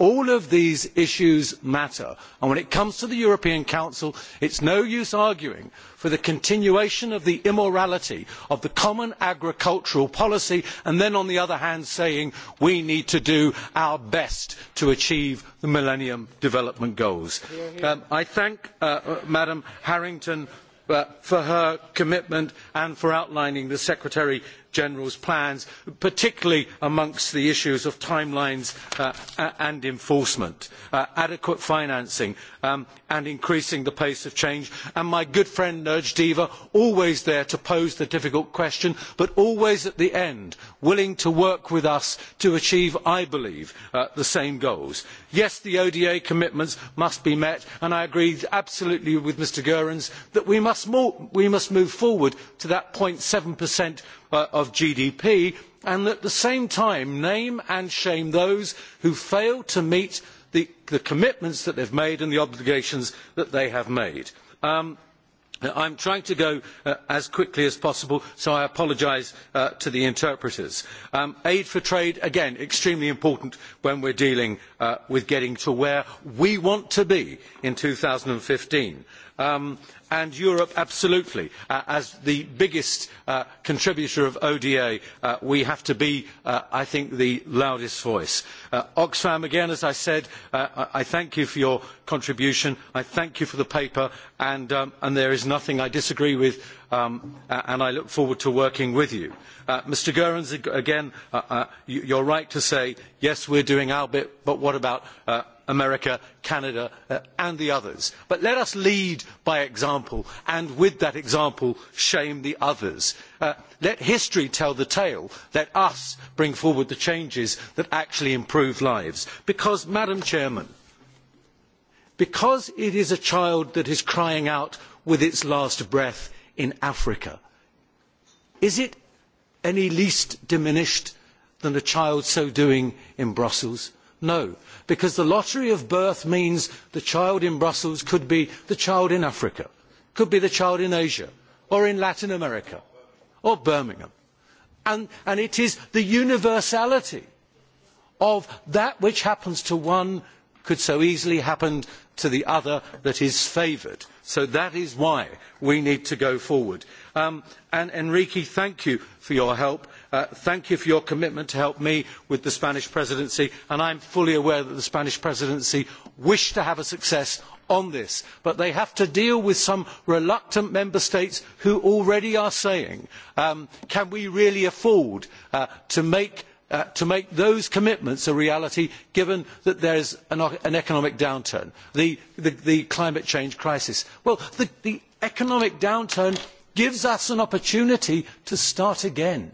all of these issues matter and when it comes to the european council it is no use arguing for the continuation of the immorality of the common agricultural policy and then on the other hand saying we need to do our best to achieve the millennium development goals. Um, i thank uh, uh, ms harrington uh, for her commitment and for outlining the secretary General's plans, particularly amongst the issues of timelines uh, and enforcement, uh, adequate financing um, and increasing the pace of change. And my good friend Nurjdeva, always there to pose the difficult question, but always at the end, willing to work with us to achieve, I believe, uh, the same goals. Yes, the ODA commitments must be met, and I agree absolutely with Mr Goerens that we must, more, we must move forward to that 0.7% Uh, of GDP, and at the same time name and shame those who fail to meet the, commitments that they've made and the obligations that they have made. i am um, trying to go uh, as quickly as possible so i apologise uh, to the interpreters. Um, aid for trade again extremely important when we are dealing with getting to where we want to be in two thousand and fifteen um, and Europe absolutely. Uh, as the biggest uh, contributor of ODA, uh, we have to be, I think, the loudest voice. Oxfam, again, as I said, I thank you for your contribution. I thank you for the paper, and, um, there is nothing I disagree with um, and I look forward to working with you. Mr Goerens, again, you are right to say, yes, we are doing our bit, but what about America, Canada uh, and the others. But let us lead by example and with that example shame the others. Uh, let history tell the tale. Let us bring forward the changes that actually improve lives. Because, Madam Chairman, because it is a child that is crying out with its last breath in Africa, is it any less diminished than a child so doing in Brussels? No, because the lottery of birth means the child in Brussels could be the child in Africa, could be the child in Asia, or in Latin America, or Birmingham. And, and it is the universality of that which happens to one could so easily happen to the other that is favoured. So that is why we need to go forward. Um, and Enrique, thank you for your help Uh, thank you for your commitment to help me with the Spanish presidency, and I am fully aware that the Spanish presidency wish to have a success on this, but they have to deal with some reluctant member states who already are saying, um, can we really afford uh, uh, to make those commitments a reality given that there is an, economic downturn, the, climate change crisis. Well, the economic downturn gives us an opportunity to start again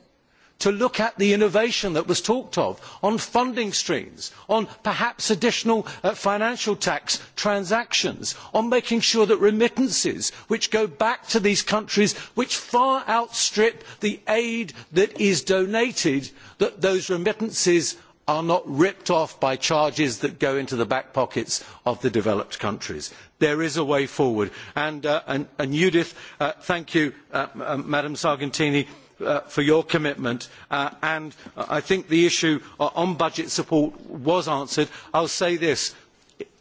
to look at the innovation that was talked of on funding streams on perhaps additional uh, financial tax transactions on making sure that remittances which go back to these countries which far outstrip the aid that is donated that those remittances are not ripped off by charges that go into the back pockets of the developed countries. There is a way forward. And, uh, Judith, uh, thank you, Madam Sargentini Uh, for your commitment. Uh, and I think the issue uh, on budget support was answered. I'll say this.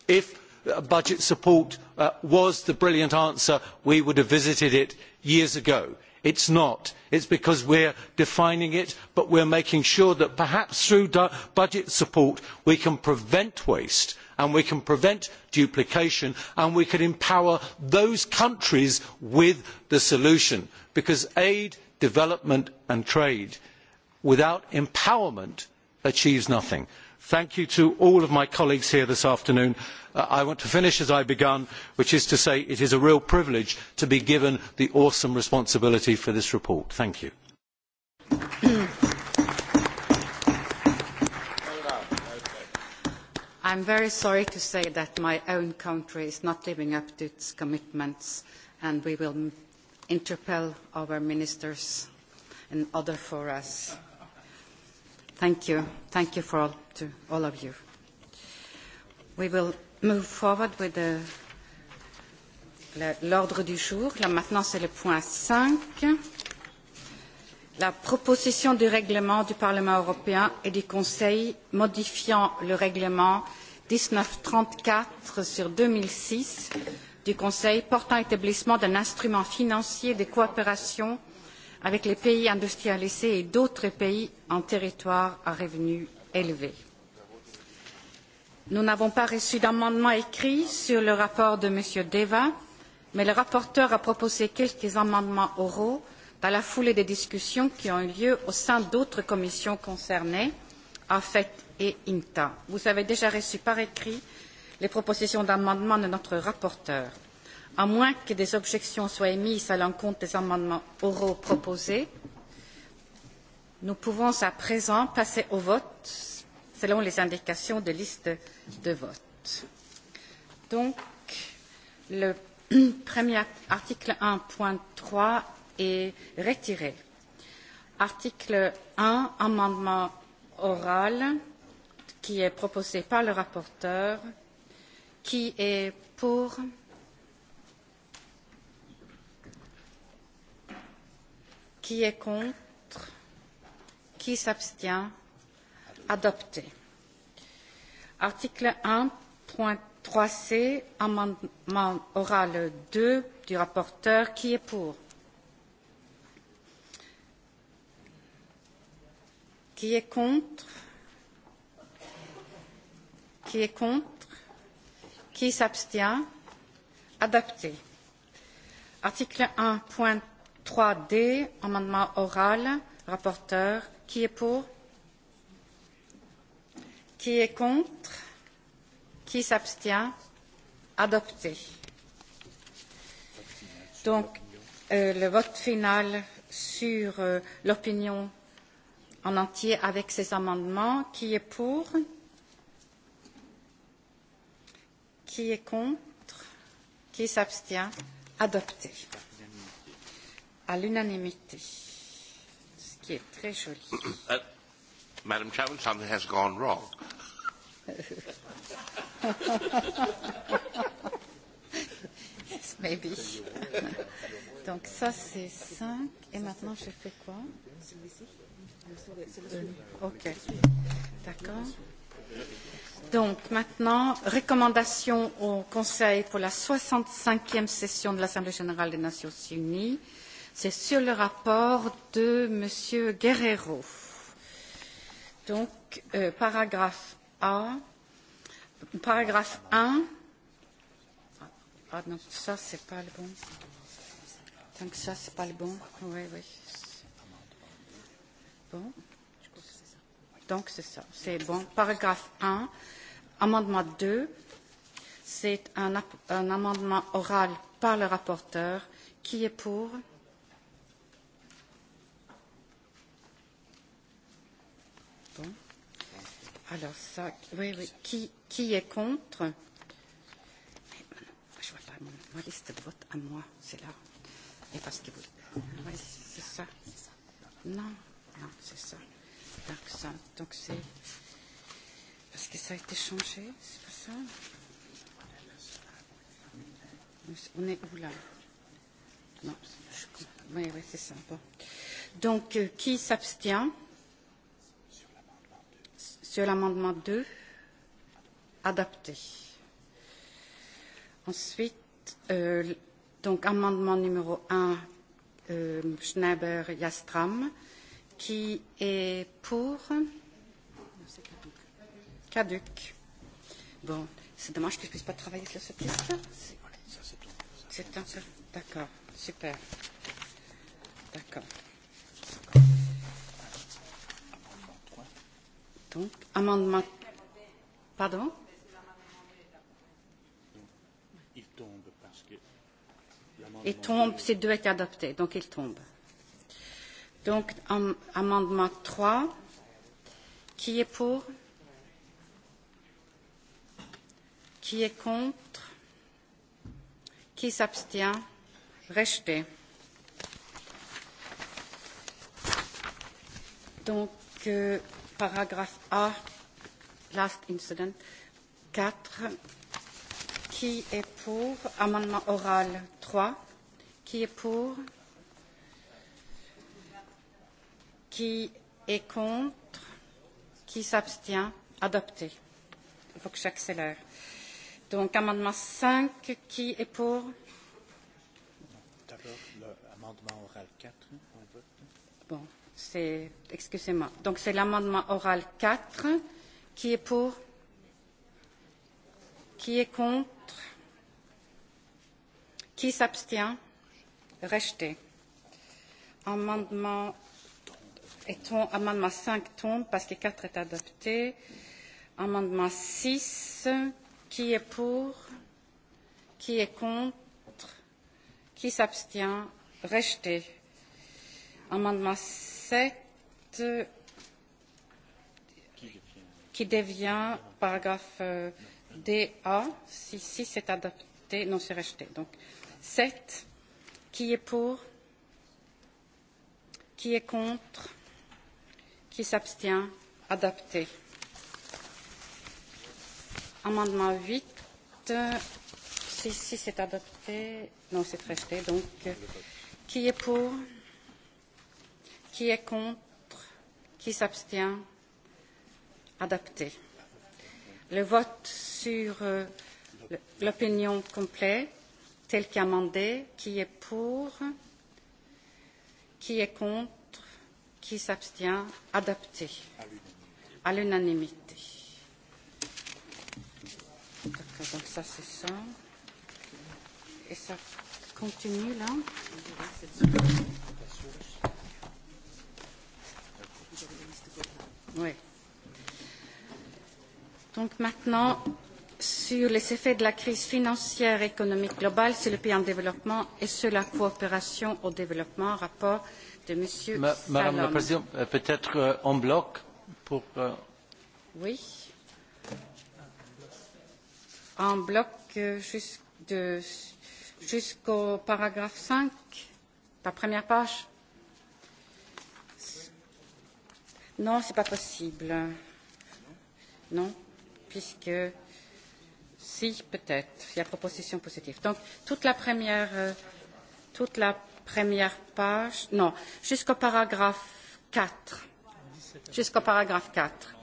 If budget support was the brilliant answer, we would have visited it years ago. It's not. It's because we're defining it, but we're making sure that perhaps through budget support we can prevent waste and we can prevent duplication and we can empower those countries with the solution because aid development and trade without empowerment achieves nothing. thank you to all of my colleagues here this afternoon. Uh, i want to finish as i began which is to say it is a real privilege to be given the awesome responsibility for this report. thank you. i am very sorry to say that my own country is not living up to its commitments and we will interpel our ministers and other fora. Thank you. Thank you for all, to all of you. We will move forward with the l'ordre du jour. Là maintenant, c'est le point 5. La proposition du règlement du Parlement européen et du Conseil modifiant le règlement 1934 sur 2006 du Conseil portant établissement d'un instrument financier de coopération avec les pays industrialisés et d'autres pays en territoire à revenus élevés. Nous n'avons pas reçu d'amendement écrit sur le rapport de M. Deva, mais le rapporteur a proposé quelques amendements oraux dans la foulée des discussions qui ont eu lieu au sein d'autres commissions concernées, AFET et INTA. Vous avez déjà reçu par écrit les propositions d'amendement de notre rapporteur. À moins que des objections soient émises à l'encontre des amendements oraux proposés, nous pouvons à présent passer au vote selon les indications de liste de vote. Donc, le premier article 1.3 est retiré. Article 1, amendement oral qui est proposé par le rapporteur Qui est pour Qui est contre Qui s'abstient Adopté. Article 1.3c, amendement oral 2 du rapporteur. Qui est pour Qui est contre Qui est contre Qui s'abstient Adopté. Article trois D, amendement oral, rapporteur. Qui est pour Qui est contre Qui s'abstient Adopté. Donc, euh, le vote final sur euh, l'opinion en entier avec ces amendements. Qui est pour Qui est contre Qui s'abstient Adopté. À l'unanimité. Ce qui est très joli. Uh, Madam Chairman, something has gone wrong. yes, maybe. Donc ça c'est 5 et maintenant je fais quoi euh, Ok. D'accord. Donc maintenant, recommandation au Conseil pour la 65e session de l'Assemblée générale des Nations unies. C'est sur le rapport de M. Guerrero. Donc, euh, paragraphe A, paragraphe 1. Ah non, ça c'est pas le bon. Donc ça c'est pas le bon. Oui, oui. Bon. Donc, c'est ça. C'est bon. Paragraphe 1. Amendement 2. C'est un, un amendement oral par le rapporteur. Qui est pour Bon. Alors ça, oui, oui. Qui, qui est contre Je vois pas mon, ma liste de vote à moi, c'est là. Et parce que vous... Oui, c'est ça. Non, non, c'est ça. Donc ça, donc c'est... Parce que ça a été changé, c'est pas ça On est où là Non, je... Oui, oui, c'est ça. Bon. Donc, euh, qui s'abstient Sur l'amendement 2, adapté. Ensuite, euh, donc amendement numéro 1, euh, Schneider-Yastram. Euh, qui est pour Caduc. Bon, c'est dommage que je ne puisse pas travailler sur cette liste. C'est un peu... D'accord, super. D'accord. Donc, amendement... Pardon Il tombe parce que... Il tombe, ces deux étaient adoptés, donc il tombe. Donc, um, amendement 3. Qui est pour Qui est contre Qui s'abstient Rejeté. Donc, euh, paragraphe A, last incident, 4. Qui est pour Amendement oral 3. Qui est pour Qui est contre Qui s'abstient Adopté. Il faut que j'accélère. Donc, amendement 5, qui est pour D'abord, l'amendement oral 4, on vote. Bon, c'est. Excusez-moi. Donc, c'est l'amendement oral 4. Qui est pour Qui est contre Qui s'abstient Rejeté. Amendement et ton, amendement 5 tombe parce que 4 est adopté. Amendement 6, qui est pour Qui est contre Qui s'abstient Rejeté. Amendement 7, qui devient paragraphe euh, DA, si, si c'est adopté, non, c'est rejeté. Donc, 7, qui est pour Qui est contre Qui s'abstient Adapté. Amendement 8. Si, si c'est adopté, non, c'est traité. Donc, qui est pour Qui est contre Qui s'abstient Adapté. Le vote sur euh, l'opinion complète, telle qu'amendée, qui est pour Qui est contre Qui s'abstient Adopté. À l'unanimité. donc ça c'est ça. Et ça continue là Oui. Donc maintenant, sur les effets de la crise financière et économique globale sur les pays en développement et sur la coopération au développement, rapport de Monsieur Ma Salom. Madame la Présidente, euh, peut-être euh, en bloc pour. Euh... Oui. En bloc euh, jusqu'au jusqu paragraphe 5, la première page. Non, c'est pas possible. Non, puisque si peut-être il y a proposition positive. Donc toute la première, euh, toute la première page, non, jusqu'au paragraphe 4. Jusqu'au paragraphe 4.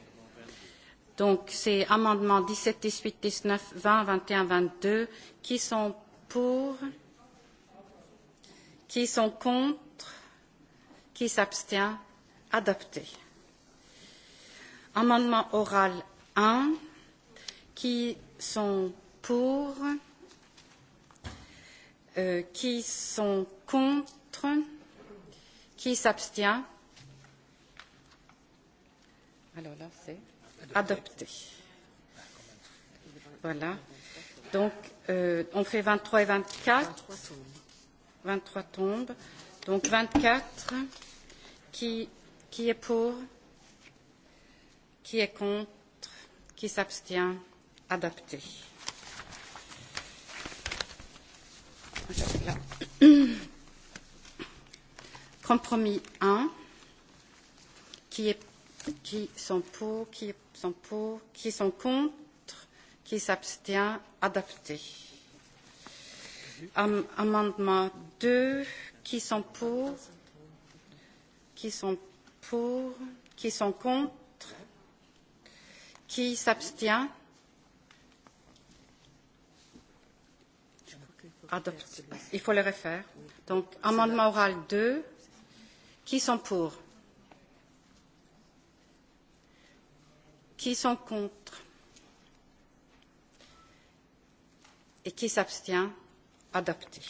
Donc, c'est amendements 17, 18, 19, 20, 21, 22 qui sont pour, qui sont contre, qui s'abstient, adopté. Amendement oral 1, qui sont pour, Euh, qui sont contre Qui s'abstient Alors là, c'est adopté. Voilà. Donc, euh, on fait 23 et 24. 23 tombes. Donc, 24. Qui, qui est pour Qui est contre Qui s'abstient Adopté. Compromis 1. Qui, est, qui sont pour, qui sont pour, qui sont contre, qui s'abstient, adopté. Am amendement 2. Qui sont pour, qui sont pour, qui sont contre, qui s'abstient, Adopte. Il faut le refaire. Donc, amendement oral 2. Qui sont pour Qui sont contre Et qui s'abstient Adopté.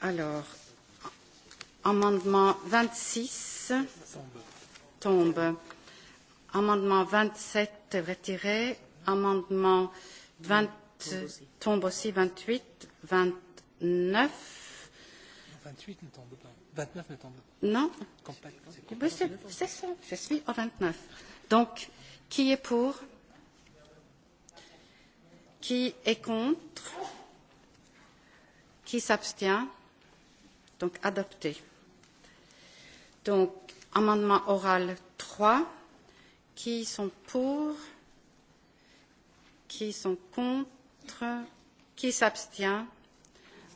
Alors, amendement 26 tombe. Amendement 27 retiré. Amendement 20, tombe aussi 28, 29. 28 ne tombe pas. 29 ne tombe pas. Non. C'est ça, je suis au 29. Donc, qui est pour Qui est contre Qui s'abstient Donc, adopté. Donc, amendement oral 3. Qui sont pour qui sont contre, qui s'abstient,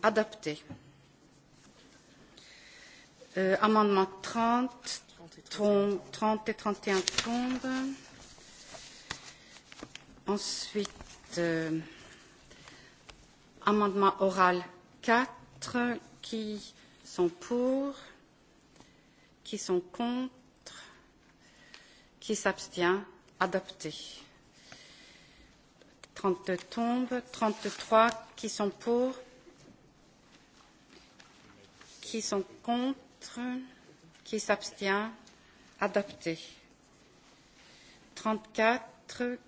adopté. Euh, amendement 30, 30 et 31 tombent. Ensuite, euh, amendement oral 4, qui sont pour, qui sont contre, qui s'abstient, adopté. 32 tombent. 33 qui sont pour Qui sont contre Qui s'abstient Adopté. 34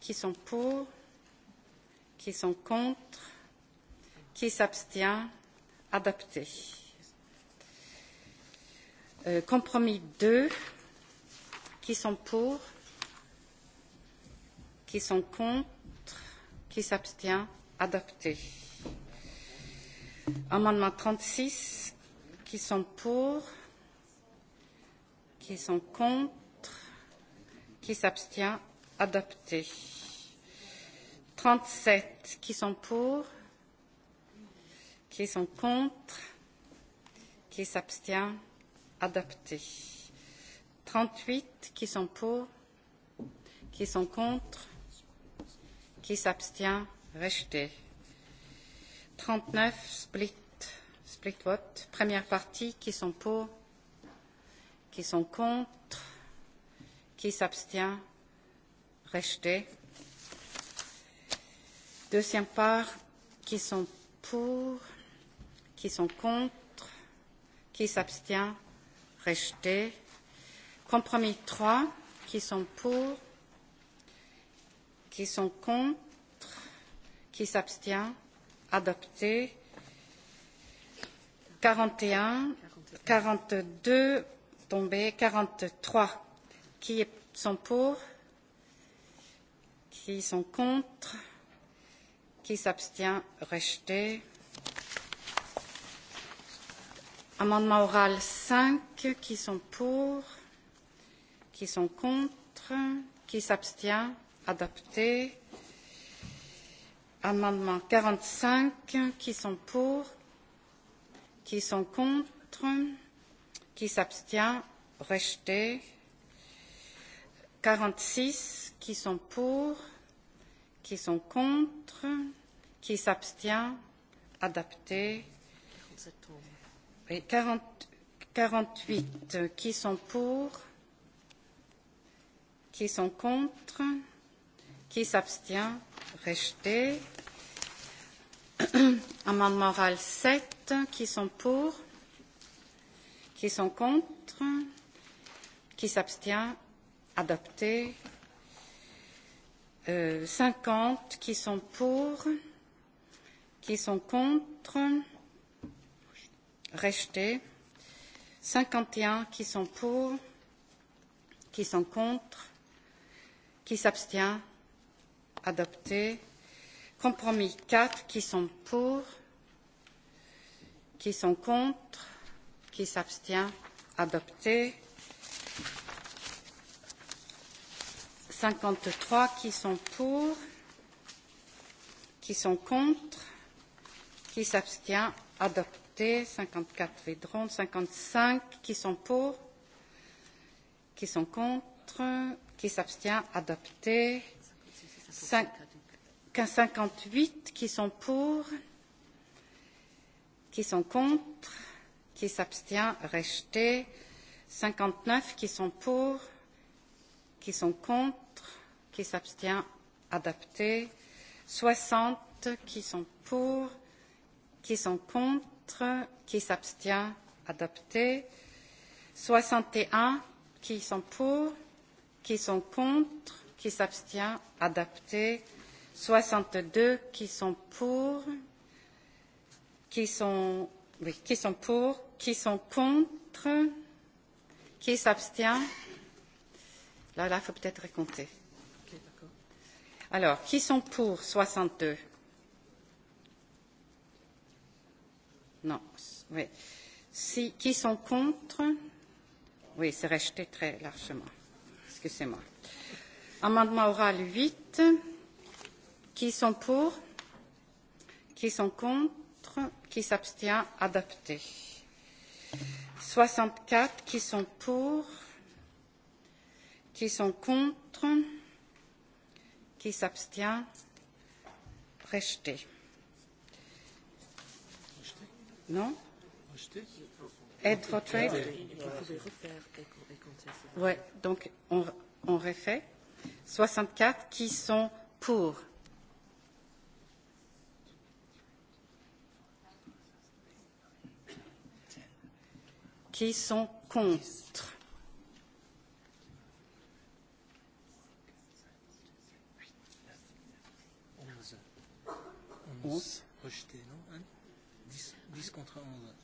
qui sont pour Qui sont contre Qui s'abstient Adopté. Euh, compromis 2. Qui sont pour Qui sont contre Qui s'abstient Adopté. Amendement 36. Qui sont pour Qui sont contre Qui s'abstient Adopté. 37. Qui sont pour Qui sont contre Qui s'abstient Adopté. 38. Qui sont pour Qui sont contre Qui s'abstient Rejeté. 39, split, split vote. Première partie, qui sont pour Qui sont contre Qui s'abstient Rejeté. Deuxième part, qui sont pour Qui sont contre Qui s'abstient Rejeté. Compromis 3, qui sont pour qui sont contre, qui s'abstient, adopté. 41, 42 tombé, 43 qui sont pour, qui sont contre, qui s'abstient, rejeté. Amendement oral 5, qui sont pour, qui sont contre, qui s'abstient, adopté. Amendement 45, qui sont pour, qui sont contre, qui s'abstient, rejeté. 46, qui sont pour, qui sont contre, qui s'abstient, adopté. Et 40, 48, qui sont pour, qui sont contre, Qui s'abstient Rejeté. Amendement oral 7. Qui sont pour Qui sont contre Qui s'abstient Adopté. Euh, 50. Qui sont pour Qui sont contre Rejeté. 51. Qui sont pour Qui sont contre Qui s'abstient adopté. Compromis 4, qui sont pour, qui sont contre, qui s'abstient, adopté. 53 qui sont pour, qui sont contre, qui s'abstient, adopté. 54 Védron, 55 qui sont pour, qui sont contre, qui s'abstient, adopté. 58 qui sont pour, qui sont contre, qui s'abstient, rejeté. 59 qui sont pour, qui sont contre, qui s'abstient, adopté. 60 qui sont pour, qui sont contre, qui s'abstient, adopté. 61 qui sont pour, qui sont contre, qui s'abstient adopté soixante deux qui sont pour qui sont oui qui sont pour qui sont contre qui s'abstient là là faut peut-être compter alors qui sont pour soixante deux non oui si qui sont contre oui c'est rejeté très largement excusez moi Amendement oral 8. Qui sont pour Qui sont contre Qui s'abstient Adopté. 64. Qui sont pour Qui sont contre Qui s'abstient Rejeté. Non Aide for Oui, donc on, on refait soixante quatre qui sont pour? qui sont contre? Rejeté, non Dix, dix contre onze.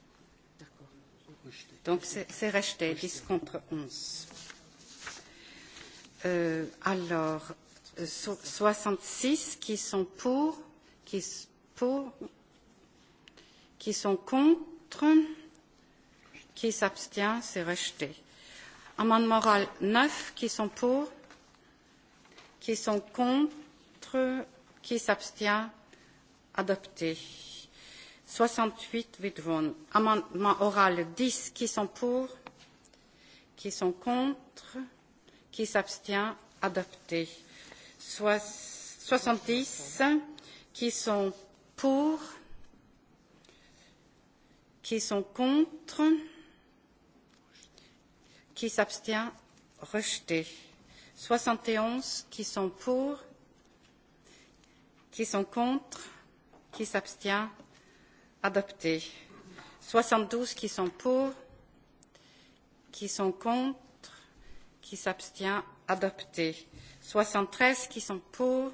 D'accord. Donc c'est rejeté, dix contre onze. Euh, alors, 66 euh, qui sont pour, qui, pour, qui sont contre, qui s'abstient, c'est rejeté. Amendement moral 9 qui sont pour, qui sont contre, qui s'abstient, adopté. 68 withdrawn. Amendement oral 10 qui sont pour, qui sont contre, qui s'abstient adopté soixante dix qui sont pour qui sont contre qui s'abstient rejeté soixante et onze qui sont pour qui sont contre qui s'abstient adopté soixante douze qui sont pour qui sont contre qui s'abstient adopté. 73 qui sont pour,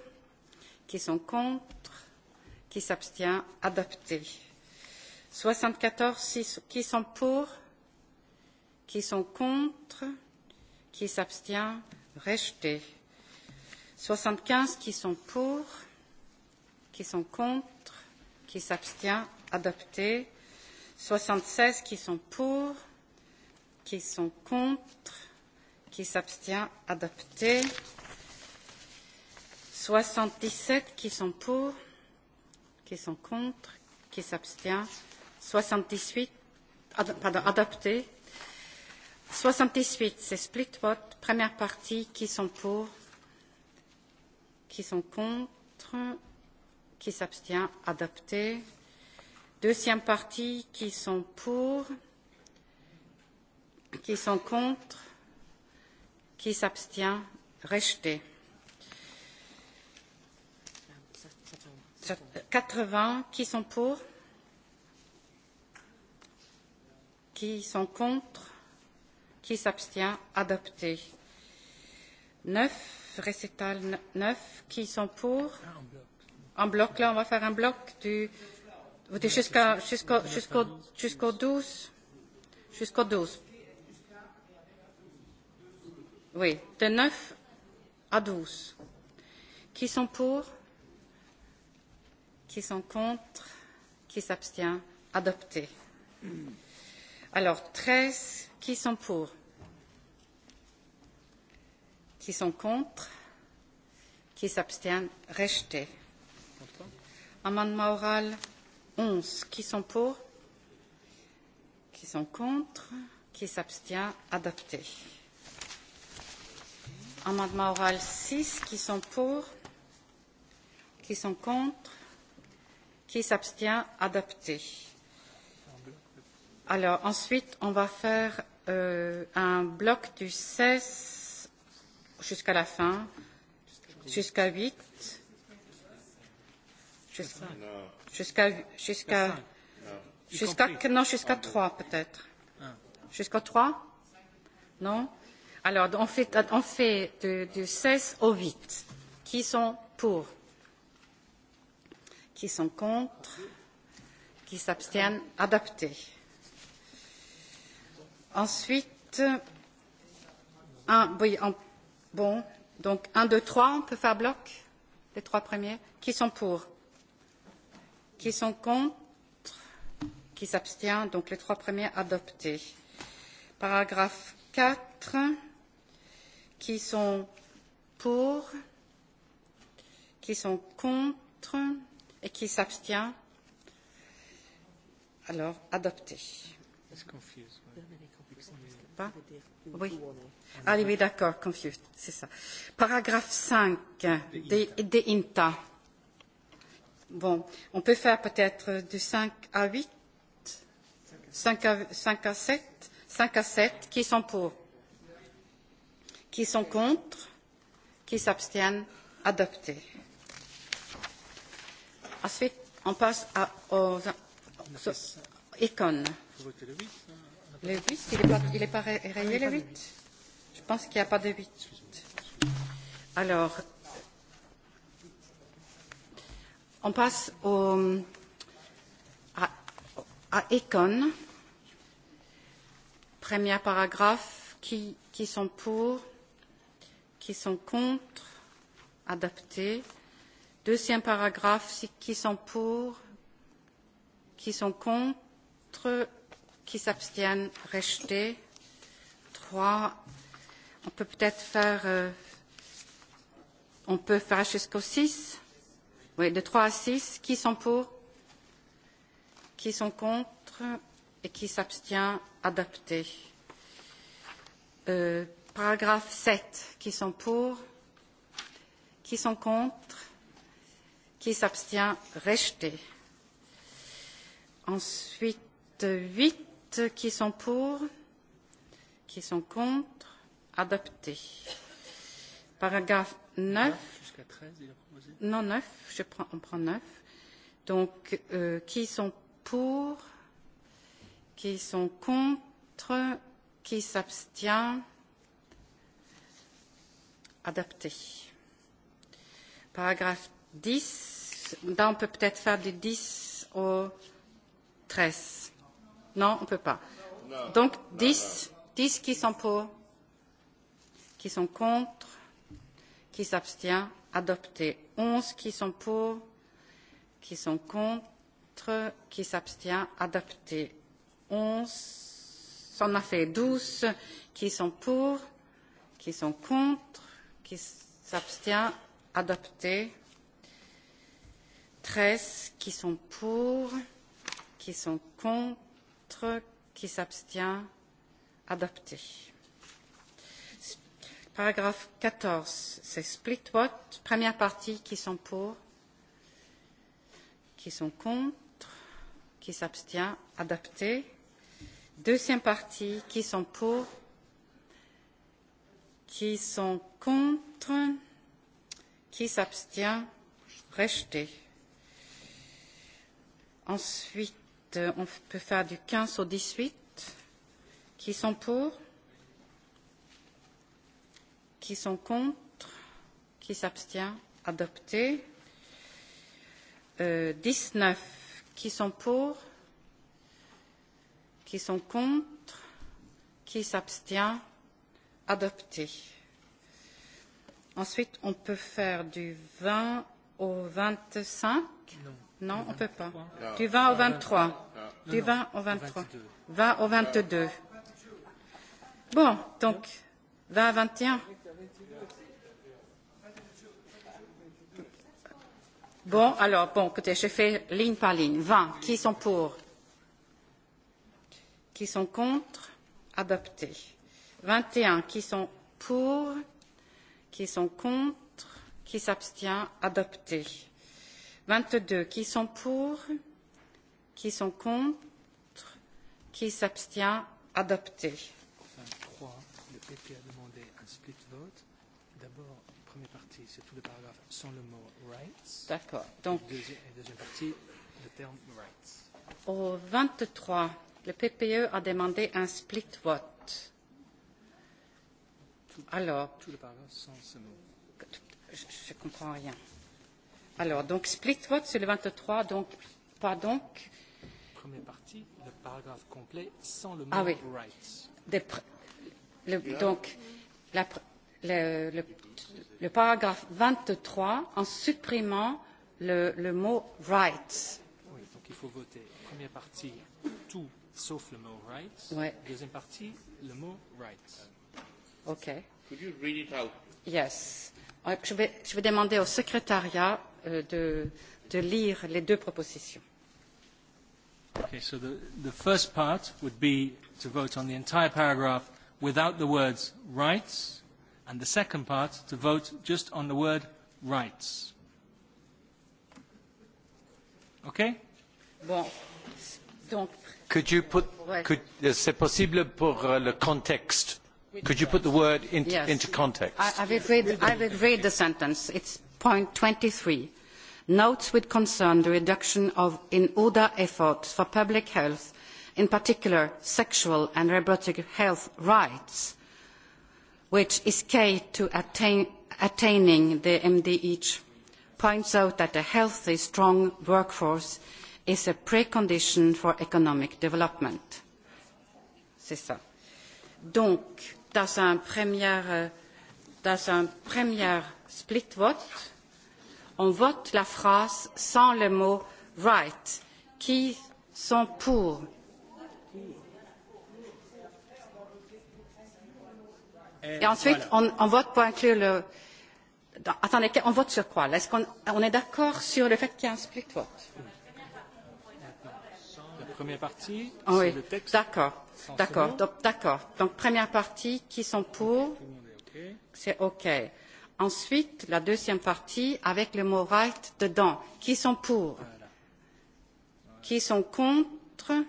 qui sont contre, qui s'abstient adopté. 74 6, qui sont pour, qui sont contre, qui s'abstient rejeté. 75 qui sont pour, qui sont contre, qui s'abstient adopté. 76 qui sont pour, qui sont contre, qui s'abstient adopté 77 qui sont pour qui sont contre qui s'abstient 78 ad, pardon adopté 78 c'est split vote première partie qui sont pour qui sont contre qui s'abstient adopté deuxième partie qui sont pour qui sont contre Qui s'abstient Rejeté. 80. Qui sont pour Qui sont contre Qui s'abstient Adopté. 9, récital 9. Qui sont pour En bloc, là, on va faire un bloc du, jusqu'à, jusqu'au, jusqu'au, jusqu'au 12. Jusqu'au 12. Oui, de 9 à 12. Qui sont pour Qui sont contre Qui s'abstient Adopté. Alors, 13, qui sont pour Qui sont contre Qui s'abstient Rejeté. Amendement oral 11, qui sont pour Qui sont contre Qui s'abstient Adopté. Amendement oral 6, qui sont pour, qui sont contre, qui s'abstient, adopté. Alors ensuite, on va faire euh, un bloc du 16 jusqu'à la fin, jusqu'à 8, jusqu'à jusqu'à jusqu'à jusqu'à non jusqu'à 3 peut-être. Jusqu'à 3 Non Alors, on fait, on fait du, du 16 au 8. Qui sont pour Qui sont contre Qui s'abstiennent Adopté. Ensuite, un, oui, un, bon, donc 1, 2, 3, on peut faire bloc Les trois premiers Qui sont pour Qui sont contre Qui s'abstient Donc les trois premiers adoptés. Paragraphe 4 qui sont pour, qui sont contre et qui s'abstient. Alors, adopté. Pas oui. Ah oui, d'accord, confus, c'est ça. Paragraphe 5 des INTA. de, de INTA. Bon, on peut faire peut-être du 5 à 8, 5 à, 5 à 7, 5 à 7, qui sont pour qui sont contre, qui s'abstiennent, adopté. Ensuite, on passe à, aux icônes. Le 8, il n'est pas, il est pas rayé, le 8 Je pense qu'il n'y a pas de 8. Alors, on passe au, à, à Econ. Premier paragraphe, qui, qui sont pour qui sont contre adopté deuxième paragraphe qui sont pour qui sont contre qui s'abstiennent rejeté trois on peut peut-être faire euh, on peut faire jusqu'au six oui de trois à six qui sont pour qui sont contre et qui s'abstient adopté euh, Paragraphe 7. Qui sont pour Qui sont contre Qui s'abstient Rejeté. Ensuite, 8. Qui sont pour Qui sont contre Adopté. Paragraphe 9. Jusqu'à 13, il a proposé Non, 9. Je prends, on prend 9. Donc, euh, qui sont pour Qui sont contre Qui s'abstient adopté. Paragraphe 10. Là, on peut peut-être faire du 10 au 13. Non, on ne peut pas. Non, Donc, non, 10, non. 10 qui sont pour, qui sont contre, qui s'abstient, adopté. 11 qui sont pour, qui sont contre, qui s'abstient, adopté. 11, on a fait 12 qui sont pour, qui sont contre, qui s'abstient adopté treize qui sont pour qui sont contre qui s'abstient adopté paragraphe 14 c'est split vote première partie qui sont pour qui sont contre qui s'abstient adopté deuxième partie qui sont pour qui sont contre, qui s'abstient, rejeté. Ensuite, euh, on peut faire du 15 au 18. Qui sont pour Qui sont contre Qui s'abstient Adopté. Euh, 19. Qui sont pour Qui sont contre Qui s'abstient adopté. Ensuite, on peut faire du 20 au 25 Non, non on ne peut pas. Ah. Du 20 au 23. Ah, ah. Du 20 au 23. 20 au 22. Bon, donc 20 à 21. Bon, alors, bon, écoutez, je fais ligne par ligne. 20. Qui sont pour Qui sont contre Adopté. 21 qui sont pour, qui sont contre, qui s'abstient, adopté. 22 qui sont pour, qui sont contre, qui s'abstient, adopté. 23, le PP a demandé un split vote. D'abord, première partie, c'est tout le paragraphe sans le mot rights. D'accord. Donc, et deuxième, et deuxième partie, le terme rights. Au 23, le PPE a demandé un split vote. Alors, je ne comprends rien. Alors, donc split vote sur le 23, donc pas donc. Première partie, le paragraphe complet sans le ah mot ah, oui. rights. Des pr le, donc, la, le, le, le paragraphe 23 en supprimant le, le mot rights. Oui, donc il faut voter. Première partie, tout sauf le mot rights. Ouais. Deuxième partie, le mot rights. Okay. Could you read it out? Yes. Euh, je vais, je vais demander au secrétariat euh, de, de lire les deux propositions. Okay, so the, the first part would be to vote on the entire paragraph without the words rights, and the second part to vote just on the word rights. Okay? Bon. Donc, could you put, ouais. c'est possible pour euh, le contexte Could you put the word in, yes. into context? I, I, will read, I will read the sentence. It's point 23 notes with concern the reduction of in ODA efforts for public health, in particular sexual and reproductive health rights, which is key to attain, attaining the MDH, points out that a healthy, strong workforce is a precondition for economic development. C'est ça. Donc, tässä on premier, äh, tässä on premiär split vote. On vote la phrase sans le mot right. Qui sont pour? Et ensuite, voilà. on, on vote pour inclure le. Dans, attendez, on vote sur quoi Est-ce qu'on on est d'accord sur le fait qu'il y a un split vote La première partie, oh, oui. c'est le texte. D'accord. D'accord, donc, d'accord. Donc première partie, qui sont pour C'est OK. Ensuite, la deuxième partie avec le mot right dedans. Qui sont pour Qui sont contre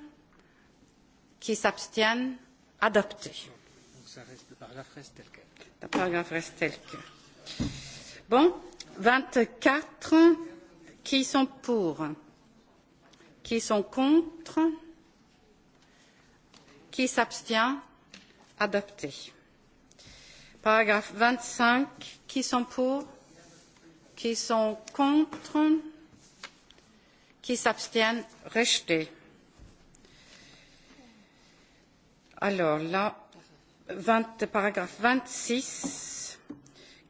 Qui s'abstiennent Adopté. Donc ça reste, le paragraphe reste tel quel. Le paragraphe reste tel quel. Bon, 24. Qui sont pour Qui sont contre Qui s'abstient Adopté. Paragraphe vingt cinq Qui sont pour Qui sont contre Qui s'abstiennent Rejeté. Alors là, 20, paragraphe 26,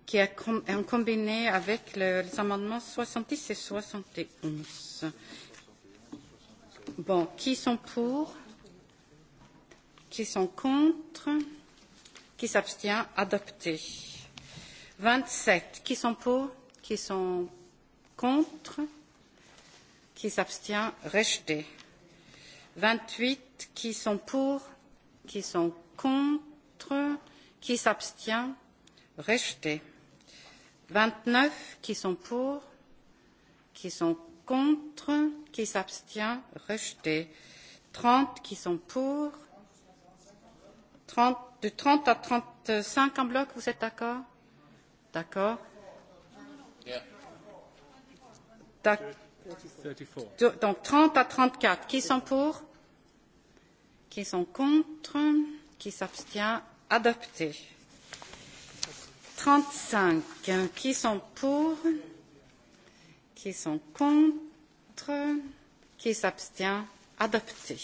qui est com en combiné avec le, les amendements soixante 70 et 71. Bon, qui sont pour Qui sont contre Qui s'abstient Adopté. 27. Qui sont pour Qui sont contre Qui s'abstient Rejeté. 28. Qui sont pour Qui sont contre Qui s'abstient Rejeté. 29. Qui sont pour Qui sont contre Qui s'abstient Rejeté. 30. Qui sont pour 30, de 30 à 35 en bloc, vous êtes d'accord D'accord. Donc 30 à 34. Qui sont pour Qui sont contre Qui s'abstient Adopté. 35. Qui sont pour Qui sont contre Qui s'abstient Adopté.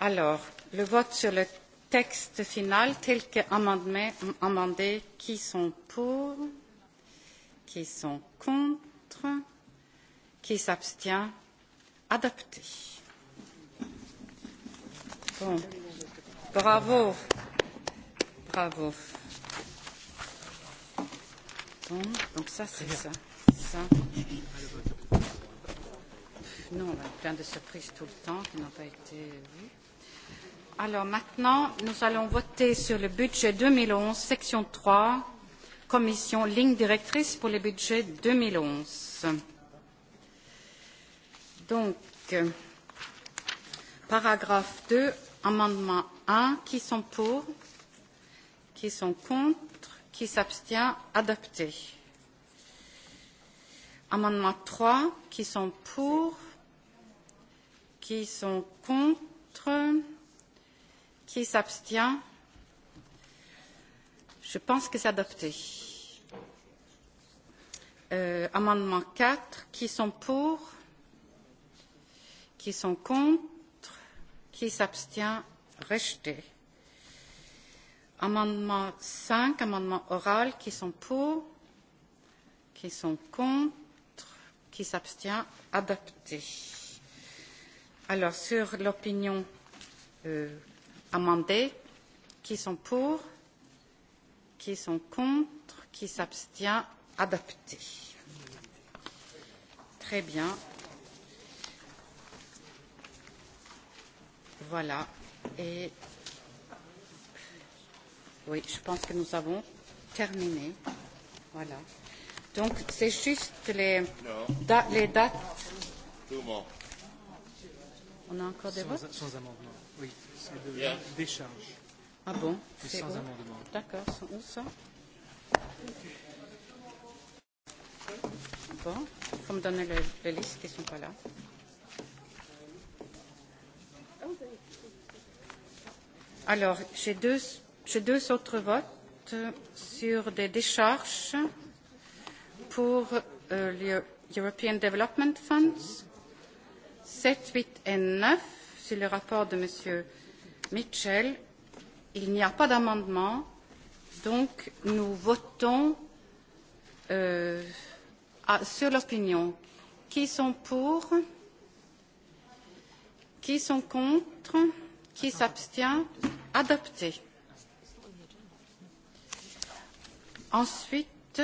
Alors, le vote sur le texte final tel qu'amendé. Qui sont pour Qui sont contre Qui s'abstient Adopté. Bon. Bravo. Bravo. Bon, donc ça, c'est ça. ça. Nous, on a plein de surprises tout le temps qui n'ont pas été vues. Alors maintenant, nous allons voter sur le budget 2011, section 3, commission ligne directrice pour le budget 2011. Donc, paragraphe 2, amendement 1, qui sont pour, qui sont contre, qui s'abstient, adopté. Amendement 3, qui sont pour, qui sont contre, Qui s'abstient Je pense que c'est adopté. Euh, amendement 4. Qui sont pour Qui sont contre Qui s'abstient Rejeté. Amendement 5, amendement oral. Qui sont pour Qui sont contre Qui s'abstient Adopté. Alors, sur l'opinion euh, amendé. Qui sont pour Qui sont contre Qui s'abstient Adopté. Très bien. Voilà. Et oui, je pense que nous avons terminé. Voilà. Donc, c'est juste les, da, les dates. On a encore des votes Sans amendement, oui ça de yeah. décharge. Ah bon C'est sans amendement. D'accord, où ça Bon, il faut me donner les, les listes qui ne sont pas là. Alors, j'ai deux, j'ai deux autres votes sur des décharges pour euh, le European Development Funds, 7, 8 et 9, sur le rapport de Monsieur Mitchell. Il n'y a pas d'amendement, donc nous votons euh, à, ah, sur l'opinion. Qui sont pour Qui sont contre Qui s'abstient Adopté. Ensuite,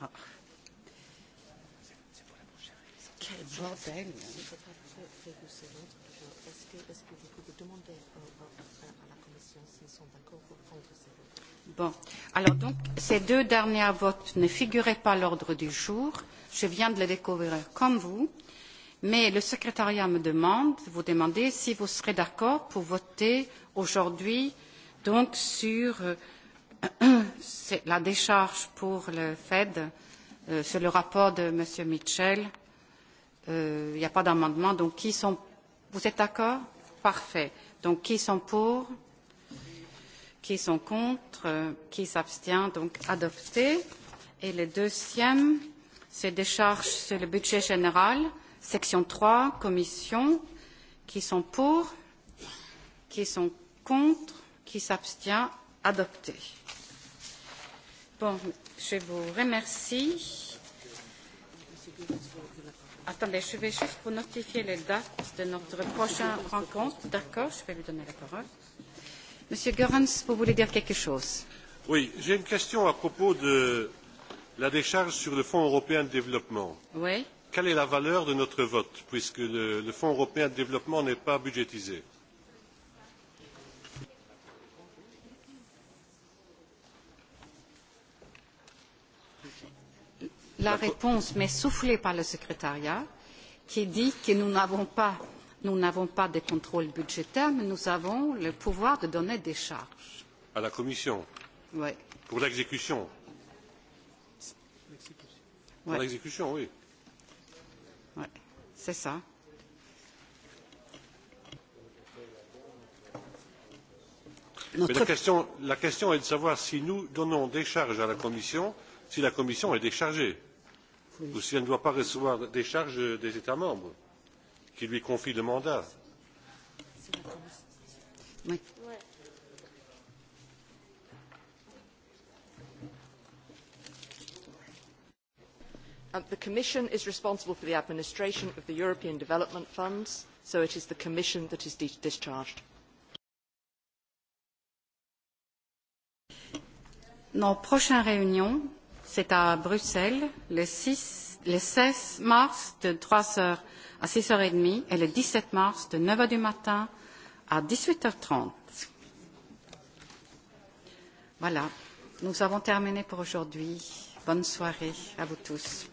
ah. quel bordel Bon. Alors donc, ces deux derniers votes ne figuraient pas à l'ordre du jour. Je viens de les découvrir comme vous. Mais le secrétariat me demande, vous demandez si vous serez d'accord pour voter aujourd'hui donc sur euh, la décharge pour le Fed, euh, sur le rapport de M. Mitchell. Euh, il euh, n'y a pas d'amendement, donc qui sont... Vous êtes d'accord Parfait. Donc qui sont pour qui sont contre, qui s'abstient, donc adopté. Et le deuxième, c'est des charges sur le budget général, section 3, commission, qui sont pour, qui sont contre, qui s'abstient, adopté. Bon, je vous remercie. Attendez, je vais juste vous notifier les dates de notre prochaine rencontre. D'accord, je vais lui donner la parole j'ai une question à propos de la décharge sur le Fonds européen de développement. Quelle est la valeur de notre vote, puisque le, le Fonds européen de développement n'est pas budgétisé La réponse m'est soufflée par le secrétariat qui dit que nous n'avons pas nous n'avons pas de contrôle budgétaire, mais nous avons le pouvoir de donner des charges. À la Commission Oui. Pour l'exécution Pour l'exécution, oui. Oui, c'est ça. Notre... Mais la question, la question est de savoir si nous donnons des charges à la Commission, si la Commission est déchargée, oui. ou si elle ne doit pas recevoir des charges des États membres qui lui confie le mandat. Oui. Um, the Commission is responsible for the administration of the European Development Funds, so it is the Commission that is discharged. Nos prochaines réunions, c'est à Bruxelles, le, 6, le 16 mars de 3 heures à 6h30 et le 17 mars de 9h du matin à 18h30. Voilà, nous avons terminé pour aujourd'hui. Bonne soirée à vous tous.